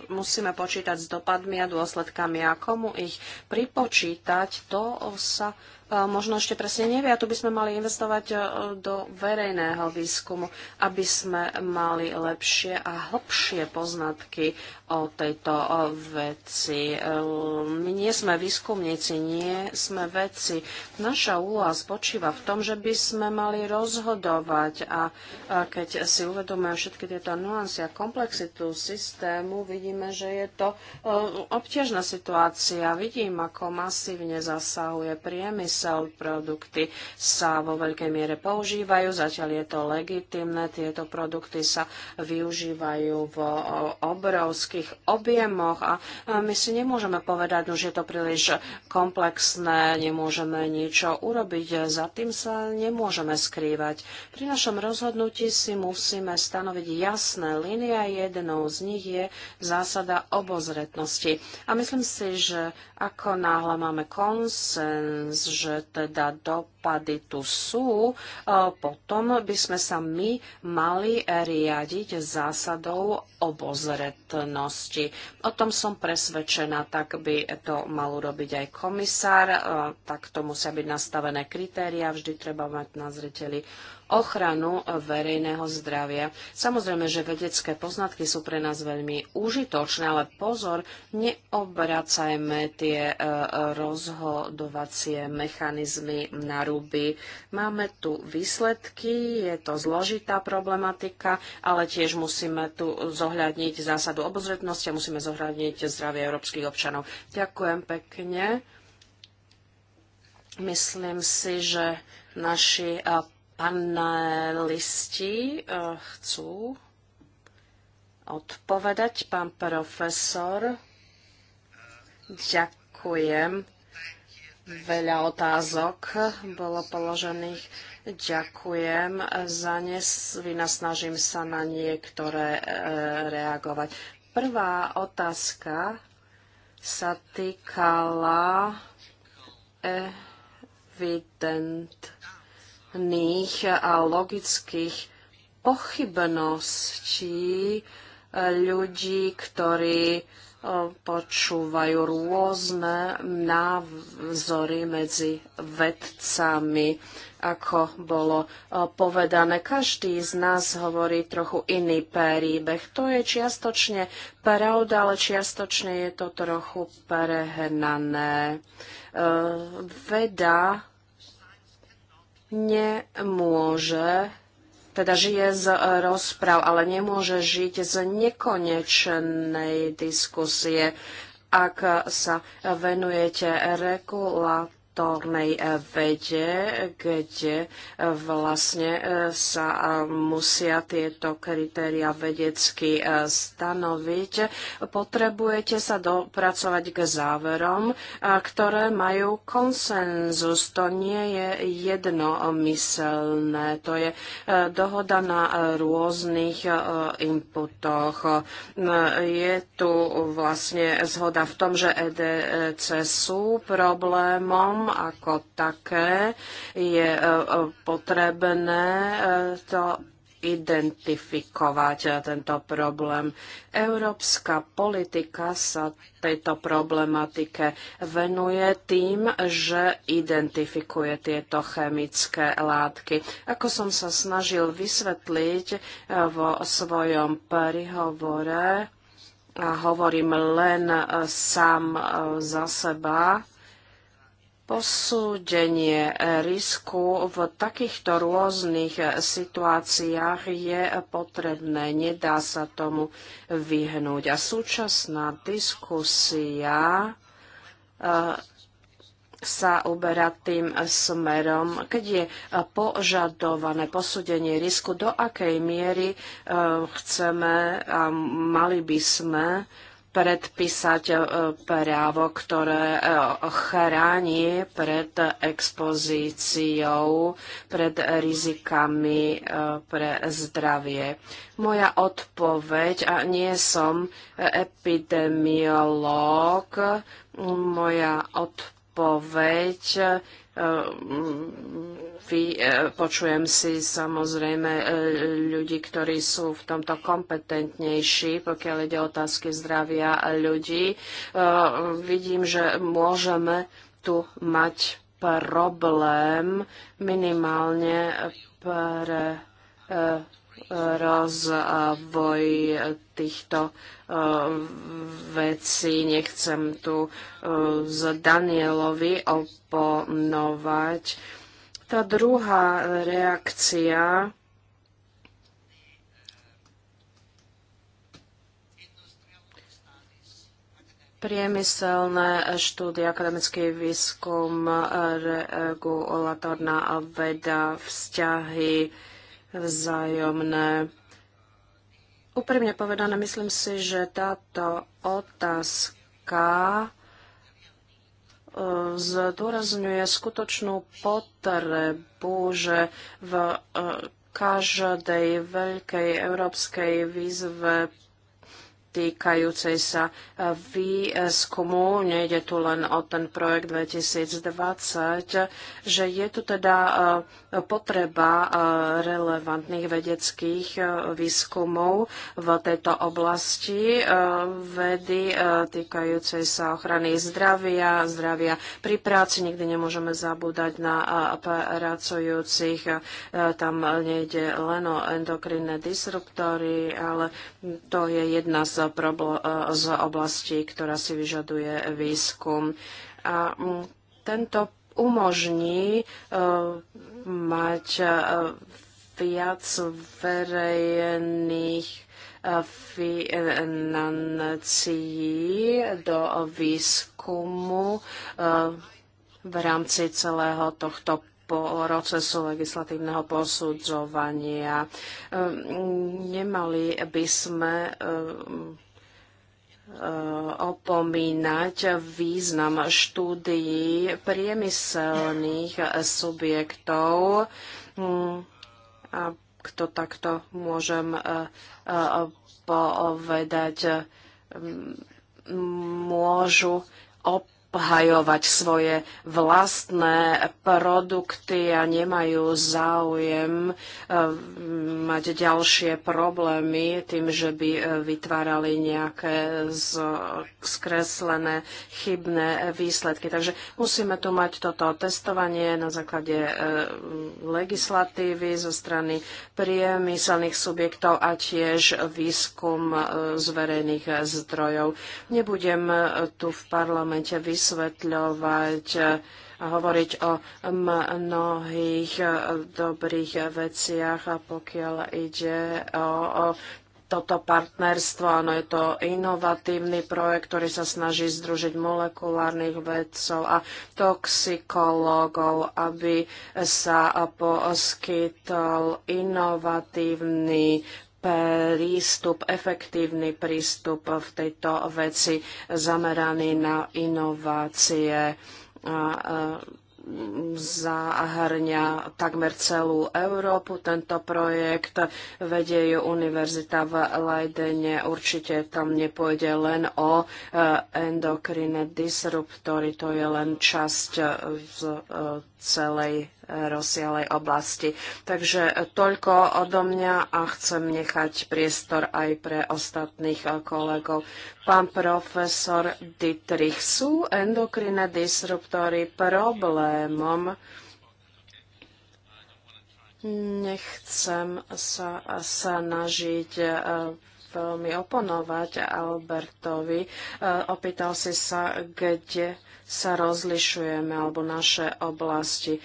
musíme počítať s dopadmi a dôsledkami a komu ich pripočítať, to sa možno ešte presne nevie a tu by sme mali investovať e, do verejného výskumu, aby sme mali lepšie a hlbšie poznatky o tejto e, veci. E, my nie sme výskumníci, nie sme vedci. Naša úloha spočíva v tom, že by sme mali rozhodovať a keď si uvedomujeme všetky tieto nuancy a komplexitu systému, vidíme, že je to obťažná situácia. Vidím, ako masívne zasahuje priemysel priemysel, produkty sa vo veľkej miere používajú, zatiaľ je to legitimné, tieto produkty sa využívajú v obrovských objemoch a my si nemôžeme povedať, že je to príliš komplexné, nemôžeme niečo urobiť, za tým sa nemôžeme skrývať. Pri našom rozhodnutí si musíme stanoviť jasné línie a jednou z nich je zásada obozretnosti. A myslím si, že ako náhle máme konsens, že že teda dopady tu sú, e, potom by sme sa my mali riadiť zásadou obozretnosti. O tom som presvedčená, tak by to mal robiť aj komisár, e, tak to musia byť nastavené kritéria, vždy treba mať na zreteli ochranu verejného zdravia. Samozrejme, že vedecké poznatky sú pre nás veľmi užitočné, ale pozor, neobracajme tie e, rozhodovacie mechanizmy na ruby. Máme tu výsledky, je to zložitá problematika, ale tiež musíme tu zohľadniť zásadu obozretnosti a musíme zohľadniť zdravie európskych občanov. Ďakujem pekne. Myslím si, že naši e, Analisti eh, chcú odpovedať, pán profesor. Ďakujem. Veľa otázok bolo položených. Ďakujem za ne. Vynasnažím sa na niektoré eh, reagovať. Prvá otázka sa týkala evident právnych a logických pochybností e, ľudí, ktorí e, počúvajú rôzne názory medzi vedcami. Ako bolo e, povedané, každý z nás hovorí trochu iný príbeh. To je čiastočne pravda, ale čiastočne je to trochu prehnané. Veda nemôže teda žije z e, rozpráv, ale nemôže žiť z nekonečnej diskusie. Ak sa venujete regulátorom, vnútornej eh, vede, kde eh, vlastne eh, sa musia tieto kritéria vedecky stanoviť. Potrebujete sa dopracovať k záverom, ktoré majú konsenzus. To nie je jednomyselné. To je dohoda na rôznych inputoch. Je tu vlastne zhoda v tom, že EDC e sú problémom, ako také je e, e, potrebné e, to identifikovať tento problém. Európska politika sa tejto problematike venuje tým, že identifikuje tieto chemické látky. Ako som sa snažil vysvetliť vo svojom prihovore, a hovorím len sám za seba, Posúdenie risku v takýchto rôznych situáciách je potrebné, nedá sa tomu vyhnúť. A súčasná diskusia e, sa uberá tým smerom, keď je požadované posúdenie risku, do akej miery e, chceme a mali by sme predpísať e, právo, ktoré e, chráni pred expozíciou, pred rizikami e, pre zdravie. Moja odpoveď, a nie som epidemiológ, moja odpoveď Ehm, e, počujem si samozrejme e, ľudí, ktorí sú v tomto kompetentnejší, pokiaľ ide o otázky zdravia ľudí. Ehm, vidím, že môžeme tu mať problém minimálne pre e, rozvoj týchto e, vecí. Nechcem tu e, z Danielovi oponovať. Tá druhá reakcia priemyselné štúdie, akademický výskum, regulatorná veda, vzťahy, vzájomné. Úprimne povedané, myslím si, že táto otázka e, zdôrazňuje skutočnú potrebu, že v e, každej veľkej európskej výzve týkajúcej sa eh, výskumu, nejde tu len o ten projekt 2020, že je tu teda eh, potreba eh, relevantných vedeckých výskumov v tejto oblasti vedy týkajúcej sa ochrany zdravia, zdravia pri práci. Nikdy nemôžeme zabúdať na pracujúcich. Tam nejde len o endokrinné disruptory, ale to je jedna z E, z oblasti, ktorá si vyžaduje výskum. A mm, tento umožní e, mať e, viac verejných financií do výskumu v rámci celého tohto procesu legislatívneho posudzovania. Ehm, nemali by sme ehm, e, opomínať význam štúdií priemyselných subjektov, ehm, ak to takto môžem e, e, povedať, môžu op- obhajovať svoje vlastné produkty a nemajú záujem e, mať ďalšie problémy tým, že by e, vytvárali nejaké skreslené chybné výsledky. Takže musíme tu mať toto testovanie na základe e, legislatívy zo strany priemyselných subjektov a tiež výskum z verejných zdrojov. Nebudem tu v parlamente vysvetľovať, vysvetľovať a hovoriť o mnohých dobrých veciach, a pokiaľ ide o, o toto partnerstvo, áno, je to inovatívny projekt, ktorý sa snaží združiť molekulárnych vedcov a toxikológov, aby sa poskytol inovatívny prístup, efektívny prístup v tejto veci zameraný na inovácie. A, zahrňa takmer celú Európu. Tento projekt vedie ju univerzita v Leidene. Určite tam nepôjde len o e, endokrine disruptory, to je len časť e, z e, celej rozsiahlej oblasti. Takže toľko odo mňa a chcem nechať priestor aj pre ostatných eh, kolegov. Pán profesor Dietrich, sú endokrinné disruptory problémom? Nechcem sa snažiť eh, veľmi oponovať Albertovi. Eh, opýtal si sa, kde sa rozlišujeme, alebo naše oblasti.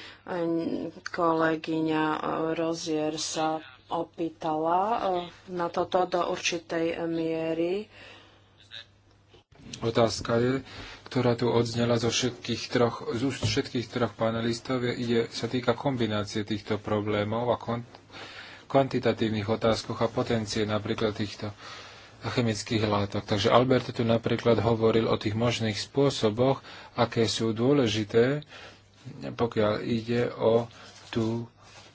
Kolegyňa e, Rozier sa opýtala e, na toto do určitej miery. Otázka je, ktorá tu odznela zo všetkých troch, z úst všetkých troch panelistov, je, ide, sa týka kombinácie týchto problémov a kvantitatívnych otázkoch a potencie napríklad týchto chemických látok. Takže Albert tu napríklad hovoril o tých možných spôsoboch, aké sú dôležité, pokiaľ ide o tú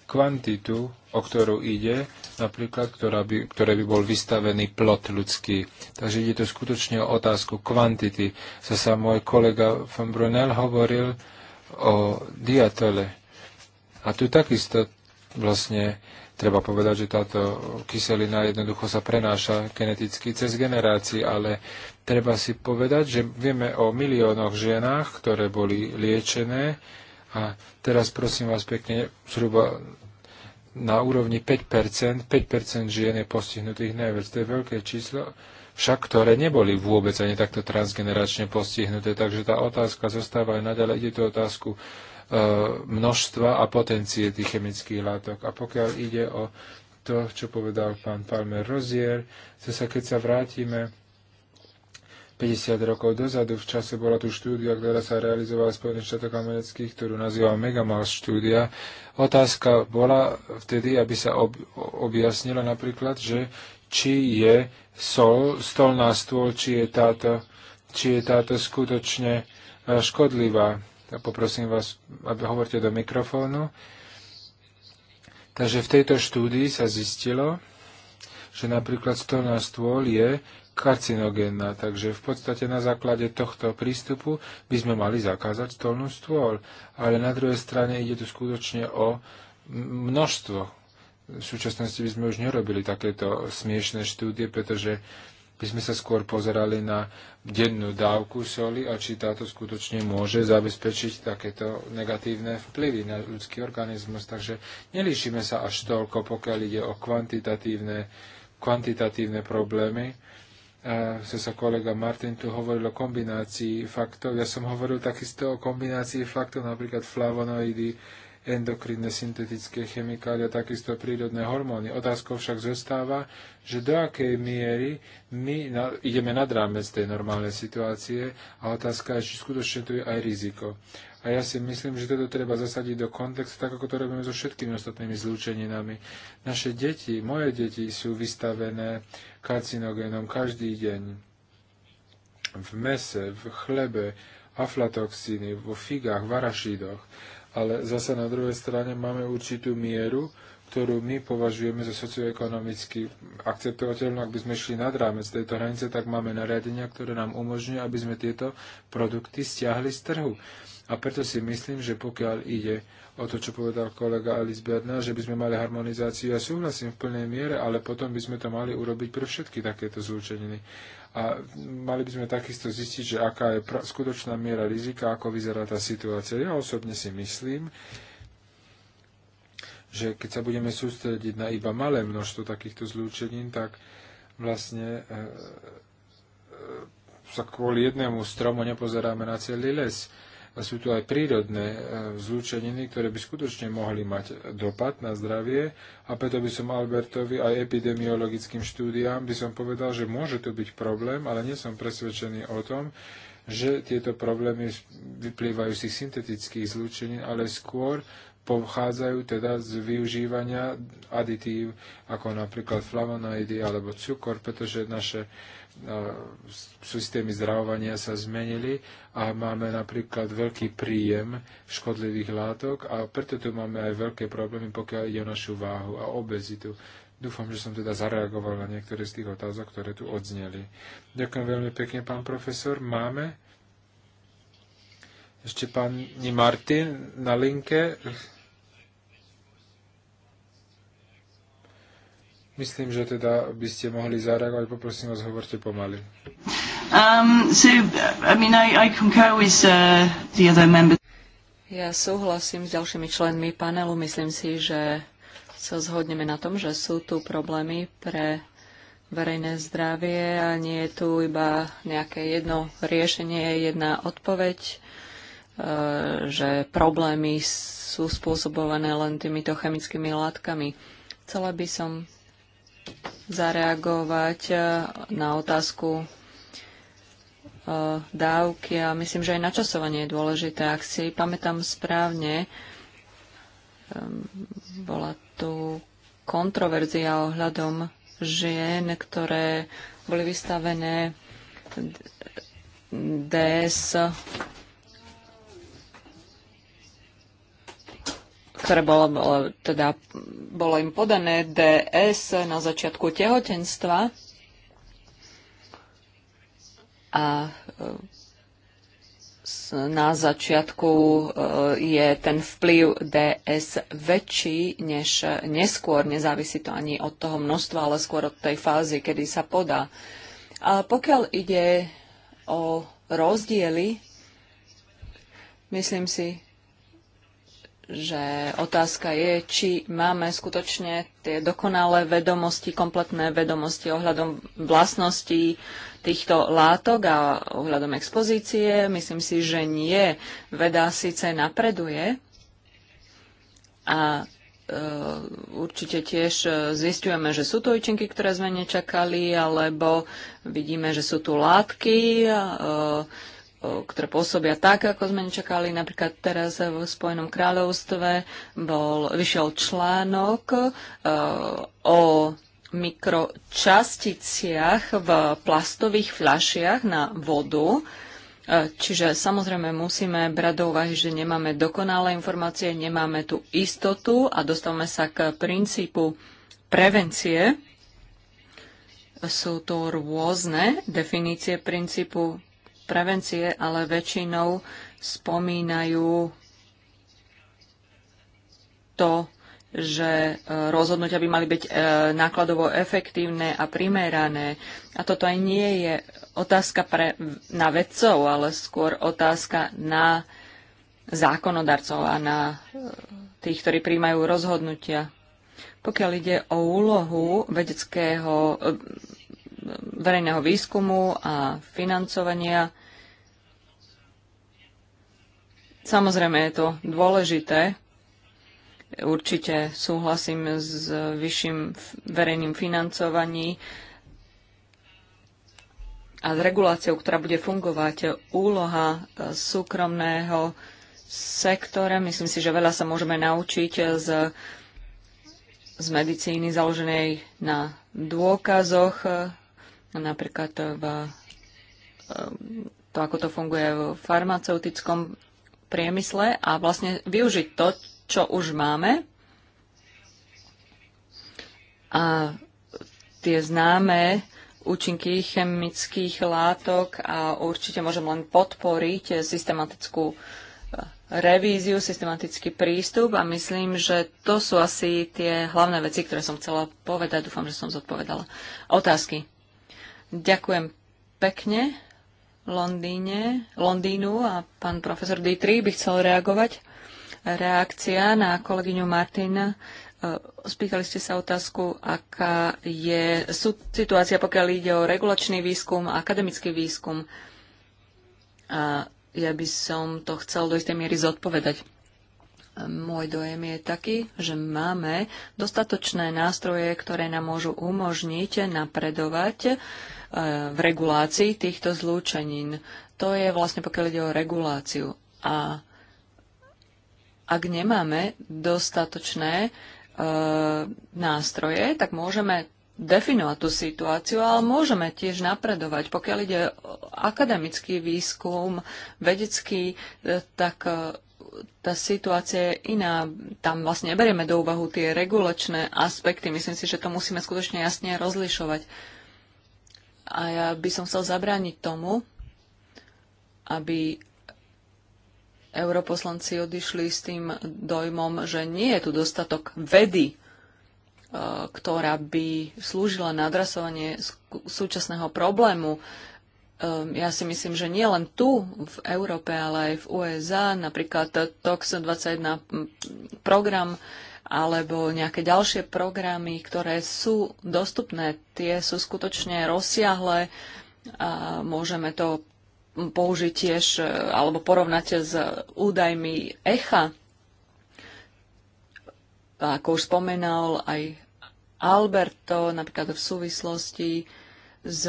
kvantitu, o ktorú ide, napríklad, ktorá by, ktoré by bol vystavený plot ľudský. Takže ide tu skutočne o otázku kvantity. Zasa môj kolega von Brunel hovoril o diatele. A tu takisto vlastne Treba povedať, že táto kyselina jednoducho sa prenáša geneticky cez generácii, ale treba si povedať, že vieme o miliónoch ženách, ktoré boli liečené a teraz prosím vás pekne, zhruba na úrovni 5%, 5% žien je postihnutých najviac. To je veľké číslo, však ktoré neboli vôbec ani takto transgeneračne postihnuté. Takže tá otázka zostáva aj naďalej. Ide tú otázku množstva a potencie tých chemických látok. A pokiaľ ide o to, čo povedal pán Palmer Rozier, zase keď sa vrátime 50 rokov dozadu, v čase bola tu štúdia, ktorá sa realizovala v Spojených štátoch amerických, ktorú nazýva Megamals štúdia. Otázka bola vtedy, aby sa ob, objasnila napríklad, že či je sol, stolná stôl, či je táto, či je táto skutočne eh, škodlivá. Poprosím vás, aby hovorte do mikrofónu. Takže v tejto štúdii sa zistilo, že napríklad stolná stôl je karcinogénna. Takže v podstate na základe tohto prístupu by sme mali zakázať stolnú stôl. Ale na druhej strane ide tu skutočne o množstvo. V súčasnosti by sme už nerobili takéto smiešné štúdie, pretože by sme sa skôr pozerali na dennú dávku soli a či táto skutočne môže zabezpečiť takéto negatívne vplyvy na ľudský organizmus. Takže nelíšime sa až toľko, pokiaľ ide o kvantitatívne, kvantitatívne problémy. Sa sa kolega Martin tu hovoril o kombinácii faktov. Ja som hovoril takisto o kombinácii faktov, napríklad flavonoidy, endokrinné syntetické chemikálie a takisto prírodné hormóny. Otázkou však zostáva, že do akej miery my na, ideme nad rámec tej normálnej situácie a otázka je, či skutočne tu je aj riziko. A ja si myslím, že toto treba zasadiť do kontextu, tak ako to robíme so všetkými ostatnými zlúčeninami. Naše deti, moje deti sú vystavené karcinogénom každý deň. V mese, v chlebe, aflatoxíny, vo figách, v arašidoch ale zase na druhej strane máme určitú mieru, ktorú my považujeme za socioekonomicky akceptovateľnú. Ak by sme šli nad rámec tejto hranice, tak máme nariadenia, ktoré nám umožňujú, aby sme tieto produkty stiahli z trhu. A preto si myslím, že pokiaľ ide o to, čo povedal kolega Alice Berna, že by sme mali harmonizáciu, ja súhlasím v plnej miere, ale potom by sme to mali urobiť pre všetky takéto zúčeniny a mali by sme takisto zistiť, že aká je skutočná miera rizika, ako vyzerá tá situácia. Ja osobne si myslím, že keď sa budeme sústrediť na iba malé množstvo takýchto zlúčenín, tak vlastne e, e, sa kvôli jednému stromu nepozeráme na celý les. A sú tu aj prírodné e, zlúčeniny, ktoré by skutočne mohli mať dopad na zdravie a preto by som Albertovi aj epidemiologickým štúdiám by som povedal, že môže to byť problém, ale nie som presvedčený o tom, že tieto problémy vyplývajú z tých syntetických zlúčenín, ale skôr pochádzajú teda z využívania aditív, ako napríklad flavonoidy alebo cukor, pretože naše E, systémy zdravovania sa zmenili a máme napríklad veľký príjem škodlivých látok a preto tu máme aj veľké problémy, pokiaľ ide o našu váhu a obezitu. Dúfam, že som teda zareagoval na niektoré z tých otázok, ktoré tu odzneli. Ďakujem veľmi pekne, pán profesor. Máme ešte pani Martin na linke. Myslím, že teda by ste mohli zareagovať. Poprosím vás, hovorte pomaly. Um, so, I mean, I, I concur with uh, the other members. Ja súhlasím s ďalšími členmi panelu. Myslím si, že sa zhodneme na tom, že sú tu problémy pre verejné zdravie a nie je tu iba nejaké jedno riešenie, jedna odpoveď, uh, že problémy sú spôsobované len týmito chemickými látkami. Chcela by som zareagovať e, na otázku e, dávky a myslím, že aj načasovanie je dôležité. Ak si pamätám správne, e, bola tu kontroverzia ohľadom žien, ktoré boli vystavené DS ktoré bolo, bolo, e, teda, bolo im podané DS na začiatku tehotenstva a e, na začiatku e, je ten vplyv DS väčší než neskôr. Nezávisí to ani od toho množstva, ale skôr od tej fázy, kedy sa podá. A pokiaľ ide o rozdiely, myslím si, že otázka je, či máme skutočne tie dokonalé vedomosti, kompletné vedomosti ohľadom vlastností týchto látok a ohľadom expozície. Myslím si, že nie. Veda síce napreduje a e, určite tiež e, zistujeme, že sú tu účinky, ktoré sme nečakali, alebo vidíme, že sú tu látky. E, ktoré pôsobia tak, ako sme nečakali. Napríklad teraz v Spojenom kráľovstve bol, vyšiel článok e, o mikročasticiach v plastových fľašiach na vodu. E, čiže samozrejme musíme brať do úvahy, že nemáme dokonalé informácie, nemáme tú istotu a dostávame sa k princípu prevencie. Sú to rôzne definície princípu prevencie, ale väčšinou spomínajú to, že e, rozhodnutia by mali byť e, nákladovo efektívne a primerané. A toto aj nie je otázka pre, na vedcov, ale skôr otázka na zákonodarcov a na e, tých, ktorí príjmajú rozhodnutia. Pokiaľ ide o úlohu vedeckého verejného výskumu a financovania. Samozrejme je to dôležité. Určite súhlasím s vyšším verejným financovaním a s reguláciou, ktorá bude fungovať. Úloha e, súkromného sektora. Myslím si, že veľa sa môžeme naučiť z, z medicíny založenej na dôkazoch, e, napríklad v, to, ako to funguje v farmaceutickom priemysle a vlastne využiť to, čo už máme a tie známe účinky chemických látok a určite môžem len podporiť systematickú e, revíziu, systematický prístup a myslím, že to sú asi tie hlavné veci, ktoré som chcela povedať. Dúfam, že som zodpovedala. Otázky. Ďakujem pekne Londýne, Londýnu a pán profesor Dietrich by chcel reagovať. Reakcia na kolegyňu Martina. E, spýtali ste sa otázku, aká je situácia, pokiaľ ide o regulačný výskum a akademický výskum. A ja by som to chcel do istej miery zodpovedať. Môj dojem je taký, že máme dostatočné nástroje, ktoré nám môžu umožniť napredovať e, v regulácii týchto zlúčenín. To je vlastne pokiaľ ide o reguláciu. A ak nemáme dostatočné e, nástroje, tak môžeme definovať tú situáciu, ale môžeme tiež napredovať. Pokiaľ ide o akademický výskum, vedecký, e, tak tá situácia je iná. Tam vlastne neberieme do úvahu tie regulačné aspekty. Myslím si, že to musíme skutočne jasne rozlišovať. A ja by som chcel zabrániť tomu, aby europoslanci odišli s tým dojmom, že nie je tu dostatok vedy, e, ktorá by slúžila na adresovanie súčasného problému Ehm, ja si myslím, že nie len tu v Európe, ale aj v USA, napríklad TOX 21 program alebo nejaké ďalšie programy, ktoré sú dostupné, tie sú skutočne rozsiahle a môžeme to použiť tiež e, alebo porovnať s údajmi ECHA. Ako už spomenal aj Alberto, napríklad v súvislosti s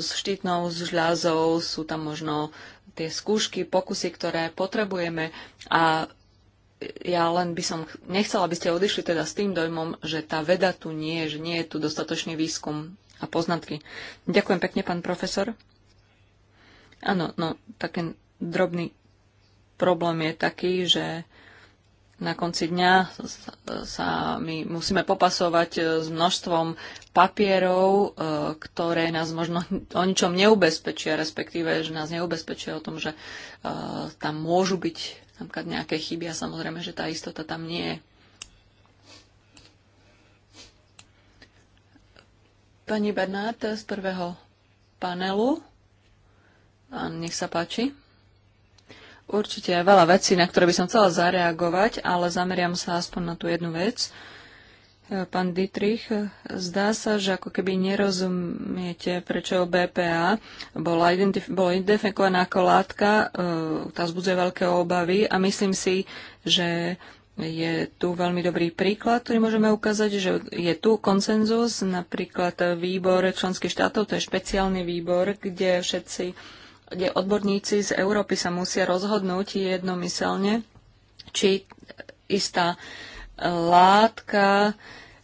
s štítnou žľazou, sú tam možno tie skúšky, pokusy, ktoré potrebujeme a ja len by som nechcela, aby ste odišli teda s tým dojmom, že tá veda tu nie je, že nie je tu dostatočný výskum a poznatky. Ďakujem pekne, pán profesor. Áno, no, taký drobný problém je taký, že na konci dňa sa my musíme popasovať e, s množstvom papierov, e, ktoré nás možno o ničom neubezpečia, respektíve, že nás neubezpečia o tom, že e, tam môžu byť napríklad nejaké chyby a samozrejme, že tá istota tam nie je. Pani Bernát z prvého panelu. A nech sa páči určite je veľa vecí, na ktoré by som chcela zareagovať, ale zameriam sa aspoň na tú jednu vec. E, pán Dietrich, e, zdá sa, že ako keby nerozumiete, prečo BPA bola, identif- bola identifikovaná ako látka, e, tá zbudzuje veľké obavy a myslím si, že je tu veľmi dobrý príklad, ktorý môžeme ukázať, že je tu konsenzus, napríklad výbor členských štátov, to je špeciálny výbor, kde všetci kde odborníci z Európy sa musia rozhodnúť jednomyselne, či istá e, látka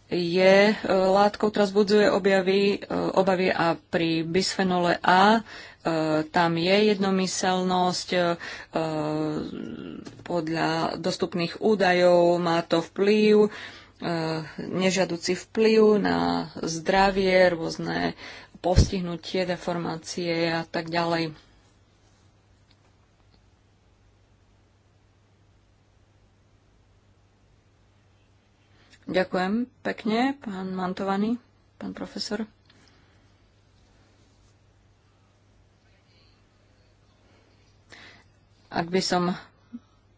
je e, látkou, ktorá zbudzuje objavy, e, obavy a pri bisfenole A tam je jednomyselnosť podľa dostupných údajov, má to vplyv, nežiaduci vplyv na zdravie, rôzne postihnutie, deformácie a tak ďalej. Ďakujem pekne, pán Mantovaný, pán profesor. Ak by som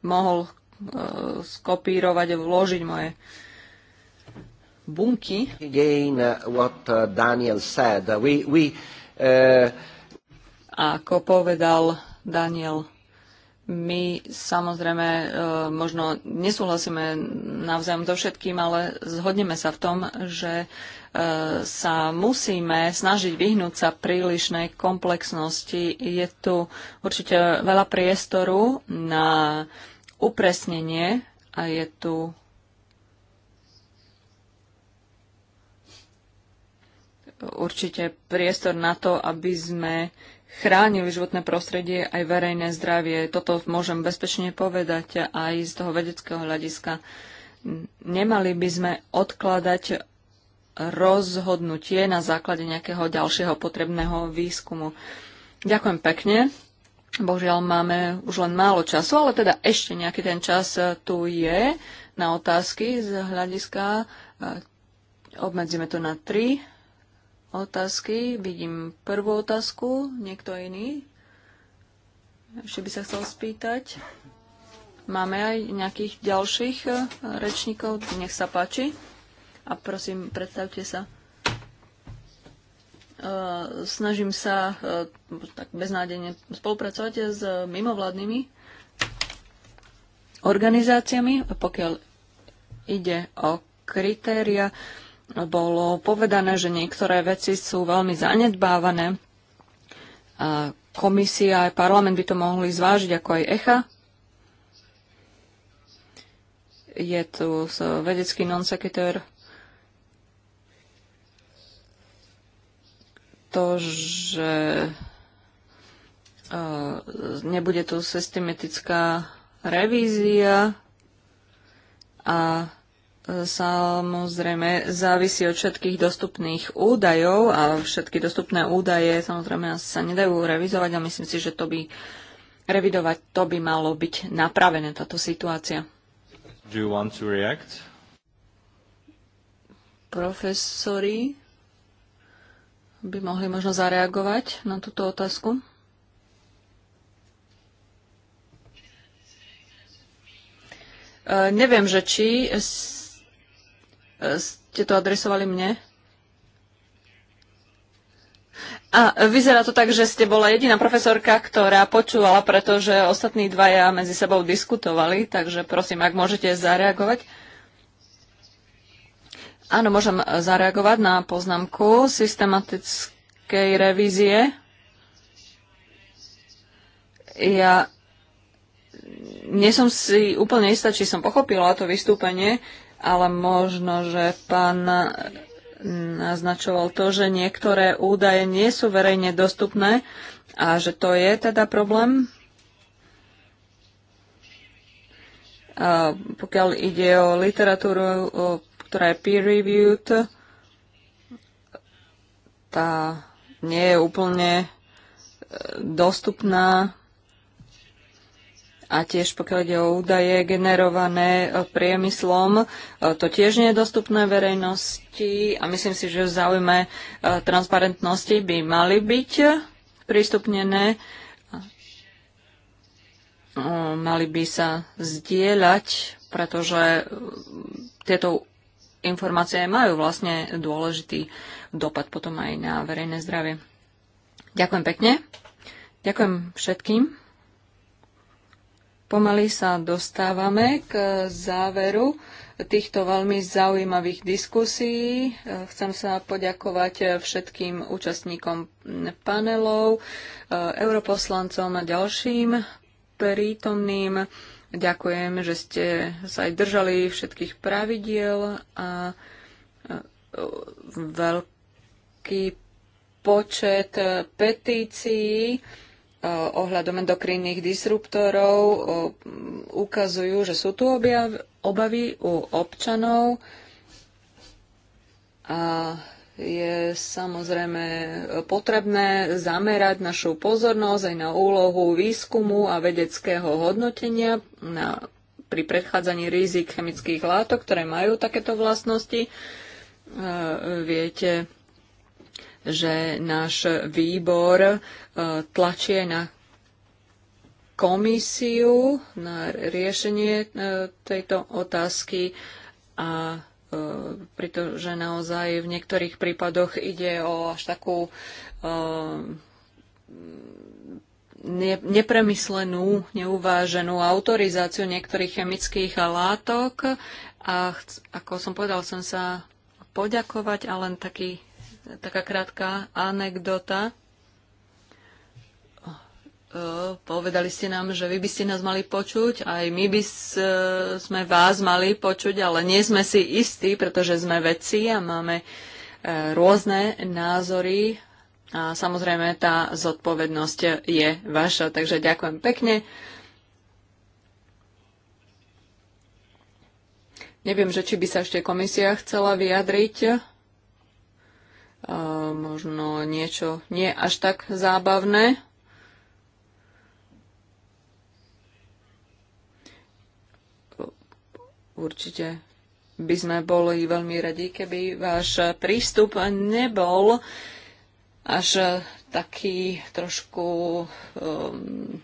mohol uh, skopírovať a vložiť moje bunky. Again, uh, what uh, Daniel said. We, we, uh... Ako povedal Daniel my samozrejme e, možno nesúhlasíme navzájom so všetkým, ale zhodneme sa v tom, že e, sa musíme snažiť vyhnúť sa prílišnej komplexnosti. Je tu určite veľa priestoru na upresnenie a je tu určite priestor na to, aby sme chránili životné prostredie aj verejné zdravie. Toto môžem bezpečne povedať aj z toho vedeckého hľadiska. Nemali by sme odkladať rozhodnutie na základe nejakého ďalšieho potrebného výskumu. Ďakujem pekne. Božiaľ, máme už len málo času, ale teda ešte nejaký ten čas tu je na otázky z hľadiska. Obmedzíme to na tri otázky. Vidím prvú otázku. Niekto iný? Ešte by sa chcel spýtať. Máme aj nejakých ďalších e, rečníkov. Nech sa páči. A prosím, predstavte sa. E, snažím sa e, tak beznádejne spolupracovať s mimovládnymi organizáciami, pokiaľ ide o kritéria bolo povedané, že niektoré veci sú veľmi zanedbávané. A komisia aj parlament by to mohli zvážiť, ako aj ECHA. Je tu vedecký non-sekretár to, že e, nebude tu systematická revízia a samozrejme závisí od všetkých dostupných údajov a všetky dostupné údaje samozrejme sa nedajú revizovať a myslím si, že to by revidovať, to by malo byť napravené táto situácia. Do you want to react? Profesori by mohli možno zareagovať na túto otázku. Neviem, že či ste to adresovali mne? A vyzerá to tak, že ste bola jediná profesorka, ktorá počúvala, pretože ostatní dvaja medzi sebou diskutovali, takže prosím, ak môžete zareagovať. Áno, môžem zareagovať na poznámku systematickej revízie. Ja nie som si úplne istá, či som pochopila to vystúpenie. Uh, ale možno, že pán naznačoval to, že niektoré údaje nie sú verejne dostupné a že to je teda problém. A pokiaľ ide o literatúru, ktorá je peer-reviewed, tá nie je úplne e, dostupná a tiež pokiaľ ide o údaje generované e, priemyslom, e, to tiež nie je dostupné verejnosti a myslím si, že v záujme e, transparentnosti by mali byť prístupnené, mali by sa zdieľať, pretože tieto informácie majú vlastne dôležitý dopad potom aj na verejné zdravie. Ďakujem pekne. Ďakujem všetkým. Pomaly sa dostávame k záveru týchto veľmi zaujímavých diskusí. Chcem sa poďakovať všetkým účastníkom panelov, europoslancom a ďalším prítomným. Ďakujem, že ste sa aj držali všetkých pravidiel a e, veľký počet petícií Eh, ohľadom endokrinných disruptorov eh, ukazujú, že sú tu objav, obavy u občanov a je samozrejme eh, potrebné zamerať našu pozornosť aj na úlohu výskumu a vedeckého hodnotenia na, pri predchádzaní rizik chemických látok, ktoré majú takéto vlastnosti. E, viete, že náš výbor e, tlačie na komisiu na riešenie e, tejto otázky a e, pretože naozaj v niektorých prípadoch ide o až takú nepremyslenú, neuváženú autorizáciu niektorých chemických látok. A ako som povedal, som sa poďakovať a len taký taká krátka anekdota. Povedali ste nám, že vy by ste nás mali počuť, aj my by e, sme vás mali počuť, ale nie sme si istí, pretože sme vedci a máme e, rôzne názory a samozrejme tá zodpovednosť je vaša, takže ďakujem pekne. Neviem, že či by sa ešte komisia chcela vyjadriť možno niečo nie až tak zábavné. Určite by sme boli veľmi radi, keby váš prístup nebol až taký trošku um,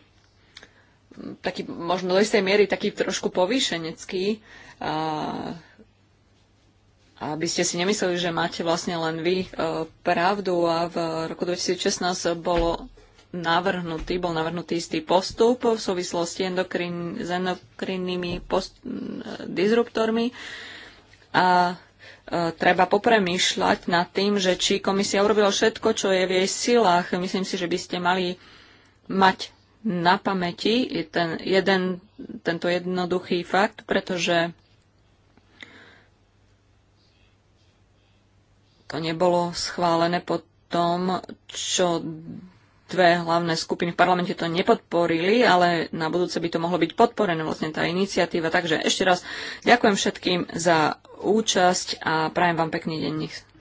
taký možno do istej miery taký trošku povýšenecký. Uh, aby ste si nemysleli, že máte vlastne len vy e, pravdu a v roku 2016 bolo navrhnutý, bol navrhnutý istý postup v súvislosti endokrin, s endokrinnými post, disruptormi a e, treba popremýšľať nad tým, že či komisia urobila všetko, čo je v jej silách. Myslím si, že by ste mali mať na pamäti ten, jeden, tento jednoduchý fakt, pretože To nebolo schválené po tom, čo dve hlavné skupiny v parlamente to nepodporili, ale na budúce by to mohlo byť podporené vlastne tá iniciatíva. Takže ešte raz ďakujem všetkým za účasť a prajem vám pekný deň.